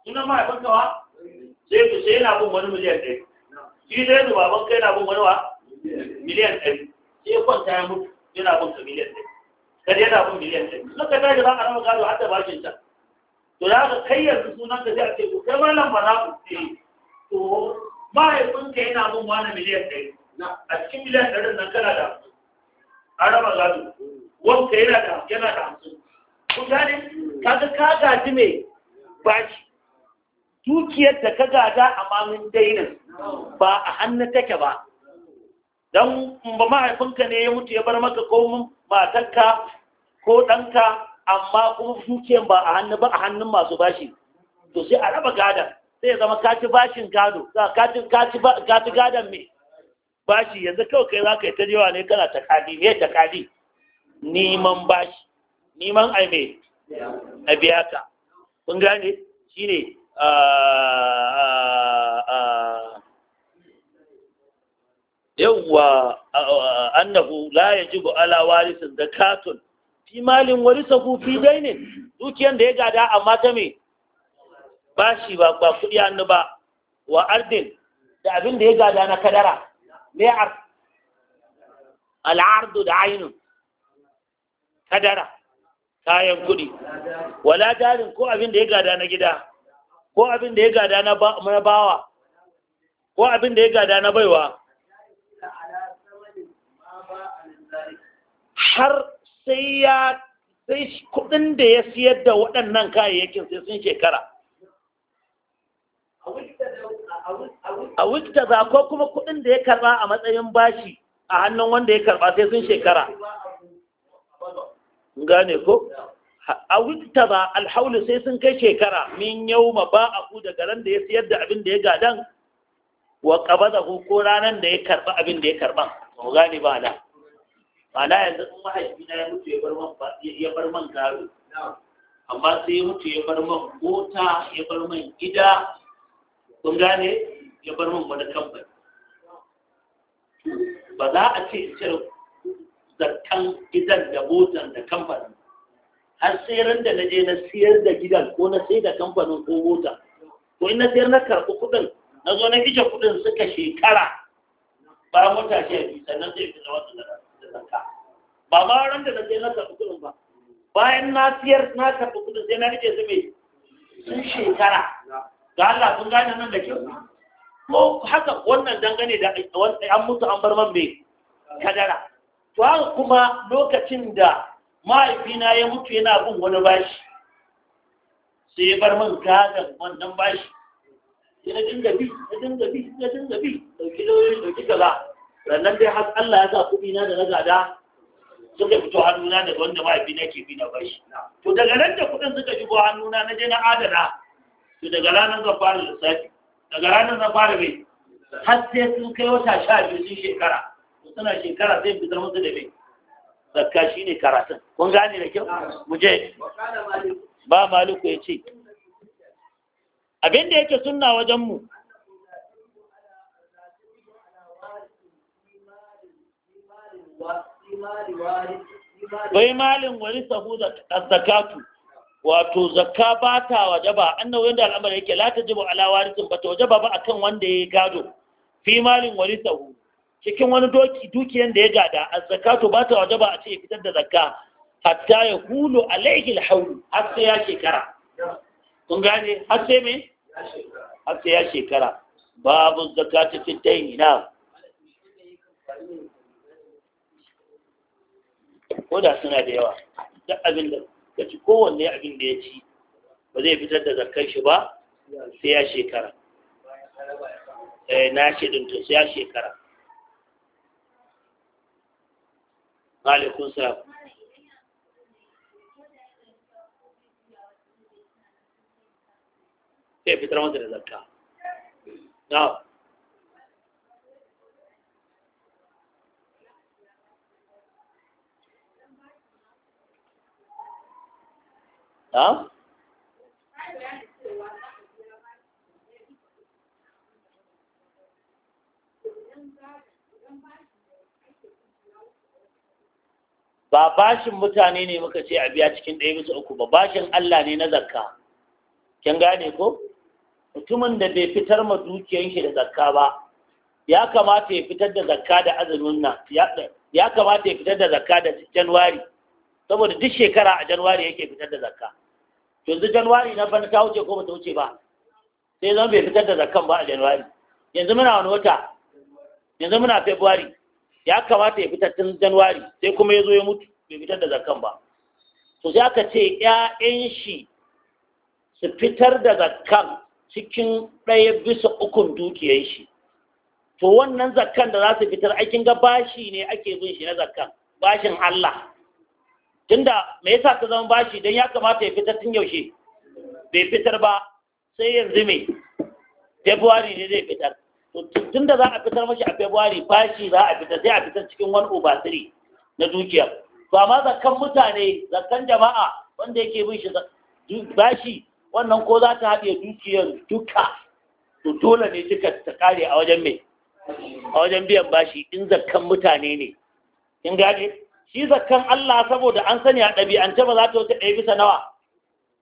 sunan mahaifinka wa zai ku sai yana bin wani miliyan ɗaya shi zai baban ka yana bin wani wa miliyan ɗari sai ya kwanta ya mutu yana bin ka miliyan ɗari kada yana bin miliyan ɗari suka tashi za a rama gado har da bashin can to da haka kai yanzu sunan ka sai a ce ko kai malam ba za ku ce to mahaifinka yana bin wani miliyan ɗari a cikin miliyan ɗarin nan kana da hamsin an raba gado wanka yana da yana da hamsin kun gane kaga ka gaji mai bashi dukiyar da ka gada a mamin dainin ba a hannu take ba dan ba mahaifinka ne ya mutu ya bar maka ko matanka ko ɗanka amma kuma dukiyar ba a hannu ba a hannun masu bashi to sai a raba gadon sai ya zama kaci bashin gado kaci gadon me bashi yanzu kawai kai za ka yi ta jewa ne kana takadi me takadi neman bashi neman ai me a biya ka kun gane shine ah, ah, yawwa annahu la yajibu ala warisin zakatun fi malin warisahu fi dainin dukiyan da ya gada amma ta me bashi ba ba kudi hannu ba wa ardin da abin da ya gada na kadara me ar ardu da ainun kadara kayan kudi wala jarin ko abin da ya gada na gida ko abin da ya gada na bawa ko abin da ya gada na baiwa har sai ya sai kudin da ya siyar da waɗannan kayayyakin sai sun shekara a wikita za ko kuma kudin da ya karba a matsayin bashi a hannun wanda ya karba sai sun shekara gane ko a wikita za alhaulu sai sun kai shekara min yau ma ba a ku daga ran da ya siyar da abin da ya gadan wa kaba da ko ranar da ya karba abin da ya karba gane ba na ba na yanzu in mahaifina ya mutu ya bar man ya bar man gado amma sai ya mutu ya bar man mota ya bar man gida kun gane ya bar man wani kamfani ba za a ce cire zakkan gidan da motar da kamfanin har sai ran da naje na siyar da gidan ko na sai da kamfanin ko mota ko in na siyar na karɓi kuɗin na zo na ije kuɗin suka shekara ba wata sha biyu sannan sai fi na wasu na da ba ma ran da zai na karɓi kuɗin ba bayan na siyar na karɓi kuɗin sai na rike su mai sun shekara ga Allah sun gane nan da kyau ko haka wannan dangane da an mutu an bar man mai kadara to haka kuma lokacin da mahaifina ya mutu yana bin wani bashi sai ya bar man gadon wannan bashi ya dinga bi ya dinga bi ya dinga bi dauki lauyoyi dauki gaba sannan dai har Allah ya sa kuɗi na da na gada suka fito hannuna daga wanda mahaifi na ke bi na bashi to daga nan da kuɗin suka shigo hannuna na je na adana to daga ranar zan fara lissafi daga ranar zan fara mai har sai sun kai wata sha biyu sun shekara suna shekara sai zama su da mai zakka shi ne karatun kun gane da kyau mu je ba maluku ya ce abin da yake sunna wajen mu bai malin wani sahu zakatu wato zakka ba ta waje ba annabi da al'amari yake lati tajibu ala warisin ba ta waje ba ba akan wanda ya gado fi malin wani sahu cikin wani doki dukiyan da ya gada a zakatu ba ta waje ba a ce fitar da zakka hatta ya hulu a alhawl har sai ya shekara kun gane har sai me har sai ya shekara babu zakatu fi na ko da suna da yawa duk abin da ya ci kowanne abin da ya ci ba zai fitar da zakar shi ba sai ya shekara eh, na shaidun to sai ya shekara alaikun sa sai fitar wanda da zakka na ha ba bashin mutane ne muka ce a biya cikin ɗaya bisa uku ba bashin Allah ne na zakka kin gane ko mutumin da bai fitar ma dukiyar shi da zakka ba ya kamata ya fitar da zakka da azumin nan ya kamata ya fitar da zakka da Januwari saboda duk shekara a januwari yake fitar da zakka yanzu januwari na ban ta wuce ko ba ta wuce ba sai zan bai fitar da zakkan ba a januwari yanzu muna wani wata yanzu muna february ya kamata ya fitar tun januwari sai kuma ya zo ya mutu bai fitar da zakkan ba to sai aka ce ƴaƴan shi su fitar da zakkan cikin ɗaya bisa ukun dukiyar shi to wannan zakkan da za su fitar aikin ga bashi ne ake bin shi na zakkan bashin Allah tunda me yasa ka zama bashi don ya kamata ya fitar tun yaushe bai fitar ba sai yanzu me february ne zai fitar tun da za a fitar mashi a february bashi za a fitar sai a fitar cikin wani over 3 na dukiyar to amma zakan mutane zakan jama'a wanda yake bin shi bashi wannan ko za ta haɗe dukiyar duka to dole ne duka ta kare a wajen me a wajen biyan bashi in zakan mutane ne in gane shi zakkan Allah saboda an sani a ɗabi'ance ba za ta wuce ɗaya bisa nawa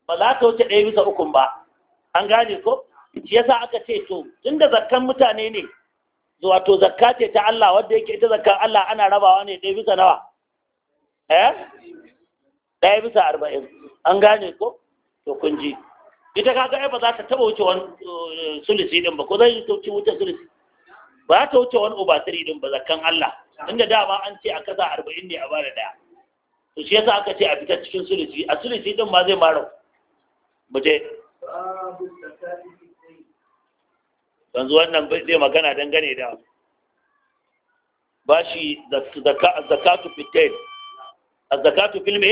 ba za ta wuce ɗaya bisa ukun ba an gane ko shi yasa aka ce to da zakkan mutane ne wato zakka ce ta Allah wadda yake ita zakkan Allah ana rabawa ne ɗaya bisa nawa eh ɗaya bisa arba'in an gane ko to kun ji ita kaga ai ba za ta taɓa wuce wani eh, sulisi ɗin ba ko zai wuce wuce sulisi ba za ta wuce wani uba ɗin ba zakkan Allah inda dama an ce a kasa arba'in ne a bada daya to shi yasa aka ce a fitar cikin sulusi a sulusi din ma zai mara mu je yanzu wannan zai magana dangane da bashi zakatu fitain zakatu filme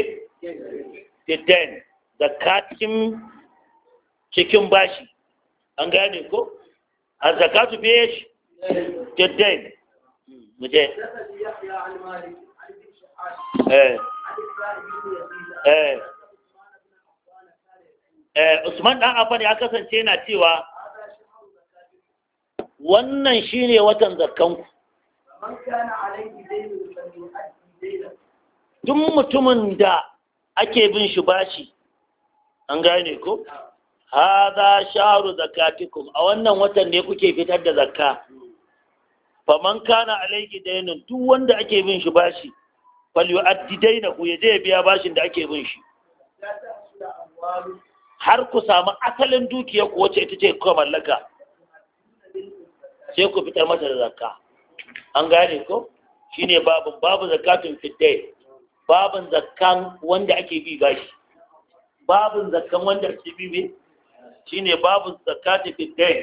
fitain zakatin cikin bashi an gane ko a zakatu fiye fitain مجھے Usman ɗan Affan ya kasance yana cewa wannan shine watan zakanku. Dun mutumin da ake bin shi bashi, an gane ko? za sharu zakatikun a wannan watan ne kuke fitar da zakka. faman kana alaiki dainun duk wanda ake bin shi bashi falyu'addi dainahu ya je ya biya bashin da ake bin shi har ku samu asalin dukiyar ku wacce ita ce ku mallaka sai ku fitar mata da zakka an gane ko shine babun babu zakatun fitai babun zakkan wanda ake bi bashi babun zakkan wanda ake bi me shine babun zakatun fitai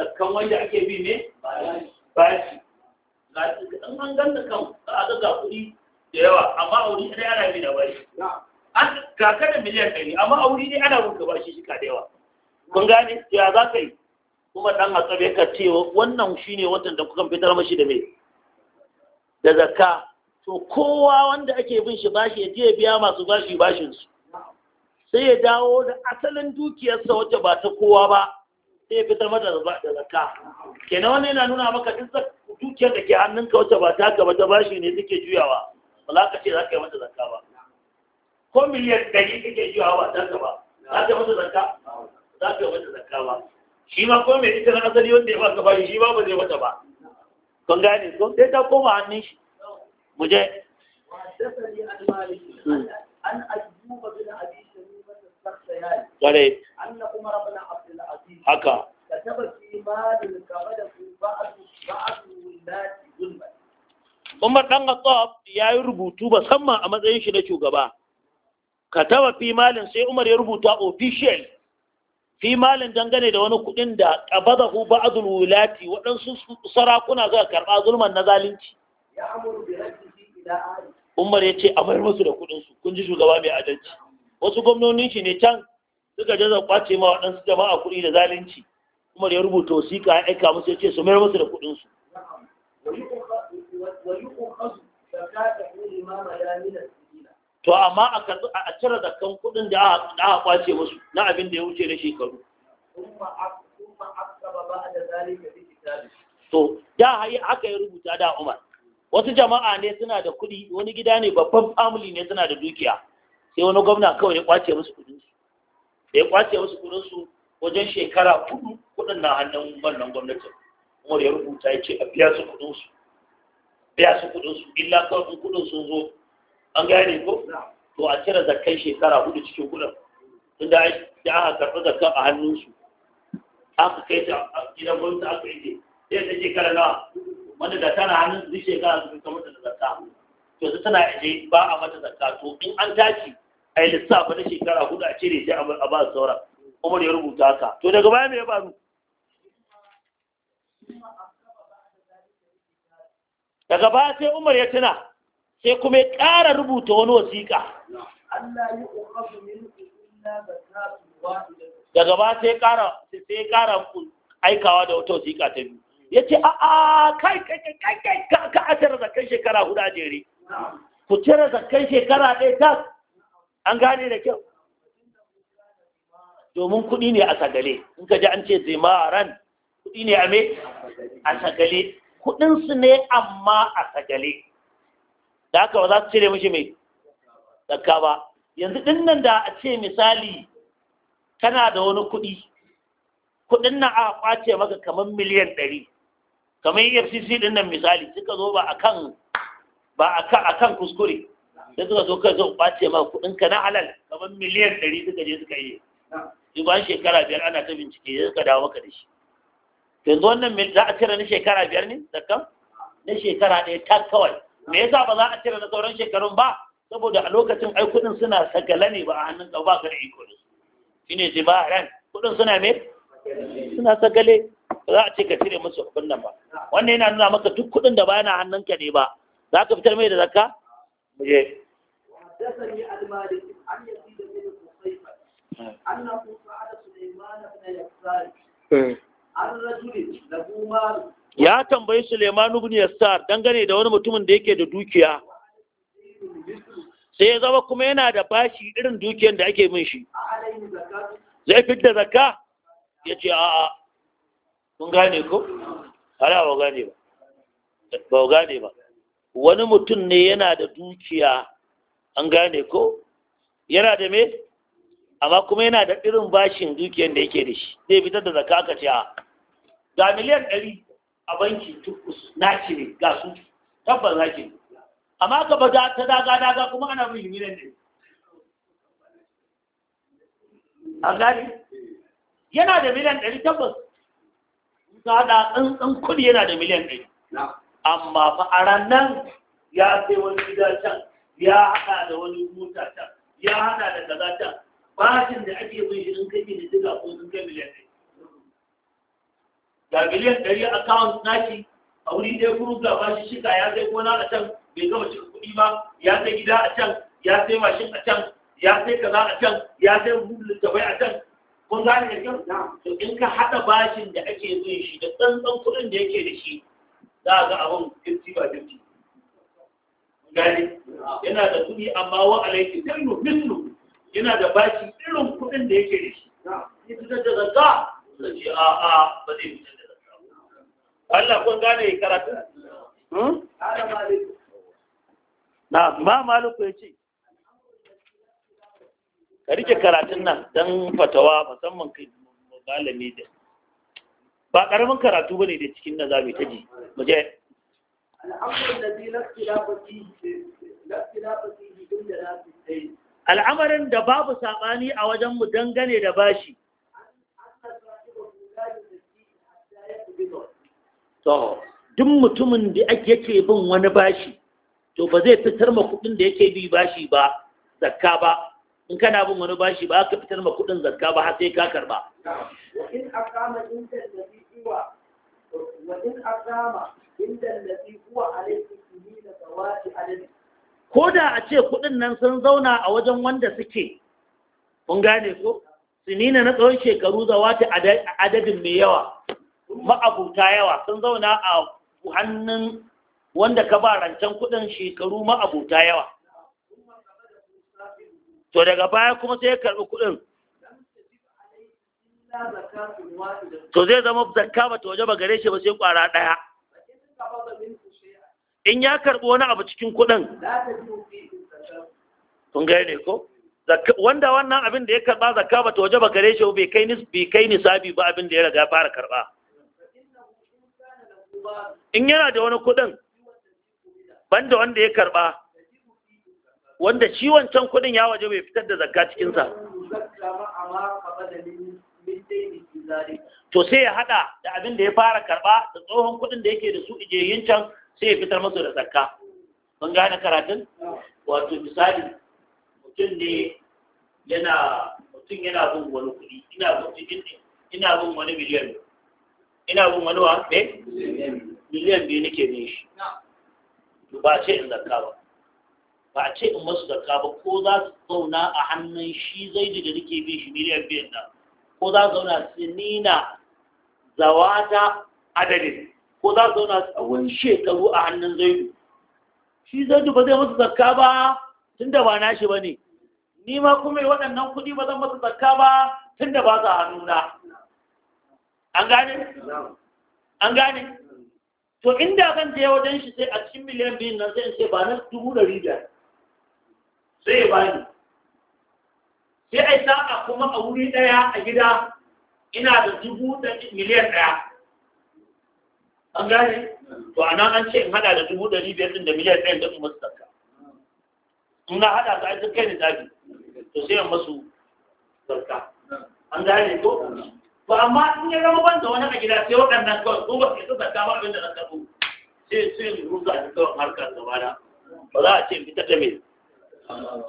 zakkan wanda ake bi me bashi ga in an ganna kan za a ga kuɗi da yawa amma a ɗaya ana mina bashi an ga kada miliyan ɗari amma a wuri ɗaya ana rubuta bashi shi ka da yawa mun gane ya za ka yi kuma ɗan hatsabe ka ce wannan ne watan da kukan fitar mashi da mai da zakka to kowa wanda ake bin shi bashi ya je biya masu bashi bashinsu sai ya dawo da asalin dukiyarsa wacce ba ta kowa ba sai ya fitar mata da zakka kenan wannan yana nuna maka duk dukiyar da ke hannunka wata ba ta gaba ta bashi ne suke juyawa ba za ka ce za ka yi mata zaka ba ko miliyan ɗari suke juyawa ba ka ba za ka yi mata zaka za ka yi mata zaka ba shi ma ko mai ita na asali wanda ya ba ka ba shi ba ba zai mata ba kun gane ko sai ta koma hannun shi mu je an ayyuba bin abi shamima tasakhtayani kare anna umar ibn haka Umar ɗan Khattab ya yi rubutu musamman a matsayin shi na shugaba. taba fi malin sai Umar ya rubuta official fi malin dangane da wani kuɗin da qabadahu ba'dul wulati waɗansu sarakuna suka karɓa zulman na zalunci. Umar ya ce a mayar musu da kuɗin su kun ji shugaba mai adalci. Wasu gwamnonin shi ne can suka jaza kwace ma waɗansu jama'a kuɗi da zalunci kuma da ya rubuta wasiƙa ya aika musu ya ce su mayar musu da kuɗinsu to amma a karɓi a cire kuɗin da aka kwace musu na abin da ya wuce na shekaru to da haka yi rubuta da umar wasu jama'a ne suna da kuɗi wani gida ne babban family ne suna da dukiya sai wani gwamna kawai ya kwace musu kuɗinsu da ya kwace musu kudinsu wajen shekara hudu kudin na hannun wannan gwamnati umar ya rubuta ya ce a biya su kudinsu biya su kudinsu illa kawai kudin sun zo an gane ko to a cire zakkai shekara hudu cikin kudin tunda da aka karɓi zakkan a hannunsu aka kai ta gidan gwamnati aka yi sai ta shekara nawa wanda da tana hannun su shekara su fi kamar da zakka to su tana aje ba a mata zakka to in an tashi a yi lissafa na shekara hudu a cire shi a ba sauran umar ya rubuta haka to daga baya me ya faru daga baya sai umar ya tuna sai kuma ya ƙara rubuta wani wasiƙa daga baya sai ƙara sai ƙara aikawa da wata wasiƙa ta biyu ya ce a'a kai kai kai kai ka a tara zakan shekara hudu a jere ku tara zakan shekara ɗaya ta an gane da kyau domin kuɗi ne a sagale in ka ji an ce zimaran kuɗi ne a me a sagale kuɗinsu ne amma a sagale da haka ba za su cire mishi mai tsaka ba yanzu ɗin da a ce misali kana da wani kuɗi kuɗin nan a ƙwace maka kamar miliyan ɗari kamar efcc ɗin nan misali suka zo ba ba a kan kuskure da suka zo kai zo ɓace ma kuɗin ka na halal kamar miliyan ɗari suka je suka yi shi bayan shekara biyar ana ta bincike ya suka dawo maka da shi yanzu wannan mil za a cire na shekara biyar ne zakkan na shekara ɗaya ta kawai me yasa ba za a cire na sauran shekarun ba saboda a lokacin ai kuɗin suna sagala ne ba a hannun ka ba ka da iko da su shine sai ba ran kuɗin suna me suna sagale ba za a ce ka cire musu kuɗin nan ba wannan yana nuna maka duk kuɗin da ba yana hannunka ne ba za ka fitar mai da zakka ya tambayi Suleimanu bin Yassar dangane da wani mutumin da yake da dukiya sai ya zama kuma yana da bashi irin dukiyar da ake min shi zai da zakka ya ce a'a kun gane ko ala ba gane ba ba gane ba wani mutum ne yana da dukiya an gane ko yana da me amma kuma yana da irin bashin dukiyar da yake da shi zai fitar da zaka aka ce a ga miliyan ɗari a banki tukus na ci ne ga su tabbas na ki amma ka ba ta daga daga kuma ana bin miliyan ɗari an gane yana da miliyan ɗari tabbas ka haɗa tsantsan kuɗi yana da miliyan ɗari amma fa a ranar ya sai wani gida can ya haɗa da wani mota ta ya haɗa da kaza ta bashin da ake bin shi in kai ne diga ko in kai miliyan ɗari ga miliyan ɗari account naki a wuri ɗaya kuru ga bashi shiga ya sai gona a can bai gama shiga kuɗi ba ya sai gida a can ya sai mashin a can ya sai kaza a can ya sai littafai a can kun gane da kyau to in ka haɗa bashin da ake bin shi da tsantsan kuɗin da yake da shi za a ga abin 50 ba 50 gani yana da kuɗi amma wa alaiki tilu mislu yana da baki irin kuɗin da yake da shi ya fitar da zakka da ce a a ba zai fitar da zakka Allah kun gane karatu hmm? na ma maluku ya ce ka rike karatun nan don fatawa musamman kai malami da ba karamin karatu bane da cikin na zamu ta ji mu je al'amarin da babu saɓani a wajen mu dangane da bashi to duk mutumin da yake bin wani bashi to ba zai fitar ma kudin da yake bi bashi ba zakka ba in kana bin wani bashi ba ka fitar ma kudin zakka ba har sai ka karba wa in aqama inda nabi wa in akama. ko da a ce kuɗin nan sun zauna a wajen wanda suke kun gane ko sinina na tsawon shekaru zawati adadin mai yawa ma'abuta yawa sun zauna a hannun wanda ka ba rancen kuɗin shekaru ma'abuta yawa to daga baya kuma sai ya karbi kuɗin to zai zama zakka ba ta waje ba gare shi ba sai kwara ɗaya in ya karɓi wani abu cikin kuɗin kun gane ko wanda wannan abin da ya karɓa zakka ba ta waje ba gare shi bai kai bai kai nisabi ba abin da ya raga fara karɓa in yana da wani kuɗin banda wanda ya karɓa wanda shi wancan kuɗin ya waje bai fitar da zakka cikinsa to sai ya hada da abin da ya fara karba da tsohon kudin da yake da su ijeyin can sai ya fitar masu da zakka mun gane karatun wato misali mutum ne yana mutum yana bin wani kudi ina bin ina bin wani miliyan ina bin wani wa eh miliyan biyu nake ne shi ba ce in zakka ba ba ce in masu zakka ba ko za su zauna a hannun shi zai da nake bin shi miliyan biyu na. ko za su zauna sinina zawata adadin ko za su zauna tsawon shekaru a hannun zaidu shi zaidu ba zai masu zakka ba tun da ba nashi ba ne ni ma kuma yi waɗannan kuɗi ba zan masu zakka ba tun da ba su hannuna an gane? an gane? to inda zan je wajen shi sai a cikin miliyan biyun nan sai in sai ba na dubu ɗari biyar sai bani sai a sa'a kuma a wuri ɗaya a gida ina da dubu da miliyan ɗaya an gane to ana an ce in hada da dubu ɗari biyar din da miliyan daya da kuma sadaka in na hada su aikin kai ne zabi to sai in masu sadaka an gane ko to amma in ya zama wanda wani a gida sai waɗannan kawai ko ba su isa ba abin da na karɓo sai sai mu rusa da cikin harkar gaba na ba za a ce fita ta mai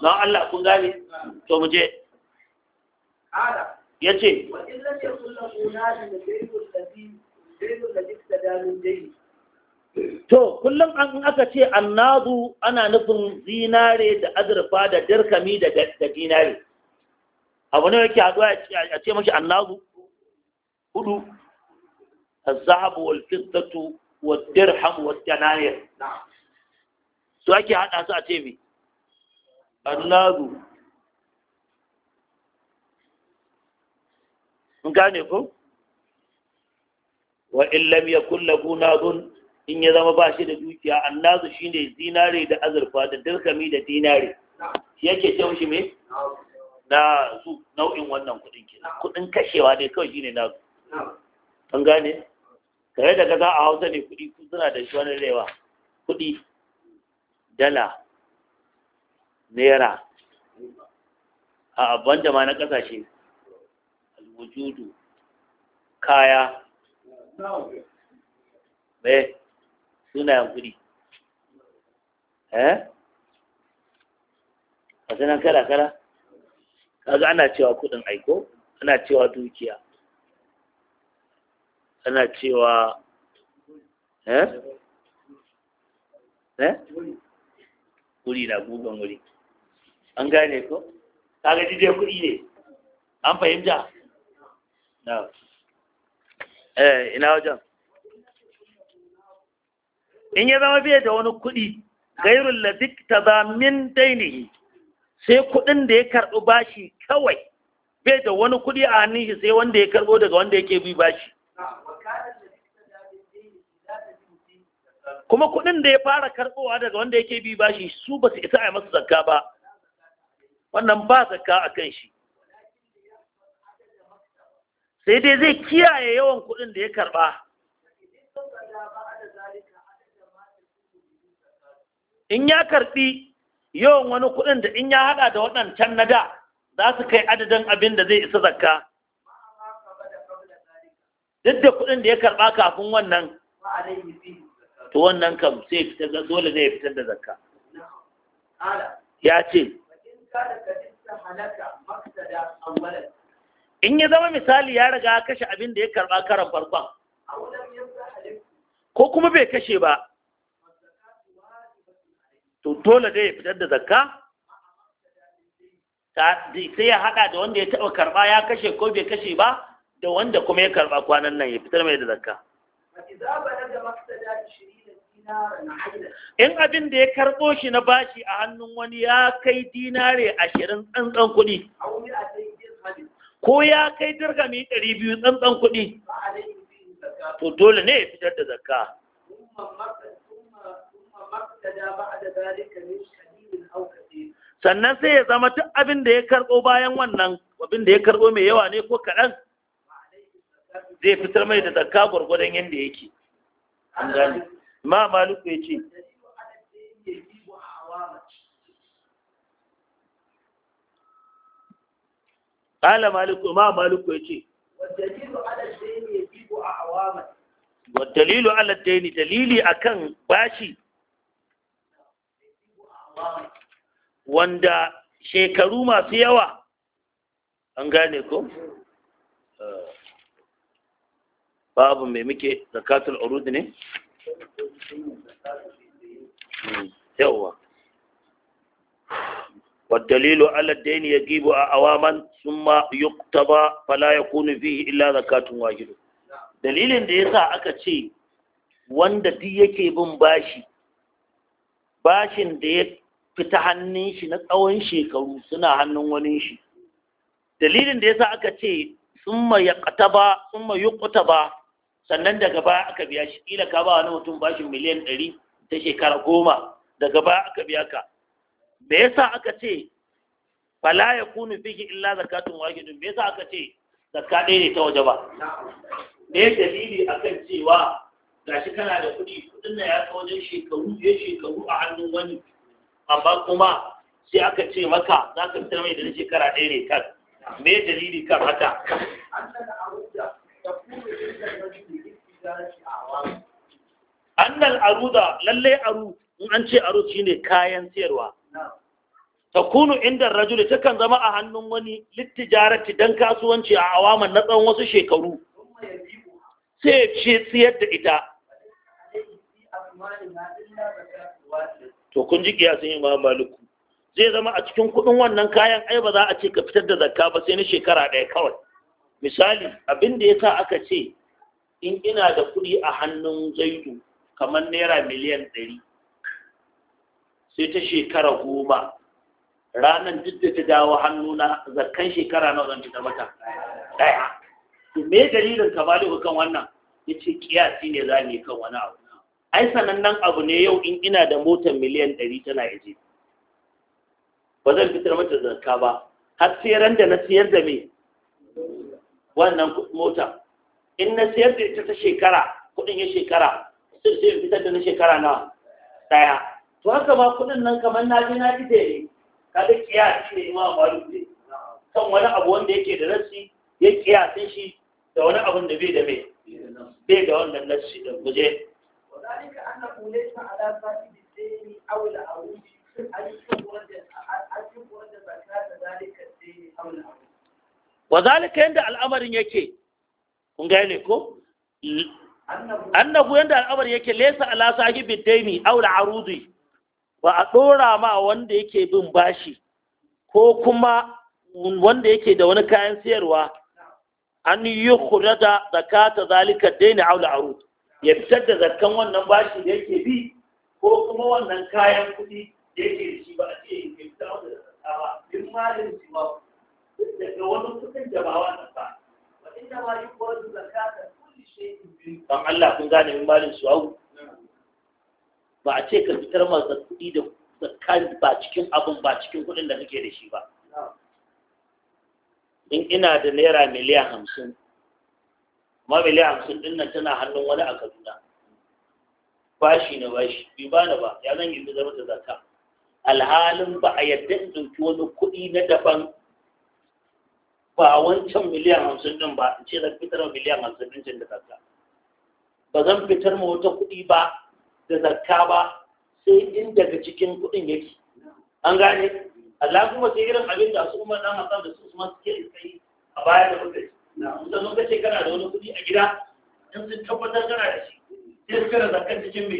na Allah kun gane to mu je ya ce to kullum an aka ce annazu ana nufin zinare da azurfa da dirkami da dinare abu ne yake haɗuwa a ce mashi annazu hudu azabu wal fiddatu wal dirham wal danayir su ake haɗa su a ce mi annazu gane ko wa illam lam yakun lahu nadun in ya zama ba shi da dukiya annazu shine zinare da azurfa da dirkami da dinare yake ce mushi me na su nau'in wannan kudin kenan kudin kashewa dai kawai shine su an gane kare da za a Hausa ne kudi suna da shi wani rewa kudi dala naira a abban jama'a na kasashe wujudu kaya suna yan kuɗi eh a sanan kala kala kaga ana cewa kuɗin aiko ana cewa dukiya ana cewa eh eh wuri na gugan wuri an gane ko kaga dai kuɗi ne an fahimta eh ina wajen in ya zama bai da wani kuɗi gairun lafik ta zamin dainihi sai kuɗin da ya karɓi bashi kawai bai da wani kuɗi a hannun shi sai wanda ya karɓo daga wanda yake bi bashi kuma kuɗin da ya fara karɓowa daga wanda yake bi bashi su ba su isa a masu zakka ba wannan ba zakka a kan shi sai dai zai kiyaye yawan kuɗin da ya karɓa in ya karɓi yawan wani kuɗin da in ya haɗa da waɗancan na da za su kai adadin abin da zai isa zakka duk da kuɗin da ya karɓa kafin wannan to wannan kam sai fitar da dole ne ya fitar da zakka ya ce in ya zama misali ya riga kashe abin da ya karba karan farkon ko kuma bai kashe ba to dole dai ya fitar da zakka sai ya haɗa da wanda ya taɓa karɓa ya kashe ko bai kashe ba da wanda kuma ya karɓa kwanan nan ya fitar mai da zakka in abin da ya karɓo shi na bashi a hannun wani ya kai dinare ashirin tsantsan kuɗi ko ya kai dirhami ɗari biyu tsantsan kuɗi to dole ne ya fitar da zakka sannan sai ya zama duk abin da ya karɓo bayan wannan abin da ya karɓo mai yawa ne ko kaɗan zai fitar mai da zakka gwargwadon yadda yake an gani ma maluku ya ce qala maliku ma maliku yace wadalilu wadalilu ala dalili akan bashi wanda shekaru masu yawa an gane ko eh, babu mai muke zakatul urud ne hmm, yawwa والدليل على الدين يجيب أواما ثم يقتضى فلا يكون فيه إلا زكاة واجبة dalilin da ya sa aka ce wanda duk yake bin bashi bashin da ya fita hannun shi na tsawon shekaru suna hannun wani shi dalilin da ya sa aka ce summa ya ba summa yuqta ba sannan daga baya aka biya shi kila ka ba wani mutum bashin miliyan ɗari ta shekara goma daga baya aka biya ka me yasa aka ce fala ya kunu fihi illa zakatun wahidun me yasa aka ce zakka ɗaya ne ta waje ba me dalili akan cewa gashi kana da kuɗi kuɗin na ya ta wajen shekaru ya shekaru a hannun wani amma kuma sai aka ce maka za ka fitar mai da shekara ɗaya ne kan me dalili kan haka annal aruda lallai aru in an ce aru shine kayan siyarwa. takunu inda rajuli kan zama a hannun wani littijarati dan kasuwanci a awaman na tsawon wasu shekaru sai ya ce tsiyar da ita to kun ji kiyasin imam zai zama a cikin kudin wannan kayan ai ba za a ce ka fitar da zakka ba sai na shekara ɗaya kawai misali abin da ya sa aka ce in ina da kuɗi a hannun zaidu kamar naira miliyan ɗari sai ta shekara goma ranar duk da ta dawo hannuna zakkan shekara na zan fitar mata ɗaya to me dalilin ka bali kan wannan ya ce kiyasi ne za mu kan wani abu ai sanannen abu ne yau in ina da motar miliyan ɗari tana yaje ba zan fitar mata zakka ba har sai ran da na siyar da me wannan mota in na siyar da ita ta shekara kuɗin ya shekara sai fitar da na shekara na ɗaya to haka ba kuɗin nan kamar na je na ji da kaga kiyasi ne imam faru ne kan wani abu wanda yake da nassi ya kiyasin shi da wani abun da bai da mai bai da wannan nassi da guje Wazalika yadda al'amarin yake, صاحب الدين أو العروج ko annabu yanda al'amarin yake laysa ala sahibi daini aw al arudi ba a ɗora ma wanda yake bin bashi ko kuma wanda yake da wani kayan siyarwa an yi kura da zakata zalika daina aula aro ya fitar da zakkan wannan bashi da yake bi ko kuma wannan kayan kuɗi da yake da shi ba a ce ya fitar wanda da zakka ba bin malin shi ba daga wani kuɗin da ba wannan ba wa inda ma yi kura da zakata kulli shay'in bi dan Allah kun gane bin malin su ba a ce ka fitar masa kudi da zakka ba cikin abin ba cikin kuɗin da kake da shi ba in ina da naira miliyan hamsin amma miliyan hamsin din nan tana hannun wani a kaduna bashi na bashi shi bi ba ya zan yi zama da zaka alhalin ba a yadda in ɗauki wani kuɗi na daban ba wancan miliyan hamsin din ba in ce zan fitar miliyan hamsin din cin da zaka ba zan fitar ma wata kuɗi ba da zakka ba sai in daga cikin kuɗin yake an gane Allah kuma sai irin abin da su umar dan Hassan da su Usman suke iskai a baya da kuɗi da sun kace kana da wani kuɗi a gida in sun tabbatar kana da shi sai su cire zakkar cikin me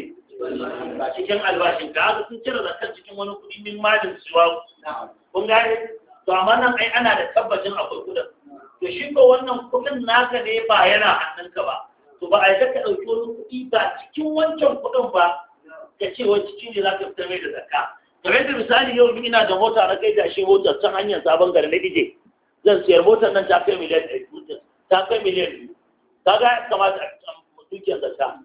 ba cikin albashin ka haka sun cire zakkar cikin wani kuɗi min malin suwa kun gane to amma nan ai ana da tabbacin akwai kuɗin to shi ko wannan kuɗin naka ne ba yana hannunka ba to ba a yi zaka ɗauki wani kuɗi ba cikin wancan kuɗin ba ka ce wani cikin ne za ka fitar mai da zakka kamar da misali yau ni ina da mota na kai da shi motar ta hanyar sabon gari na ije zan siyar motar nan ta kai miliyan ɗari ta kai miliyan biyu ga ya kamata a dukiyar zakka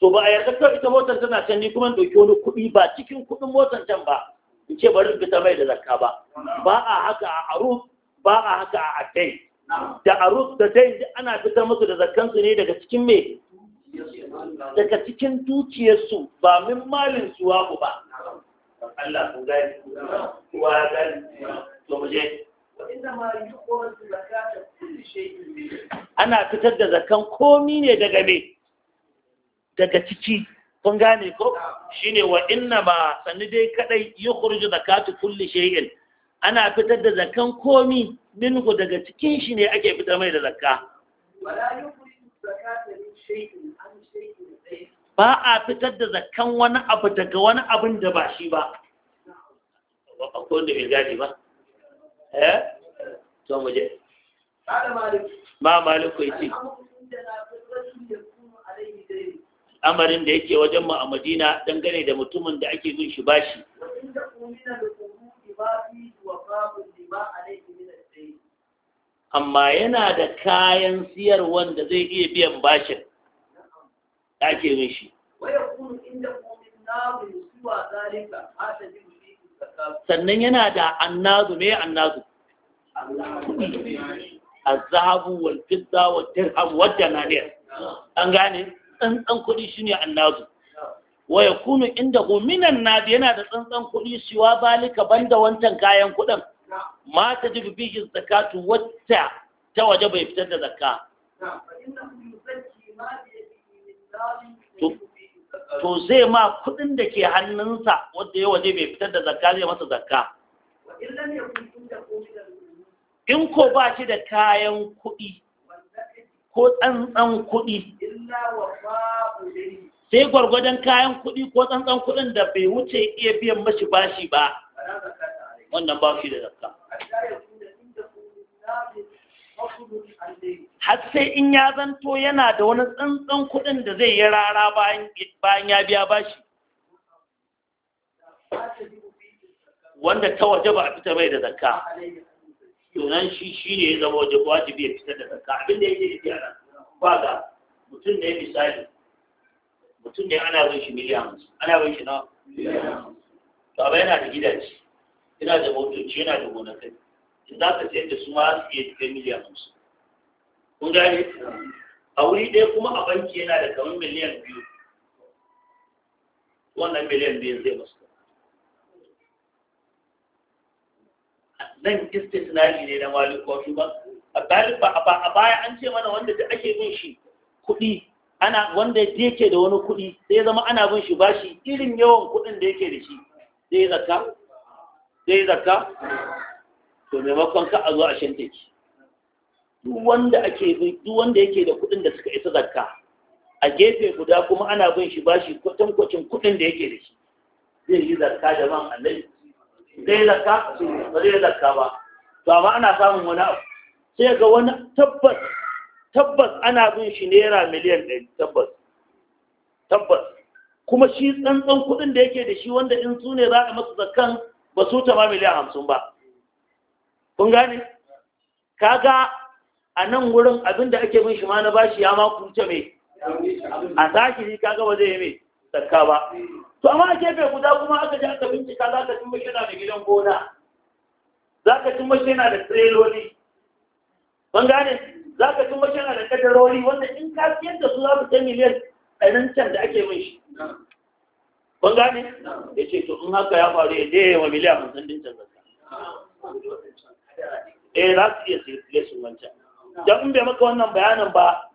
to ba a yarda kawai ita motar tana can ni kuma ɗauki wani kuɗi ba cikin kuɗin motar can ba in ce bari in fitar mai da zakka ba ba a haka a aruf ba a haka a addai da arus da dai ana fitar musu da zakkansu ne daga cikin me daga cikin dukiyarsu ba min malin suwa ku ba Allah ku gani kuwa gani to mu ana fitar da zakkan komi ne daga me daga ciki kun gane ko shine wa inna ma sanni dai kadai yukhruju zakatu kulli shay'in ana fitar da zakan komi minhu daga cikin shi ne ake fitar mai da zakka ba a fitar da zakkan wani abu daga wani abin da ba shi ba akwai wanda bai gani ba eh to mu je ba maliku yace amarin da yake wajen mu a Madina dangane da mutumin da ake bin shi bashi amma yana da kayan siyar wanda zai iya biyan bashin ake mishi sannan yana da annazu me annazu azabu wal fidda wal dirham wal dananir an gane tsantsan kuɗi shine annazu wa yakunu inda minan nadi yana da tsantsan kuɗi shiwa balika banda wancan kayan kuɗin ما تجب فيه الزكاة zakatu wacce ta waje bai fitar da to zai ma kudin da ke hannunsa wadda ya waje bai fitar da zakka zai masa zakka in ko ba shi da kayan kuɗi ko tsantsan kuɗi sai gwargwadon kayan kuɗi ko tsantsan kuɗin da bai wuce iya biyan mashi bashi ba wannan ba shi da zakka har sai in ya zanto yana da wani tsantsan kuɗin da zai yi rara bayan ya biya bashi wanda ta waje ba a fita mai da zakka yunan shi shi ne ya zama waje wajibi ya fita da zakka abin da yake yi da ba ga mutum ne misali mutum ne ana zai shi miliyan ana zai shi na to abai yana da gidaje yana da motoci yana da gonakai in za ka sai da su ma su iya cikin miliyan hamsin kun gane a wuri ɗaya kuma a banki yana da kamar miliyan biyu wannan miliyan biyu zai masu nan istisnali ne na malikofi ba a a baya an ce mana wanda da ake bin shi kuɗi ana wanda yake da wani kuɗi sai zama ana bin shi bashi irin yawan kuɗin da yake da shi sai zaka sai zaka, to maimakon ka a zo a shante ki duk wanda ake duk wanda yake da kuɗin da suka isa zakka a gefe guda kuma ana bin shi bashi kwacin kuɗin da yake da shi zai yi zakka da man allai zai zakka ba zai zakka ba to amma ana samun wani abu sai ga wani tabbas tabbas ana bin shi naira miliyan ɗari tabbas tabbas kuma shi tsantsan kuɗin da yake da shi wanda in su ne za a masu zakan ba su ta ma miliyan hamsin ba kun gane kaga a nan wurin abinda ake bin shi ma na bashi ya ma kuce mai a zahiri kaga ba zai yi mai tsakka ba to amma a gefe guda kuma aka ji aka bincika za ka cin yana da gidan gona za ka cin mashi yana da tireloli ban gane za ka cin mashi yana da kadaroli, wanda in ka siyar da su za su kai miliyan ɗarin can da ake min shi kun gane ya ce to in haka ya faru ya je wa miliyan hamsin din can zaka eh za su iya sirkule su wancan dan in bai maka wannan bayanin ba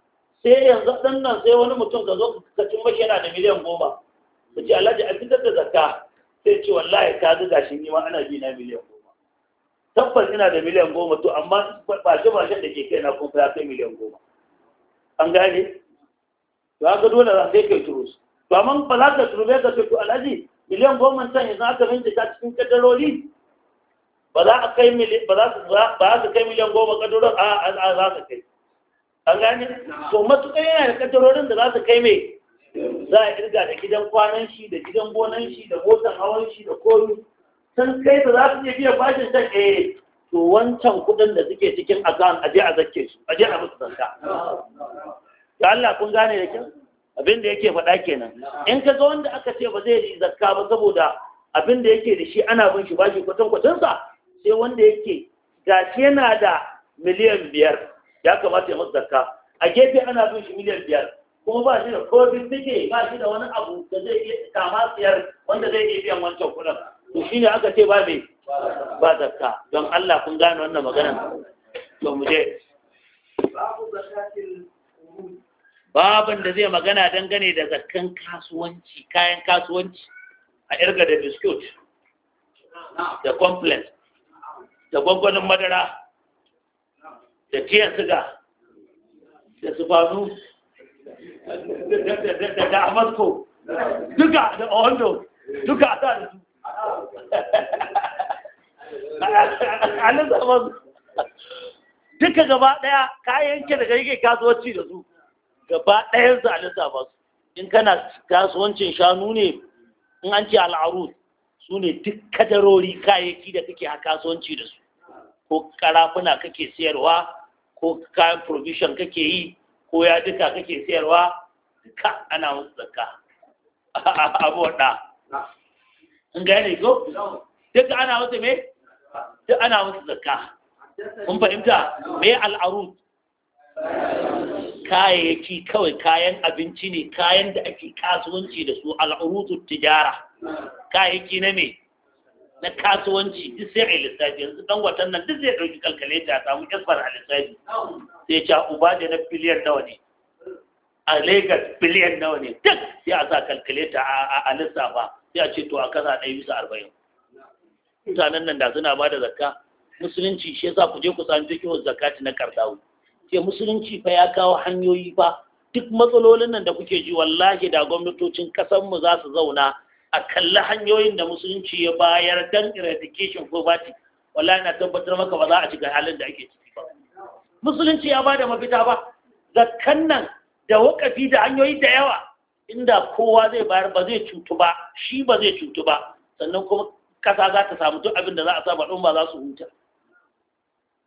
sai yanzu dan nan sai wani mutum ka zo ka cin mashi yana da miliyan goma ka ce alhaji a fitar da zakka sai ce wallahi ka ga gashi ni ma ana bi na miliyan goma tabbas ina da miliyan goma to amma bashe bashen da ke kaina na kuma ya kai miliyan goma an gane to haka dole za sai kai turus ba amma ba za ta turbe ga ce to alhaji miliyan goma can yanzu aka ta cikin kadarori ba za a kai miliyan ba za su ba za kai miliyan goma kadarorin a a za su kai an gani? to matuƙar yana da kadarorin da za su kai mai za a irga da gidan kwanan shi da gidan gonan shi da motan hawan shi da komi sun kai ba za su iya biya bashin can eh to wancan kuɗin da suke cikin akan aje a zakke su aje a musu zanka Ya Allah kun gane da kyau Abinda yake faɗa kenan in ka ga wanda aka ce ba zai yi zakka ba saboda abinda yake da shi ana bin shi bashi kwatan sa, sai wanda yake gashi yana da miliyan biyar ya kamata ya masa zakka a gefe ana bin shi miliyan biyar kuma ba shi da kofin take ba shi da wani abu da zai iya kama siyar wanda zai iya biyan wancan kuɗin to shine aka ce ba mai ba zakka don Allah kun gane wannan maganar to mu je babu zakatin babin da zai magana dangane da zakkan kasuwanci kayan kasuwanci a irga da biskut da complaint da gwangwanin madara da tiyan siga da sufanu da amasko duka da ondo duka a sa da su a nan duka gaba daya kayan ke daga yake kasuwanci da su gaba ɗayan su a lissafa su in kana kasuwancin shanu ne in an ce al'arud su ne duk kadarori kayayyaki da kake a kasuwanci da su ko karafuna kake sayarwa ko kayan provision kake yi ko ya duka kake sayarwa duka ana musu zakka abuwa ɗa in ne ko duk ana musu me duk ana musu zakka kun fahimta me al'arud kayayyaki kawai kayan abinci ne kayan da ake kasuwanci da su al'urutu tijara kayayyaki na me na kasuwanci duk sai a lissafi yanzu dan watan nan duk zai ɗauki kalkale ta samu isfar a lissafi sai ce ah, uba da na biliyan nawa ne a lagos biliyan nawa ne duk sai a sa kalkale ta a lissafa sai a ce to a kasa ɗaya bisa arba'in mutanen nan da suna ba da zakka musulunci shi yasa ku je ku sami fikihu zakati na kardawi ke musulunci fa ya kawo hanyoyi fa duk matsalolin nan da kuke ji wallahi da gwamnatocin mu za su zauna a kalli hanyoyin da musulunci ya bayar dan eradication poverty wallahi na tabbatar maka ba za a shiga halin da ake ciki ba musulunci ya bada mafita ba zakkan nan da wakafi da hanyoyi da yawa inda kowa zai bayar ba zai cutu ba shi ba zai cutu ba sannan kuma kasa za ta samu duk abin da za a don ba za su huta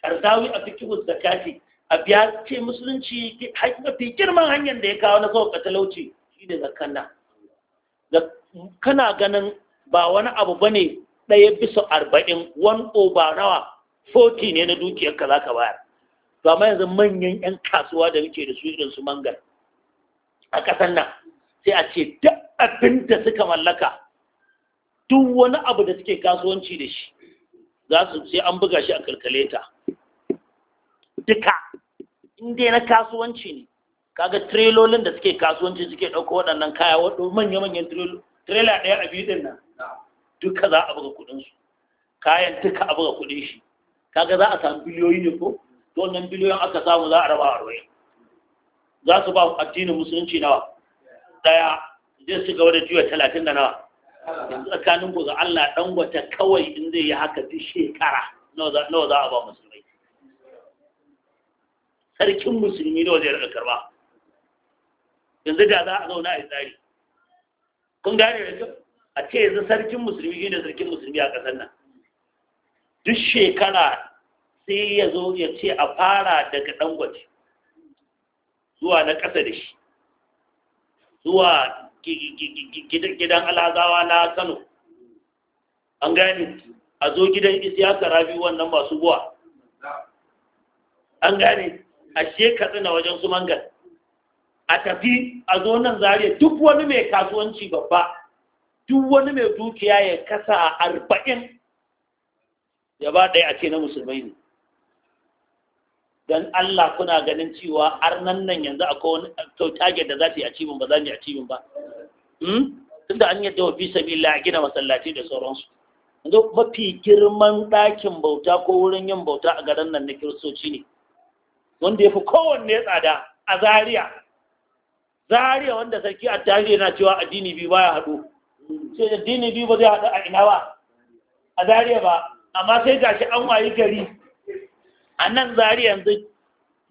karzawi a fikihun zakati A biya ce musulunci mafi girman hanyar da ya kawo na sauƙa katalauci shi ne zakana kana ganin ba wani abu bane ne ɗaya bisa arba'in wani over nawa 40 ne na dukiyar ka za ka bayar to amma yanzu manyan 'yan kasuwa da muke da su irin su mangal a ƙasar nan sai a ce duk abin da suka mallaka duk wani abu da suke kasuwanci da shi za su sai an buga shi a kalkuleta duka in dai na kasuwanci ne kaga trailolin da suke kasuwanci suke ɗauko waɗannan kaya waɗo manya-manyan trailer ɗaya a biyu ɗin nan duka za a buga kuɗinsu kayan duka a buga kuɗin shi kaga za a samu biliyoyi ne ko to wannan biliyoyin aka samu za a raba a roye za su ba addinin musulunci nawa ɗaya zai su gaba da juya talatin da nawa yanzu tsakanin ku ga Allah ɗan wata kawai in zai yi haka duk shekara nawa za a ba musu sarkin musulmi ne waje daga karba yanzu da za a zauna a tsari kun gane da kyau a ce yanzu sarkin musulmi shi ne sarkin musulmi a ƙasar nan duk shekara sai ya zo ya ce a fara daga dangwaci zuwa na ƙasa da shi zuwa gidan alazawa na kano an gane a zo gidan isiyaka rabi wannan masu buwa an gane ashe katsina wajen su mangal a tafi a zo nan zariya duk wani mai kasuwanci babba duk wani mai dukiya ya kasa a arba'in ya ba ɗaya a ce na musulmai ne don Allah kuna ganin cewa har nan yanzu akwai wani target da za su yi acibin ba za su yi acibin ba hmm? tun da an yadda wa fi sabila a gina masallaci da sauransu yanzu mafi girman ɗakin bauta ko wurin yin bauta a garin nan na kiristoci ne wanda ya fi kowanne tsada a Zariya. Zariya wanda sarki a tarihi yana cewa addini biyu ya haɗu sai addini biyu ba zai haɗu a ina ba a Zariya ba amma sai shi an wayi gari a nan Zariya yanzu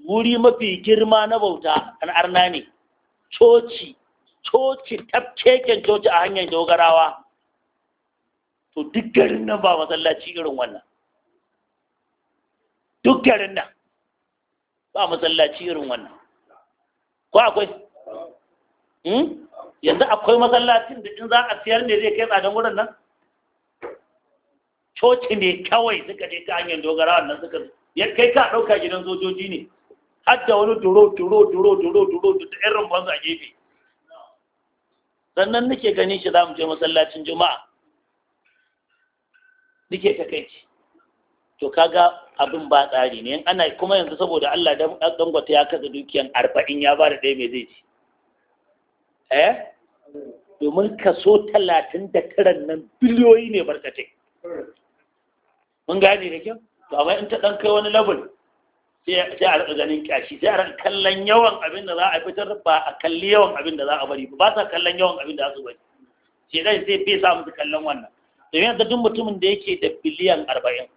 wuri mafi girma na bauta arna ne coci coci tafkeken coci a hanyar dogarawa to duk garin nan ba masallaci irin wannan duk garin nan ba masallaci irin wannan ko akwai hmm? yanzu akwai masallacin da in za a siyar ne zai kai tsadan wurin nan coci ne kawai suka je ta hanyar dogara wannan suka ya kai ka ɗauka gidan sojoji ne har da wani duro duro duro duro duro da ɗan rumfansu a gefe sannan nake gani shi za mu je masallacin juma'a nake takaici to kaga abin ba tsari ne ana kuma yanzu saboda Allah dangwata ya kasa dukiyan arba'in ya ba da ɗaya mai zai ci eh domin kaso talatin da karan nan biliyoyi ne barkatai mun gane da kyau to amma in ta ɗan kai wani level sai a rika ganin kashi sai a rika kallon yawan abin da za a fitar ba a kalli yawan abin da za a bari ba sa kallon yawan abin da za su bari sai dai sai bai sa musu kallon wannan domin yanzu duk mutumin da yake da biliyan arba'in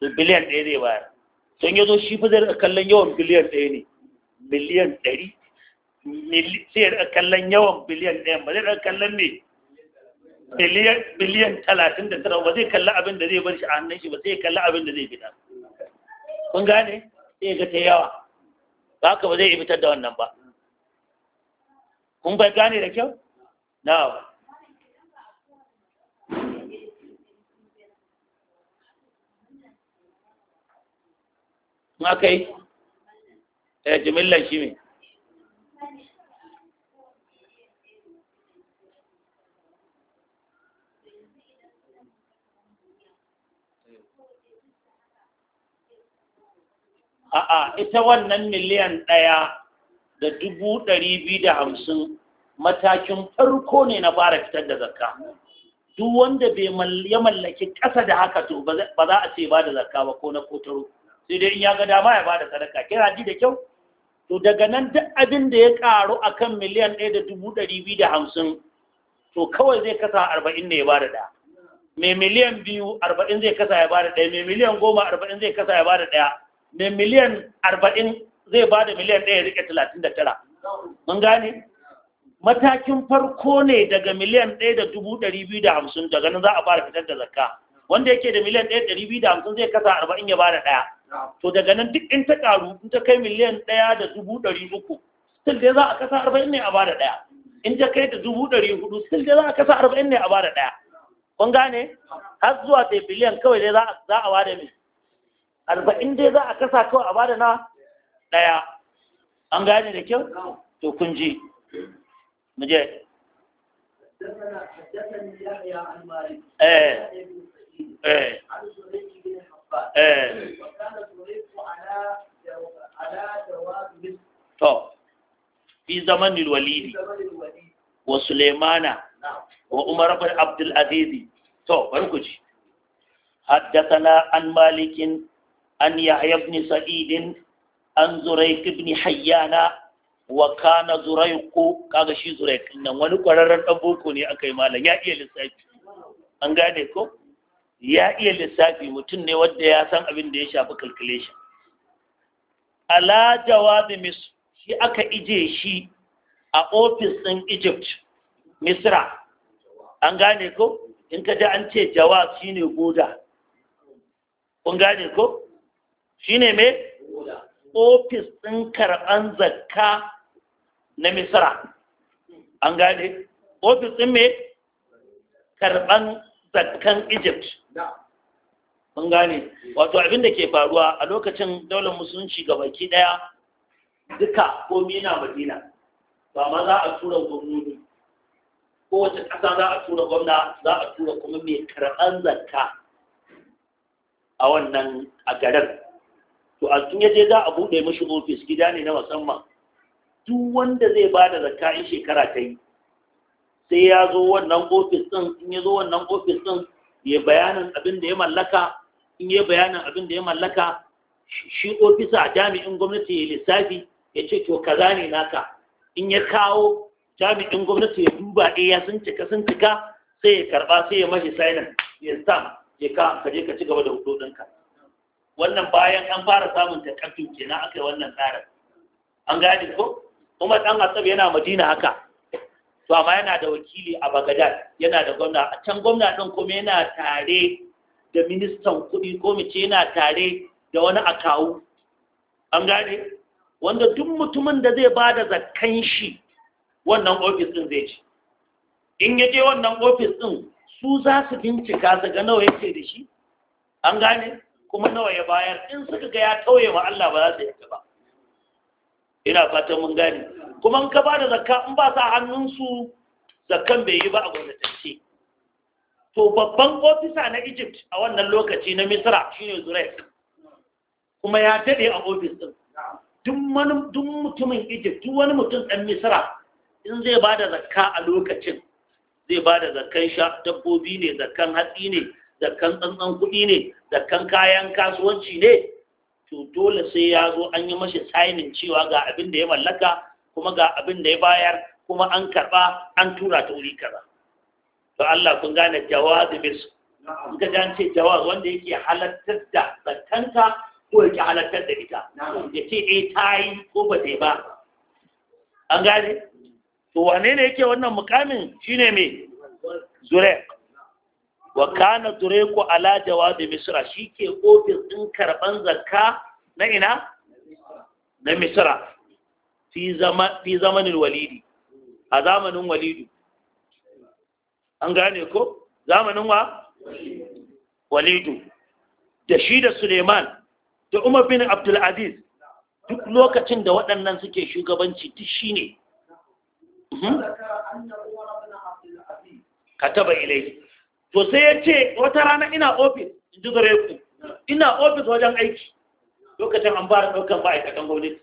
to biliyan ɗaya zai bayar don ya zo shi fi zai kallon yawan biliyan ɗaya ne miliyan ɗari sai ya kallon yawan biliyan ɗaya ba zai kallon ne biliyan talatin da tara ba zai kalla abin da zai bar shi a hannun shi ba sai ya kalla abin da zai fita kun gane sai ga ta yawa ba haka ba zai fitar da wannan ba kun bai gane da kyau na aka yi eh, jimillar shi ne a'a ita wannan miliyan ɗaya da dubu ɗari biyu da hamsin matakin farko ne na fara fitar da zakka duk wanda ya mallaki ƙasa da haka to ba za a ce ba da zakka ba ko na kotaro sai dai in ya ga dama ya bada sadaka kira ji da kyau to daga nan duk abin da ya karu akan miliyan ɗaya da dubu ɗari biyu da hamsin to kawai zai kasa arba'in ne ya bada ɗaya mai miliyan biyu arba'in zai kasa ya bada ɗaya mai miliyan goma arba'in zai kasa ya bada ɗaya mai miliyan arba'in zai bada miliyan ɗaya ya rike talatin da tara mun gane matakin farko ne daga miliyan ɗaya da dubu ɗari biyu da hamsin daga nan za a fara fitar da zakka wanda yake da miliyan ɗaya ɗari biyu da hamsin zai kasa arba'in ya bada daya to daga nan duk in ta karu in ta kai miliyan ɗaya da dubu ɗari uku still dai za a kasa arba'in ne a bada ɗaya in ta kai da dubu ɗari hudu still dai za a kasa arba'in ne a bada ɗaya kun gane har zuwa ta biliyan kawai dai za a bada ne arba'in dai za a kasa kawai a bada na ɗaya an gane da kyau to kun ji mu je eh eh to fi zamanin walidi wa sulaimana wa umar bin abdul aziz to bari ku ji an malikin an عن يحيى بن an عن زريق hayyana wa kana زريق kaga shi zuraiq nan wani kwararren dan boko ne akai malam ya iya lissafi an gane ko ya iya lissafi mutum ne wadda ya san abin da ya shafi shi ala jawabi mis shi aka ije shi a ofis ɗin egypt misra an gane ko in ka ji an ce jawab shine goda kun gane ko shine me ofis ɗin karɓar zakka na misra an gane ofis ɗin me karɓar. Tsakan egypt mun gane eh. wato abin da ke faruwa a lokacin daular musulunci ga baki daya duka ko mina madina ba ma za a tura gwamnoni kowace ƙasa za a tura gwamna za a tura kuma mai karɓar zakka a wannan a garin to a tun yaje za a buɗe mashi ofis gida ne na musamman duk wanda zai ba da zakka in shekara ta yi sai ya zo wannan ofis ɗin, in ya zo wannan ofis ɗin ya bayanin abin da ya mallaka in ya bayanin abin da ya mallaka shi ofisa jami'in gwamnati ya lissafi ya ce to kaza ne naka in ya kawo jami'in gwamnati ya duba ɗaya eh, sun cika sun cika sai ya karba sai ya mashi sainin ya sa ya ka ka je ka ci gaba da hudu ɗinka wannan bayan an fara samun takardun kenan aka yi wannan tsarin an gane ko kuma ɗan asab yana madina haka to amma yana da wakili a Baghdad yana da gwamna a can gwamna ɗin kuma yana tare da ministan kuɗi ko mu ce yana tare da wani akawu an gane wanda duk mutumin da zai ba da zakan shi wannan ofis ɗin zai ci in ya je wannan ofis ɗin su za su bincika su ga nawa yake da shi an gane kuma nawa ya bayar in suka ga ya tauye ma Allah ba za su yi ba ina fatan mun gane kuma ka ba da zakka in ba sa hannunsu zakkan bai yi ba a gwamnatance to babban ofisa na egypt a wannan lokaci na misra shine zurek kuma ya daɗe a ofis ɗin duk mutumin egypt duk wani mutum ɗan misra in zai ba da zakka a lokacin zai ba da zakkan sha dabbobi ne zakkan hatsi ne zakkan tsantsan kuɗi ne zakkan kayan kasuwanci ne to dole sai ya zo an yi mashi sainin cewa ga abin da ya mallaka kuma ga abin da ya bayar kuma an karɓa an tura ta wuri kaza to Allah kun gane jawazi bis su ka gane ce jawaz wanda yake halartar da zakanka ko yake halartar da ita ya ce eh ta yi ko ba dai ba an gane to wane ne yake wannan mukamin shine me zurek wa kana dureku ala jawabi misra shike ofis din karban zakka na ina na misra fi zamanin walidi a zamanin walidu an gane ko zamanin wa walidu da shi da suleiman da umar bin abdulaziz duk lokacin da waɗannan suke shugabanci duk shi ne mhm. ka taba ilai to sai ya ce wata rana ina ofis in ji zare ku ina ofis wajen aiki lokacin an ba a ɗaukan ƙaƙan gwamnati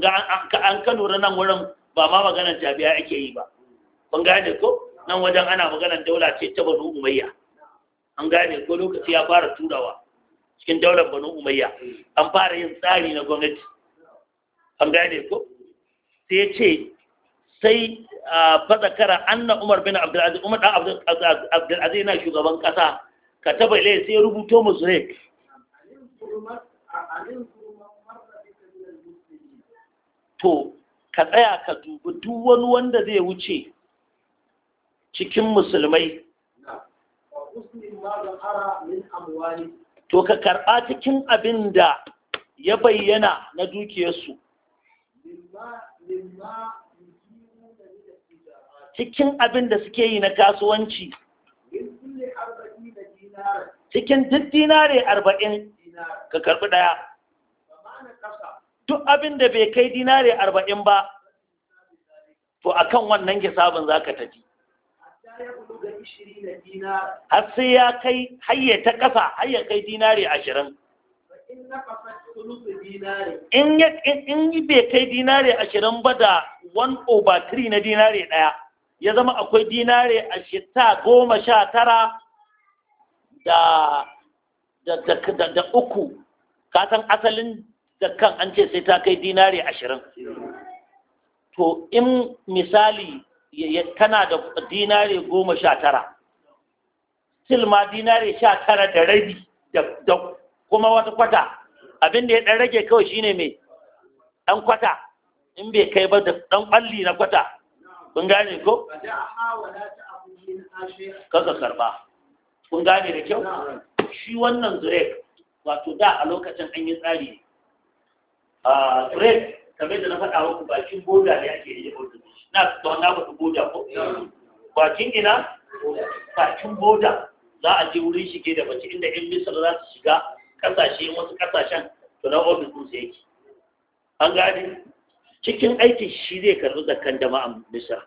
ga an ka lura nan wurin ba ma maganar jabiya ake yi ba kun gane ko nan wajen ana maganar daula ce ta banu umayya an gane ko lokaci ya fara turawa cikin daular banu umayya an fara yin tsari na gwamnati an gane ko sai ya ce sai a kara anna umar bin abdulaziz umar dan abdulaziz yana shugaban kasa ka taba ilai sai rubuto musu ne to ka tsaya ka dubi duk wani wanda zai wuce cikin musulmai to ka karɓa cikin abin da ya bayyana na dukiyarsu cikin abin da suke yi na kasuwanci cikin duk dinare arba'in ka karɓi ɗaya duk abin da bai kai dinare arba'in ba to akan wannan hisabin za ka tafi har sai ya kai hayya ta ƙasa hayya kai dinare ashirin in ya bai kai dinare ashirin ba da 1 over 3 na dinare ɗaya ya zama akwai dinare ashita goma sha tara da da uku kasan asalin jakkan an ce sai ta kai dinari ashirin to in misali tana da dinari goma sha tara silma dinari sha tara da rabi da kuma wata kwata abin da ya ɗan rage kawai shine mai ɗan kwata in bai kai ba da ɗan ƙwalli na kwata kun gane ko? kaka karba kun gane da kyau? shi wannan zurek wato da a lokacin an yi tsari a red kamar da na faɗa muku bakin boda ne ake rike boda na don na faɗi boda ko bakin ina bakin boda za a je wurin shige da mace inda yan misal za su shiga kasashe wasu ƙasashen to na ofis din su yake an gane cikin aikin shi zai karbi zakkan jama'an misal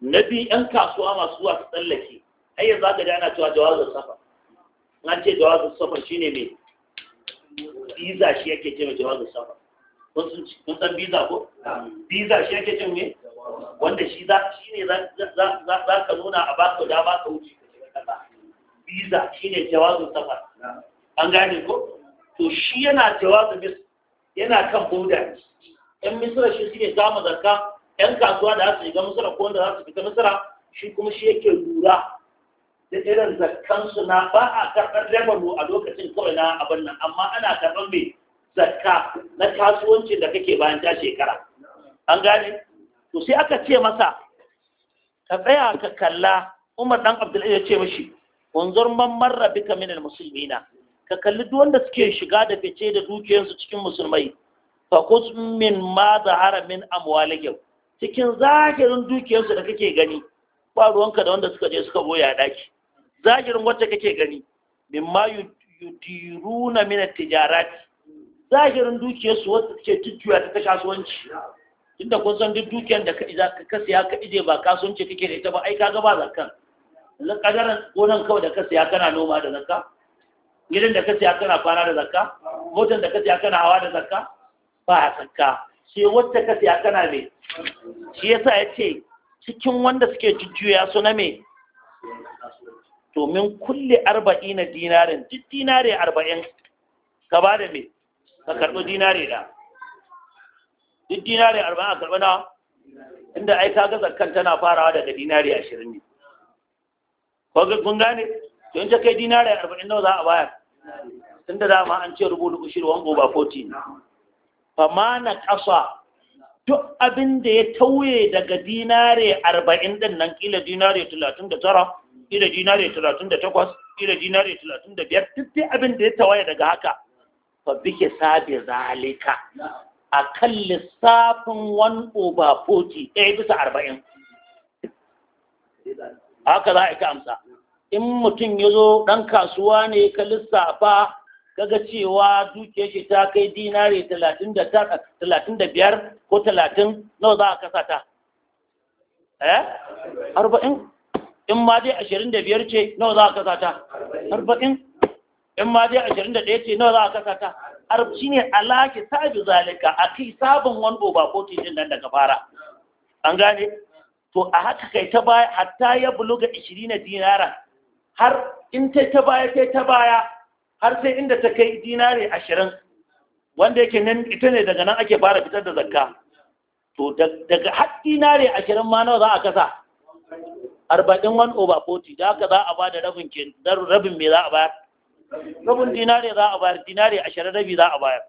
na biyu yan kasuwa masu zuwa su tsallake ai yanzu aka ana cewa jawazin safa na ce jawazin safa shine mai biza shi yake ce mai jawazin safa kun san biza ko biza shi ake cin me wanda shi za shi ne za ka nuna a baka da baka wuce ka shiga biza shi ne jawazin safar an gane ko to shi yana jawazin mis yana kan boda yan misira shi ne kama zakka yan kasuwa da za su shiga misira ko wanda za su fita misira shi kuma shi yake lura da irin zakkansu na ba a karɓar lemonu a lokacin kawai na abin nan amma ana karɓar mai zakka na kasuwancin da kake bayan ta shekara an gane to sai aka ce masa ka tsaya ka kalla umar dan abdullahi ya ce mishi wanzur man marra bika musulmi na. ka kalli duk wanda suke shiga da fice da dukiyarsu cikin musulmai fa kus min ma zahara min amwalihim cikin zahirin dukiyarsu da kake gani ba ruwanka da wanda suka je suka boya daki zahirin wacce kake gani min ma yudiruna min tijarati zahirin dukiyarsu wata ce jujjuya ta kasuwanci inda kun san duk dukiyar da ka ka siya ka ije ba kasuwanci kake da ita ba ai ka ga ba zakkan yanzu kadaran gonan kawai da ka siya kana noma da zakka gidan da ka siya kana kwana da zakka motar da ka siya kana hawa da zakka ba zakka sai wata ka siya kana me shi yasa ya ce cikin wanda suke jujjuya su na me domin kulle arba'in na dinarin duk dinare arba'in ka ba da me ka karɓi dinare da duk dinare arba'in a karɓi na inda ai ka ga zakkan tana farawa daga dinare ashirin ne ko kun gane to in ta kai dinare arba'in nawa za a bayar tunda dama an ce rubutu ushir wan over 14 ma na ƙasa duk abin da ya tauye daga dinare arba'in ɗin nan ƙila dinare talatin da tara ƙila dinare talatin da takwas ƙila dinare talatin da biyar duk abin da ya tawaye daga haka fa bi hisabi zalika kan lissafin 1 over 40 ɗaya bisa 40 haka za a yi amsa in mutum ya zo ɗan kasuwa ne ka lissafa kaga cewa dukiyar shi ta kai dinari talatin ko talatin nawa za a kasa ta eh arba'in in ma dai ashirin ce nawa za a kasa ta arba'in in ma dai ashirin da ɗaya ce nawa za a kasa ta arabci ne alaki bi zalika a kai sabon wani oba forty din nan daga fara an gane to a haka kai ta baya hatta ya buluga ishirin na dinara har in ta ta baya ta ta baya har sai inda ta kai dinare ashirin wanda yake nan ita ne daga nan ake fara fitar da zakka to daga har dinare ashirin ma nawa za a kasa arba'in wani oba forty da haka za a ba da rabin me za a bayar rabin dinare za a bayar dinare ashirin rabi za a bayar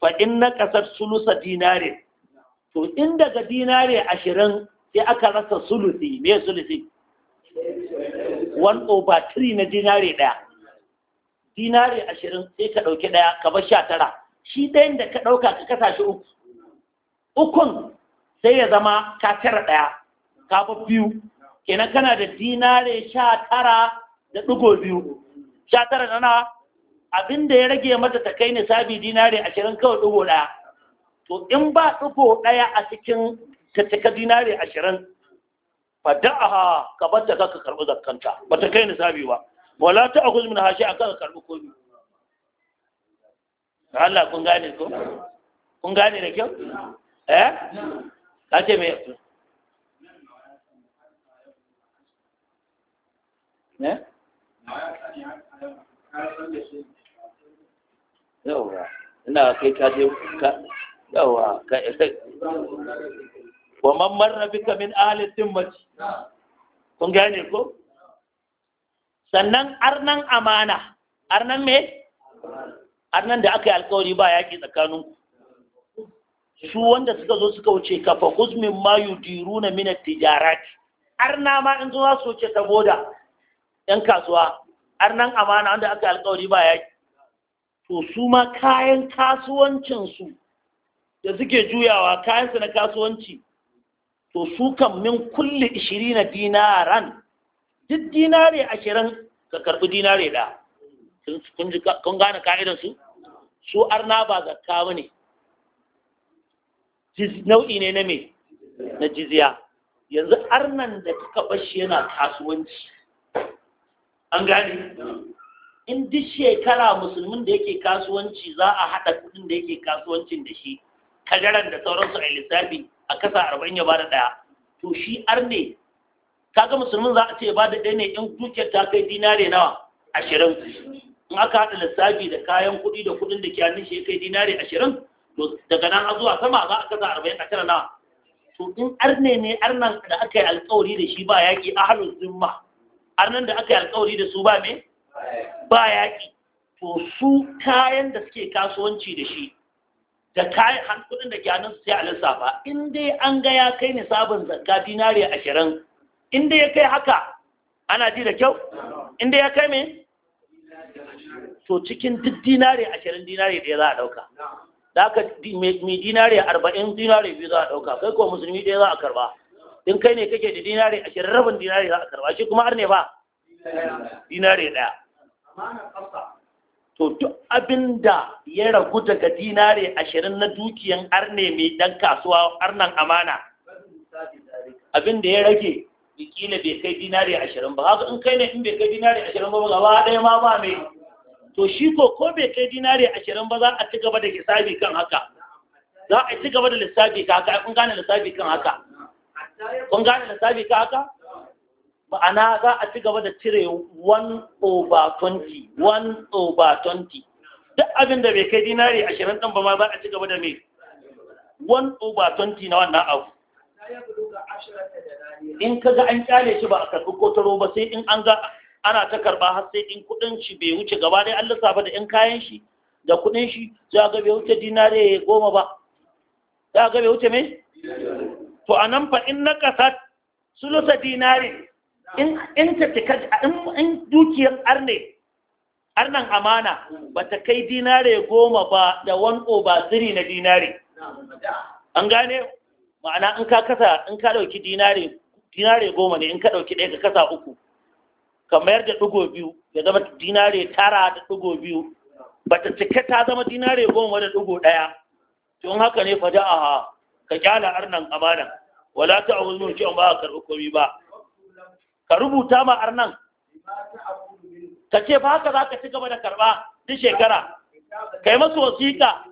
fa in kasar sulusa dinare to in daga dinare ashirin sai aka rasa sulusi me sulusi one over three na dinare ɗaya dinare ashirin sai ka ɗauki ɗaya ka bar sha tara shi ɗayan da ka ɗauka ka kasa shi uku ukun sai ya zama ka tara ɗaya ka bar biyu kenan kana da dinare sha tara da ɗigo biyu sha tara na nawa abin da ya rage mata ta kai nisabi dinari ashirin kawai ɗigo ɗaya to in ba ɗigo ɗaya a cikin ta cika dinari ashirin ha ka bar ta ka karɓi zakkanta ba ta kai nisabi ba wala ta a min hashe a kan karɓi komi Allah kun gane ko kun gane da kyau eh ka ce me ne eh? yawa ina kai ka je ka yawa ka wa man marra bika min ahli timmati kun gane ko sannan arnan amana arnan me arnan da aka yi alkawari ba yaƙi tsakanin su wanda suka zo suka wuce kafa huzmin ma yudiruna min tijarati arna ma in zo za su wuce ta boda yan kasuwa arnan amana wanda aka alkawari ba yaki to su ma kayan kasuwancinsu da suke juyawa kayansu na kasuwanci to su kan min kulle 20 na dinaran duk dinare ashirin ka karbi dinare da kun gane ka'idansu su arna ba zakka ba ne nau'i ne na me na jizya yanzu arnan da ka bashi yana kasuwanci an gane in duk shekara musulmin da yake kasuwanci za a haɗa kuɗin da yake kasuwancin da shi kajaran da sauransu a lissafi a kasa arba'in ya bada ɗaya to shi arne kaga musulmin za a ce ba da ɗaya ne in dukiyar ta kai dinare nawa ashirin in aka haɗa lissafi da kayan kuɗi da kuɗin da ke hannun shi kai dinare ashirin to daga nan a zuwa sama za a kasa arba'in a tara nawa to in arne ne arnan da aka yi alkawari da shi ba yaƙi ahalun zimma nan da aka yi alkawari da su ba me ba yaƙi to su kayan da suke kasuwanci da shi da kayan hankudin da gyanin su sai a lissafa in dai an ga ya kai nisabin zakka dinari ashirin in dai ya kai haka ana ji da kyau in dai ya kai me to cikin duk dinari ashirin dinari ɗaya za a ɗauka da aka mai dinari arba'in dinari biyu za a ɗauka kai ko musulmi ɗaya za a karba in kai ne kake da dinari ashirin rabin dinari za a karba shi kuma har ne ba dinari ɗaya to duk abin da ya ragu daga dinari ashirin na dukiyan arne mai dan kasuwa arnan amana abin da ya rage ikila bai kai dinari ashirin ba haka in kai ne in bai kai dinari ashirin ba gaba ɗaya ma ba mai to shi ko ko bai kai dinari ashirin ba za a ci gaba da lissafi kan haka za a ci gaba da lissafi kan haka in gane lissafi kan haka kun gane lissafi ka haka ma'ana za a ci gaba da cire 1 over 20 1 over 20 duk abin da bai kai dinari 20 ɗan ba ma za a ci gaba da mai 1 over 20 na wannan abu in ka ga an kyale shi ba a karɓi kotaro ba sai in an ga ana ta karɓa har sai in kuɗin shi bai wuce gaba dai an lissafa da in kayan shi da kuɗin shi za ga bai wuce dinare goma ba za ga bai wuce mai to a nan fa in na ƙasa sulusa dinari in ta cika in dukiyar arne arnan amana ba ta kai dinari goma ba da wani over ziri na dinari? an gane ma'ana in ka kasa in ka ɗauki dinari goma ne in ka ɗauki ɗaya ka kasa uku ka mayar da ɗigo biyu ya zama dinari tara da ɗigo biyu ba ta cika ta zama dinari goma da ɗigo ɗaya tun haka ne faja a ka kyala arnan amana wala ta abu zuwa ba ka karɓi komi ba ka rubuta ma nan ka ce ba haka za ka ci gaba da karɓa duk shekara ka yi masu wasiƙa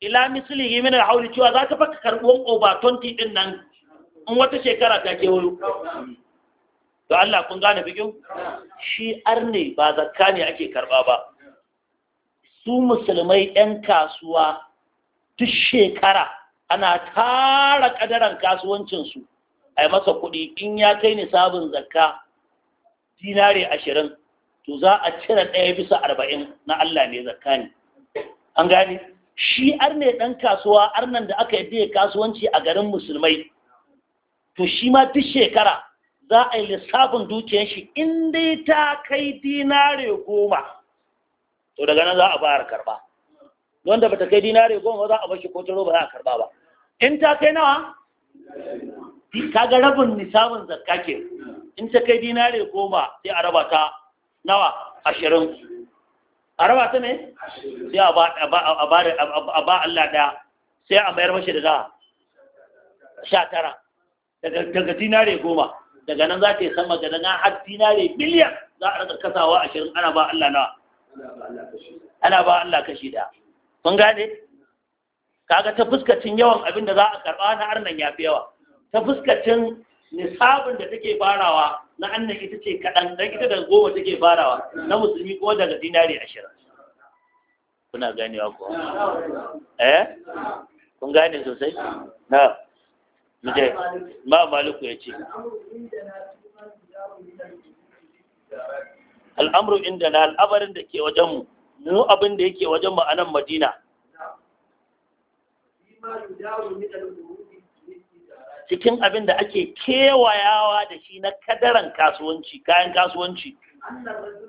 ila misali yi mini hauli cewa za ka faka karɓuwan over 20 ɗin nan in wata shekara ta kewayo to Allah kun gane bikin shi arne ba zakka ne ake karɓa ba su musulmai 'yan kasuwa duk shekara ana tara kadaran kasuwancinsu a yi masa kuɗi in ya kai nisabin zakka dinare ashirin to za a cire ɗaya bisa arba'in na Allah ne zakka ne an gane shi ar ne ɗan kasuwa ar nan da aka yadda kasuwanci a garin musulmai to shi ma duk shekara za a yi lissafin dukiyar shi in dai ta kai dinare goma to daga nan za a fara karba wanda bata kai dinare goma za a bar shi ko ta ba za a karba ba in ta kai nawa kaga rabin nisabin zakka ke in ta kai dinare goma sai a raba ta nawa ashirin a raba ta ne sai a ba Allah ɗaya sai a mayar mashi da za sha tara daga dinare goma daga nan za ta yi sama daga nan har dinare biliyan za a raka kasawa ashirin ana ba Allah nawa ana ba Allah kashi da kun gane kaga ta fuskacin yawan abin da za a karba na arnan ya fi yawa ta fuskacin nisabin da take farawa na annan ita ce kaɗan dan ita daga goma take farawa na musulmi ko daga dinari ashirin kuna ganewa ko eh kun gane sosai na muje ma maliku ya ce al'amru inda na al'abarin da ke wajenmu mu abin da yake wajenmu a nan madina cikin abin da ake kewayawa da shi na kadaran kasuwanci kayan kasuwanci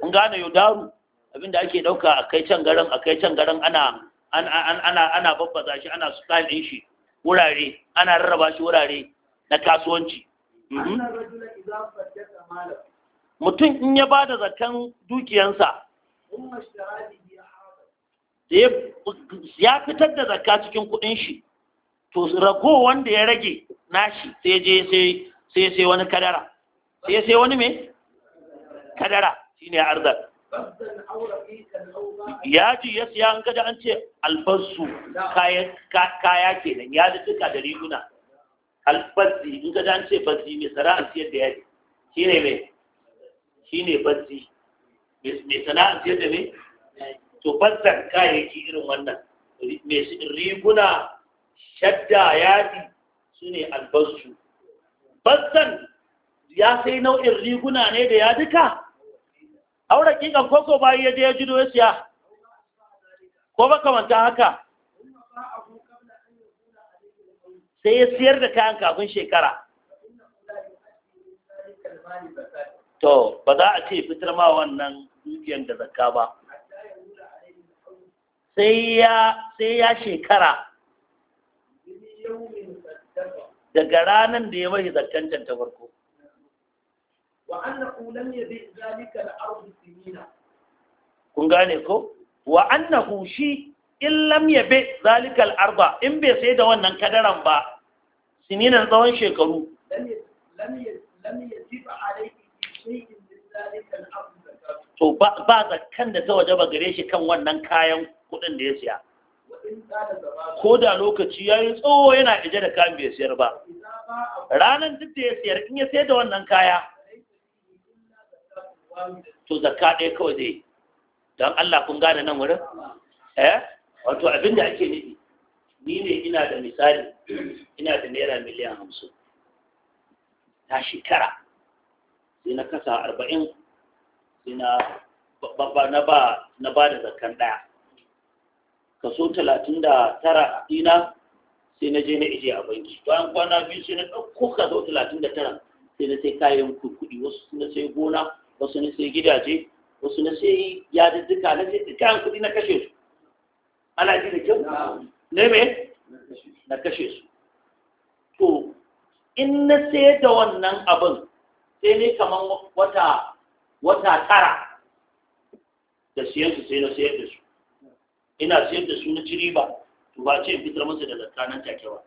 an gane yau daru abin da ake ɗauka a kai can garin a kai can garin ana ana babbaza shi ana su ɗin shi wurare ana rarraba shi wurare na kasuwanci mhm. mutum in ya ba da zaton dukiyansa ya fitar da zakka cikin kuɗin shi to rago wanda ya rage nashi sai je sai sai wani kadara sai sai wani me kadara shine arzak ya ji ya siya an gada an ce albasu kaya kenan ya ji duka da riguna albasi in gada an ce basi mai sana'ar siyar da yaji shi ne mai shi ne mai sana'ar siyar da mai to basan kayayyaki irin wannan riguna shadda yadi su ne albasu bassan ya sai nau'in riguna ne da ya duka aure kikan koko bayan ya ya jido ya siya ko makamanta haka sai ya siyar da kayan kafin shekara to ba za a ce fitar ma wannan dukiyar da zakka ba sai ya shekara daga ranar da ya bari zancen can ta farko wa annahu zalika sinina kun gane ko wa annahu shi in lam bai zalika al in bai sai da wannan kadaran ba sininan tsawon shekaru lam to ba ba zakkan da ta waje ba gare shi kan wannan kayan kudin da ya siya ko da lokaci ya yi tsoho yana ije da kayan bai siyar ba ranar duk da ya siyar in ya sayar da wannan kaya to zakka ɗaya kawai zai don Allah kun gane nan wurin eh wato abin da ake nufi ni ne ina da misali ina da naira miliyan hamsin ta shekara sai na kasa arba'in sai na ba na ba da zakkan ɗaya kaso talatin da tara dina sai na je na ije a banki bayan kwana biyu sai na ɗauko kaso talatin da tara sai na sai kayan kuɗi wasu na sai gona wasu na sai gidaje wasu na sai yadudduka na sai kayan kuɗi na kashe su ana ji da kyau ne me na kashe su to in na sayar da wannan abin sai ne kamar wata wata tara da siyan su sai na sayar da su ina sayar da su na ciri ba to ba ce in fitar musu da zakka nan take ba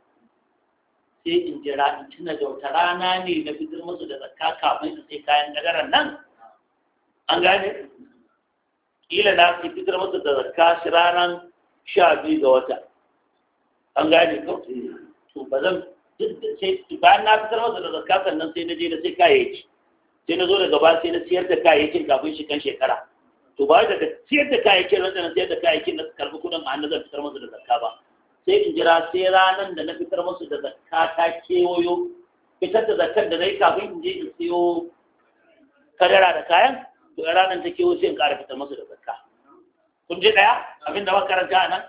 sai in jira in tuna da wata rana ne na fitar musu da zakka kafin su sai kayan dagaran nan an gane Ila na fi fitar musu da zakka shi ranar sha biyu ga wata an gane ko to ba zan sai ba na fitar musu da zakka sannan sai na je na sai kayayyaki sai na zo da gaba sai na siyar da kayayyakin kafin shi kan shekara to ba daga siyar da kayayyakin ran da siyar da kayayyakin na karbi kudin a hannun zan fitar musu da zakka ba sai in jira sai ranar da na fitar musu da zakka ta kewayo fitar da zakkan da zai kafin in je in siyo kadara da kayan to ranar ta kewayo sai in ƙara fitar musu da zakka kun ji ɗaya abin da makaranta a nan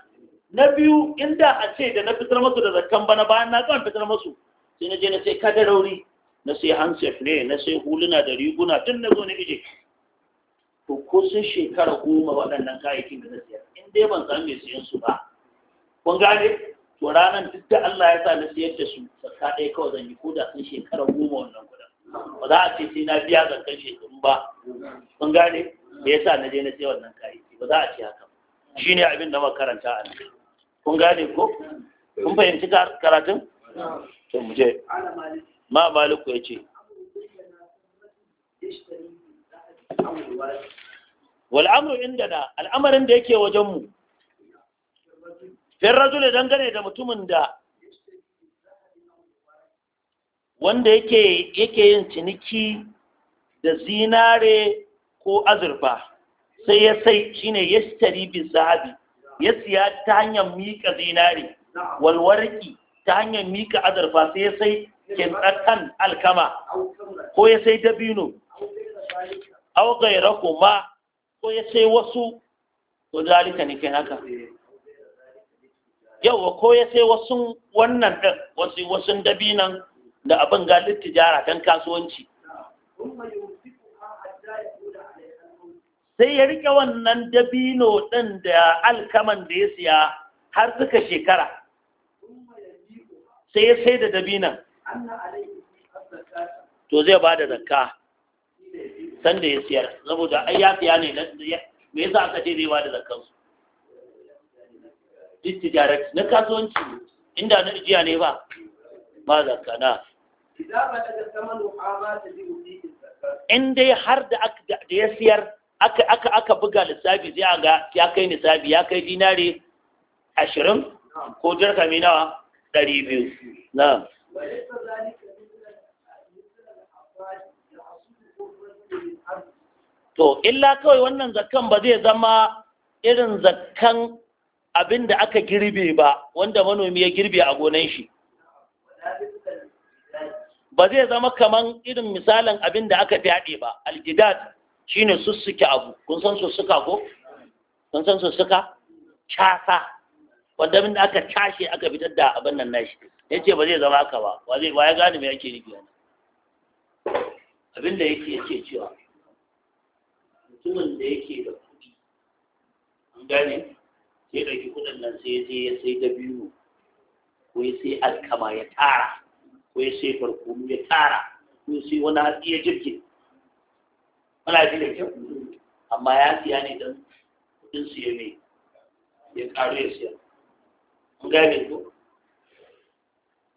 na biyu inda a ce da na fitar musu da zakkan bana bayan na kawai fitar musu sai na je na sai kadarori na sai handset ne na sai huluna da riguna tun na zo na ije to ko sun shekara goma waɗannan kayayyakin da na siyar in dai ban san mai siyan su ba kun gane to ranar duk da Allah ya sa na siyar da su zakka ɗaya kawai zan yi ko da sun shekara goma wannan kuɗin ba za a ce sai na biya zakkan shekarun ba kun gane me yasa na je na siya wannan kayayyaki ba za a ce haka shine abin da muka karanta a nan kun gane ko kun fahimci karatun to mu je ma maliku ya ce wal amru da al'amarin da yake wajen mu fil rajul dangane da mutumin da wanda yake yake yin ciniki da zinare ko azurfa sai ya sai shine yashtari bi zahabi ya siya ta hanyar mika zinare walwarki ta hanyar miƙa azurfa sai ya sai kintsattan alkama ko ya sai dabino aw ghayrahuma ko ya sai wasu to dalika ne kai haka yawa ko ya sai wasu wannan din wasu wasu dabinan da abin ga littijara dan kasuwanci sai ya rike wannan dabino din da alkaman da ya siya har suka shekara sai ya sai da dabinan to zai ba da zakka san da ya siyar saboda ai ya siya ne me yasa aka ce zai bada zakkan su tijarat na kasuwanci inda na jiya ne ba ba zakka na in dai har da ya siyar aka buga lissafi sai a ga ya kai nisabi ya kai dinare ashirin ko jirka mai nawa ɗari biyu na to illa kawai wannan zakkan ba zai zama irin zakkan abin da aka girbe ba wanda manomi ya girbe a gonan shi ba zai zama kaman irin misalin abin da aka fyaɗe ba shi shine sussuke abu kun san sussuka ko kun san sussuka casa wanda abin da aka tashi aka fitar da abin nan nashi ya ce ba zai zama haka ba wa ya gane me yake nufi abin da yake ce cewa mutumin da yake da kuɗi an gane sai ɗauki kuɗin nan sai je ya sai biyu ko ya sai alkama ya tara ko ya sai barkono ya tara ko ya sai wani hatsi ya jirge wani hatsi da kyau amma ya siya ne don kuɗin siya ne ya ƙaru ya siya an gane ko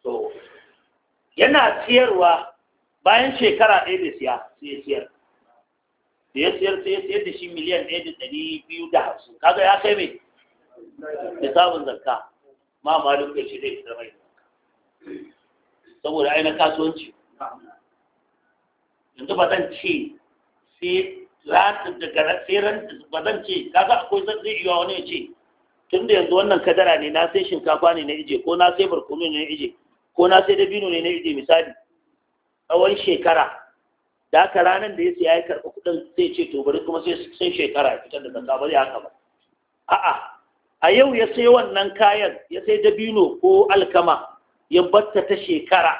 to yana siyarwa bayan shekara ɗaya da siya sai ya siyar da ya siyar sai da shi miliyan ɗaya da ɗari biyu da hamsin kaga ya kai mai hisabin zakka ma malum da shi zai fitar mai saboda ainihin kasuwanci yanzu ba zan ce sai ranar da garan ba zan ce kaga akwai zan zai iya wani ya ce tun da yanzu wannan kadara ne na sai shinkafa ne na ije ko na sai barkono ne na ije ko na sai dabino ne na ije misali tsawon shekara da haka ranar da ya ce ya yi karɓi kudin zai ce to bari kuma sai shekara ya fitar da zaka ba zai haka ba a'a a yau ya sai wannan kayan ya sai dabino ko alkama ya batta ta shekara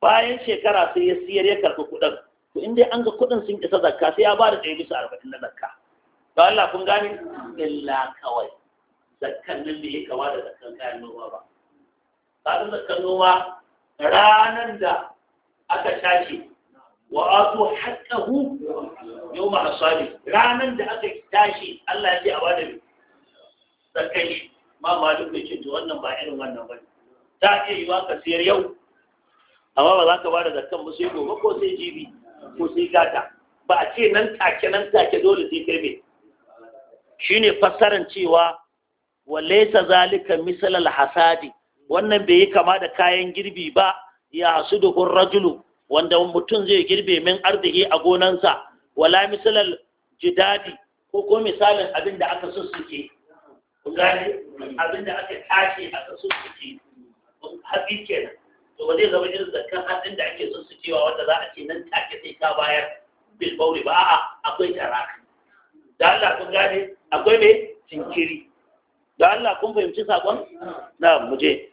bayan shekara sai ya siyar ya karɓi kudin to in dai an ga kudin sun isa zakka sai ya ba da ɗaya bisa arba'in na zakka ba Allah kun gane illa kawai zakkan nan da ya kawa da zakkan kayan noma ba ba zakkan noma ranar da aka tashi وآتوا حقه يوم حصاده Ranar da aka tashi Allah ya ce a bada sakai ma malum da ce to wannan ba irin wannan ba ta iya yiwa ka siyar yau amma ba za ka bada zakkan ba sai gobe ko sai jibi ko sai gata ba a ce nan take nan take dole sai kirbe shine fassaran cewa wa laysa zalika misal al hasadi wannan bai yi kama da kayan girbi ba ya asudu rajulu wanda mutum zai girbe min arziki a gonansa wala misalar jidadi ko ko misalin abin da aka sussuke gane abin da aka tashi aka sussuke hatsi ke to ba zai zama irin zakkan haɗin da ake sussukewa wanda za a ce nan take sai ka bayar bil bauri ba a'a akwai taraka da Allah kun gane akwai me cinkiri da Allah kun fahimci sakon na muje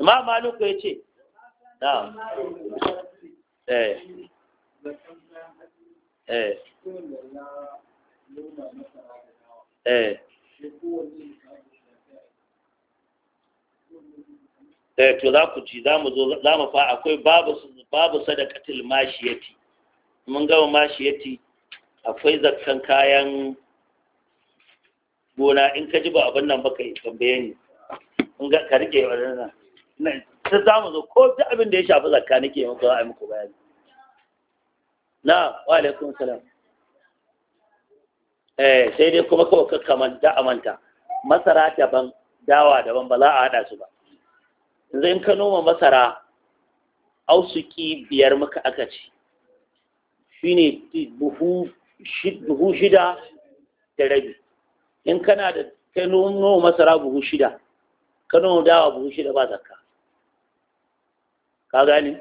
Imam Malik ya ce na'am eh eh eh eh to za ku ci za mu zo za mu fa akwai babu babu sadaqatul mashiyati mun gama mashiyati akwai zakkan kayan gona in ka ji ba abin nan ba ka tambaye ni in ga ka rike wannan ina ta zamu zo ko duk abin da ya shafi zakka nake muku za a muku bayani na wa alaikum salam eh sai dai kuma ko ka kamanta amanta masara daban dawa daban ba za a haɗa su ba yanzu in ka noma masara ausuki biyar muka aka ci shine buhu buhu shida da rabi in kana da ka noma masara buhu shida ka noma dawa buhu shida ba zakka ka gani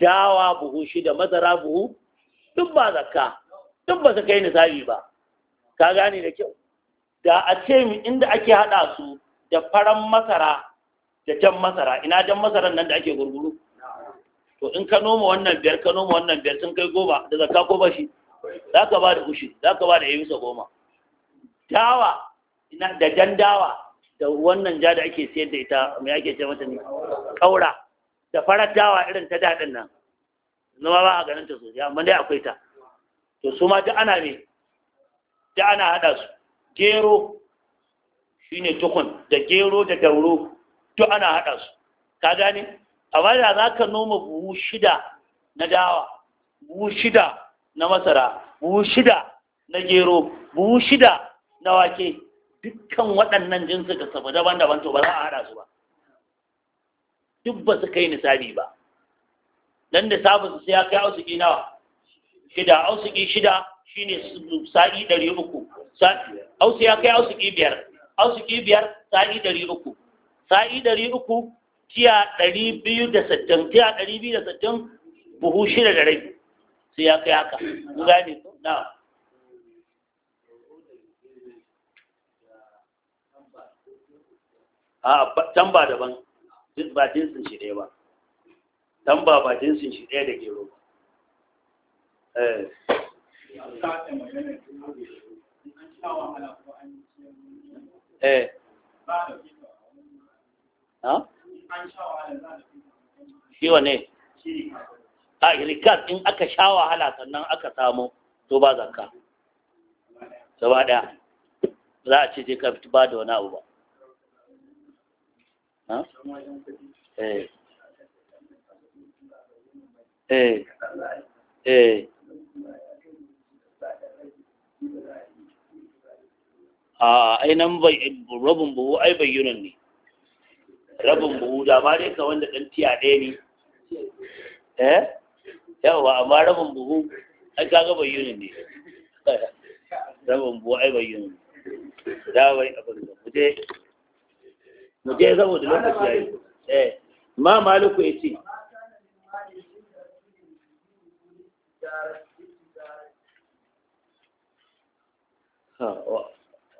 dawa buhu shi da masara buhu duk ba zakka duk ba su kai nisabi ba ka gani da kyau da a ce mu inda ake haɗa su da faran masara da jan masara ina jan masaran nan da ake gurguru to in ka noma wannan biyar ka noma wannan biyar sun kai goma da zakka ko shi, za ka ba da ushi za ka ba da yayi bisa goma dawa ina da jan dawa da wannan ja da ake sayar da ita me ake ce mata ne kaura da farar dawa irin ta daɗin nan zama ba a ganin ta sosai amma dai akwai ta to su ma ta ana ne ta ana haɗa su gero shi ne tukun da gero da dauro to ana haɗa su ka gane amma da za ka noma buhu shida na dawa buhu shida na masara buhu shida na gero buhu shida na wake dukkan waɗannan jinsu ka saba daban-daban to ba za a haɗa su ba duk ba su kai nisabi ba dan nisabin su sai ya kai ausuki nawa shida ausuki shida shine sa'i ɗari uku ausu ya kai ausuki biyar ausuki biyar sa'i ɗari sa'i ɗari tiya ɗari tiya ɗari buhu shida da rai. sai ya kai haka mun gane na a tamba daban duk ba jinsin shi ɗaya ba dan ba ba jinsin shi ɗaya da gero ba eh, eh. ha shi a rikas in aka sha wahala sannan aka samu to ba zakka gaba ɗaya za a ce je ka fi ba da wani abu ba eh eh eh a ah, ainihin rabin buhu ai bayyunan ne rabin buhu da ba dai ka wanda dan tiya ɗaya ne eh yawa amma rabin buhu ai kaga bayyunan ne rabin buhu ai bayyunan ne da bai abin da mu mu je saboda lokaci yayi eh ma maliku yace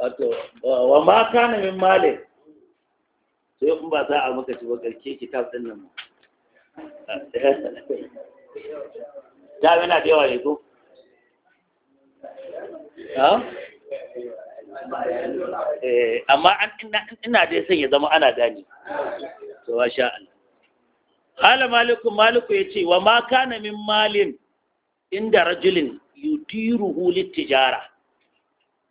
wato wa ma kana min malik sai kun ba za a maka ci bakarke kitab din nan ta yana da yawa ne ko ha Eh, amma ina dai sanya zama ana gani to sha Allah qala maliku maliku yace wa ma kana min malin inda rajulin yudiruhu litijara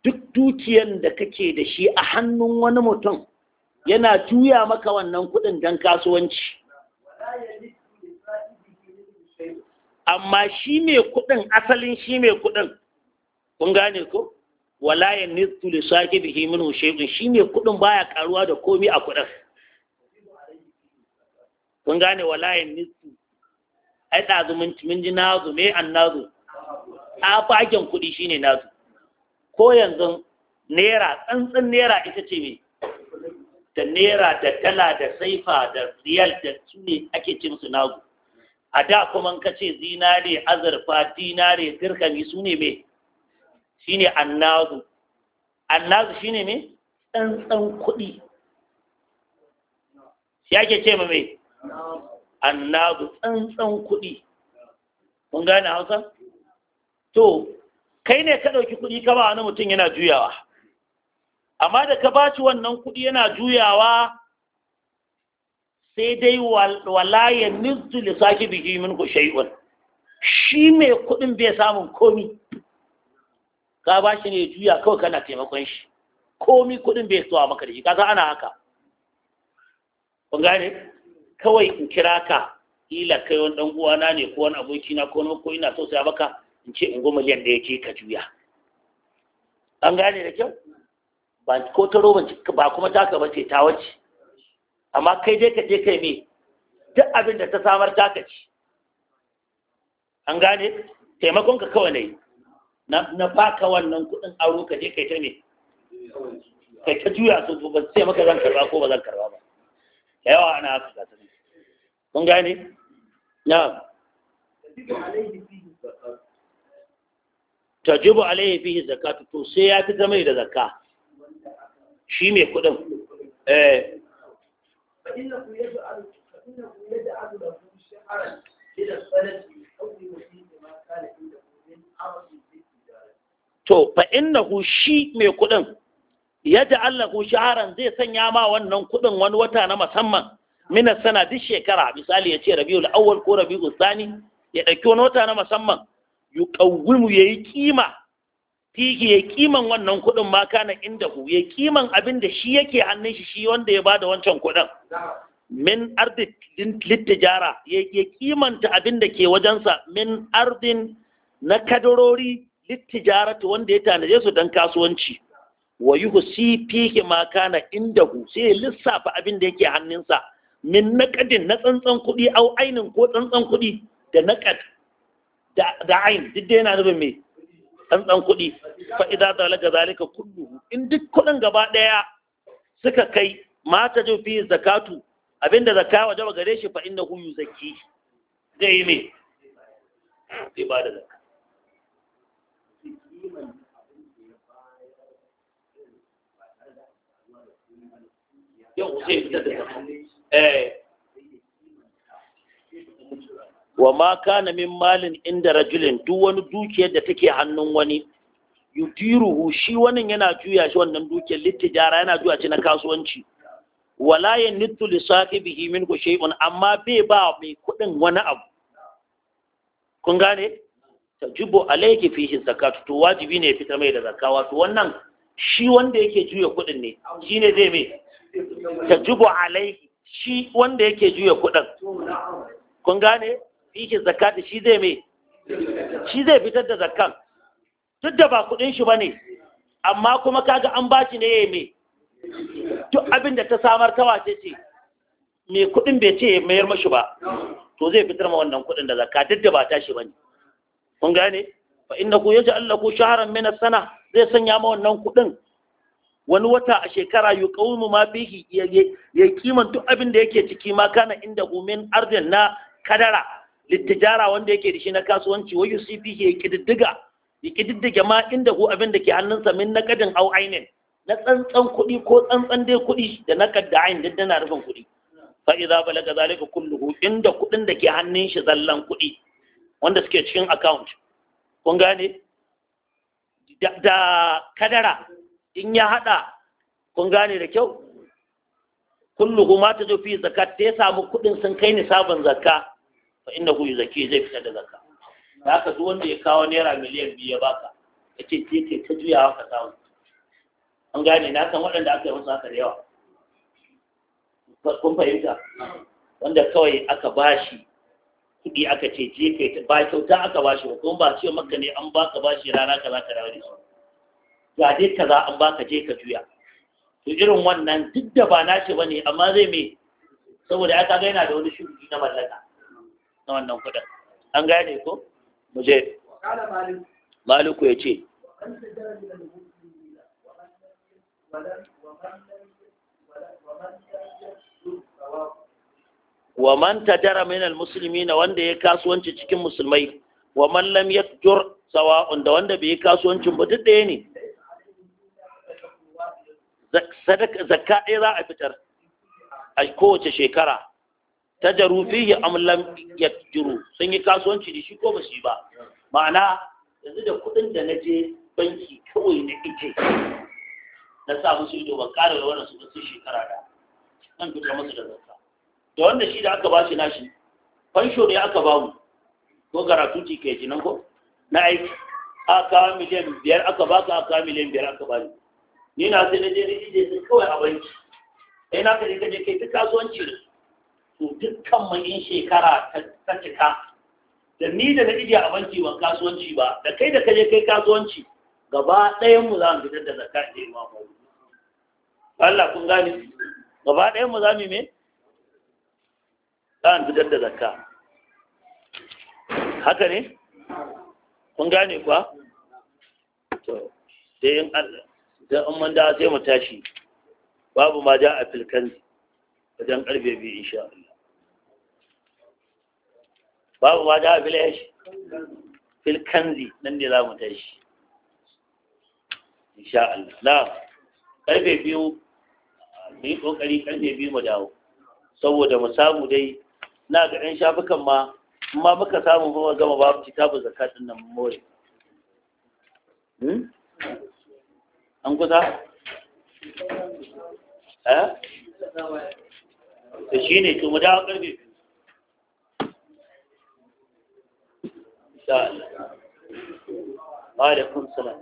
duk dukiyan da kake da shi a hannun wani mutum yana tuya maka wannan kudin dan kasuwanci amma shi mai kudin asalin shi mai kudin kun gane ko wala yanitu li sahibihi minhu shay'un shi ne kudin baya karuwa da komi a kudin kun gane wala yanitu ai da mun mun ji nazu me an nazu a fagen kudi shine nazu ko yanzu naira tsantsan naira ita ce me da naira da dala da saifa da riyal da su ake cin su nazu a da kuma kace ce zinare azurfa dinare dirhami su ne me Shi ne annazu annazu ne mai tsantsan kuɗi shi ake ce ma annazu tsantsan kuɗi kun gane hausa to kai ne ka ɗauki kuɗi kama wani mutum yana juyawa amma da ka ba ci wannan kuɗi yana juyawa sai dai walayen nizu lissafi biki min ku shay'un shi mai kuɗin bai samun komi ka ba shi ne juya kawai kana taimakon shi komi kuɗin bai zuwa maka da shi kaga ana haka kun gane kawai in kira ka ila kai wani dan uwana ne ko wani aboki na ko ko ina so sai maka in ce in go miliyan da yake ka juya an gane da kyau ba ko ta roban ba kuma ta ka ce ta wace amma kai dai ka je kai me duk abin da ta samar ta ka ci an gane taimakon ka kawai ne na baka wannan kuɗin aro ka je kai ta me kai ta juya su ba sai maka zan karba ko ba zan karba ba da yawa ana haka ga sani kun gane na tajibu alaihi fihi zakatu to sai ya fi zama da zakka shi mai kuɗin eh إلى da يقوم فيه to fa innahu shi mai kuɗin ya allahu shaharan zai sanya ma wannan kuɗin wani wata na musamman minas sana duk shekara misali ya ce rabiul awwal ko rabiul sani ya ɗauki wani wata na musamman yuqawwimu yayi kima fihi ya kiman wannan kuɗin ma kana inda hu ya kiman abin da shi yake hannun shi shi wanda ya bada wancan kuɗin min ardin littijara ya kimanta abin da ke wajensa min ardin na kadarori littijaratu wanda ya tanaje su don kasuwanci wa yi yuhsi fihi ma kana indahu sai ya lissafa abin da yake hannunsa min naqadin na tsantsan kuɗi au ainin ko tsantsan kuɗi da naqad da da ain duk da yana nufin mai tsantsan kuɗi fa idza zalika zalika kulluhu in duk kuɗin gaba ɗaya suka kai ma ta fi zakatu abinda zakka wajaba gare shi fa innahu yuzakki zai yi me zai ba da zakka Eh. wa ma kana min malin inda rajulin duk wani dukiyar da take hannun wani yudiruhu shi wannan yana juya shi wannan dukiyar littijara yana juya shi na kasuwanci wala nittu li sahibihi minhu shay'un amma bai ba mai kudin wani abu kun gane tajibu alayki fihi zakatu to wajibi ne ya fitar mai da zakka wato wannan shi wanda yake juya kuɗin ne shi ne zai mai tajibu alayki shi wanda yake juya kuɗin kun gane fihi zakatu shi zai mai shi zai fitar da zakkan duk da ba kuɗin shi bane amma kuma kaga an bashi ne yayi mai duk abin da ta samar ta wace ce mai kuɗin bai ce mayar mashi ba to zai fitar ma wannan kuɗin da zakka duk da ba tashi bane kun gane fa innahu yaj'al lakum shahran min as-sana zai sanya ma wannan kuɗin? wani wata a shekara yuqawmu ma bihi ya kiman duk abin da yake ciki ma kana inda umin arzin na kadara littijara wanda yake da shi na kasuwanci wa yusifihi ya kididdiga ya kididdiga ma inda ku abin da ke hannunsa min naqadin au ainin na tsantsan kuɗi ko tsantsan dai kuɗi da na kadda ain duk dana rufin kuɗi fa idza balaga zalika kulluhu inda kuɗin da ke hannun shi zallan kuɗi wanda suke cikin account kun gane da kadara in ya hada kun gane da kyau Kullu kuma ta fi zakat ta ya samu kudin sun kai nisabin zakka fa inna hu zaki zai fita da zakka da haka duk wanda ya kawo naira miliyan biyu ya baka yace ce ke ta juya ka samu an gane na san waɗanda aka yi musu haka da yawa kun fahimta wanda kawai aka bashi kuɗi aka ce je kai ba kyauta aka bashi ba kuma ba ce maka ne an baka bashi rana kaza ka dawo da shi ga dai kaza an baka je ka juya to irin wannan duk da ba ce bane amma zai me saboda ya kaga yana da wani shuguri na mallaka na wannan kuɗin an gane ko mu je maluku ya ce wa wa man tajara min almuslimina wanda ya kasuwanci cikin musulmai wa man lam yatjur sawa'un da wanda bai kasuwancin ba duk ɗaya ne sadaka zakka ɗaya za a fitar a kowace shekara tajaru fihi am lam ya sun yi kasuwanci da shi ko ba shi ba ma'ana yanzu da kuɗin da na je banki kawai na ije na sa musu ido ba ƙara da wannan su ba sun shekara da Zan fitar musu da zakka da wanda shi da aka ba shi nashi fansho ne aka ba mu ko garatuti ke ji nan ko na aiki aka miliyan biyar aka ba ka aka miliyan biyar aka ba ni ni na sai na je na ije sai kawai a banki sai na kaje kaje kai ta kasuwanci ne to dukkan mu in shekara ta cika da ni da na ije a banki ban kasuwanci ba da kai da kaje kai kasuwanci gaba ɗayan mu za mu fitar da zakka da imamu Allah kun gane gaba ɗayan mu za mu me ɗan fitar da zakka haka ne kun gane kuwa to sai yin an an manda sai mu tashi babu ma ja a filkan wajen karfe biyu insha Allah babu ma ja a Filkan zi nan ne za mu tashi insha Allah na karfe biyu mu yi kokari karfe biyu mu dawo saboda mu samu dai na ga ɗan shafukan ma ma muka samu ba gama babu kitabu zakatin nan more hmm? an kusa eh shi ne to mu dawo karfe insha Allah wa alaikum salam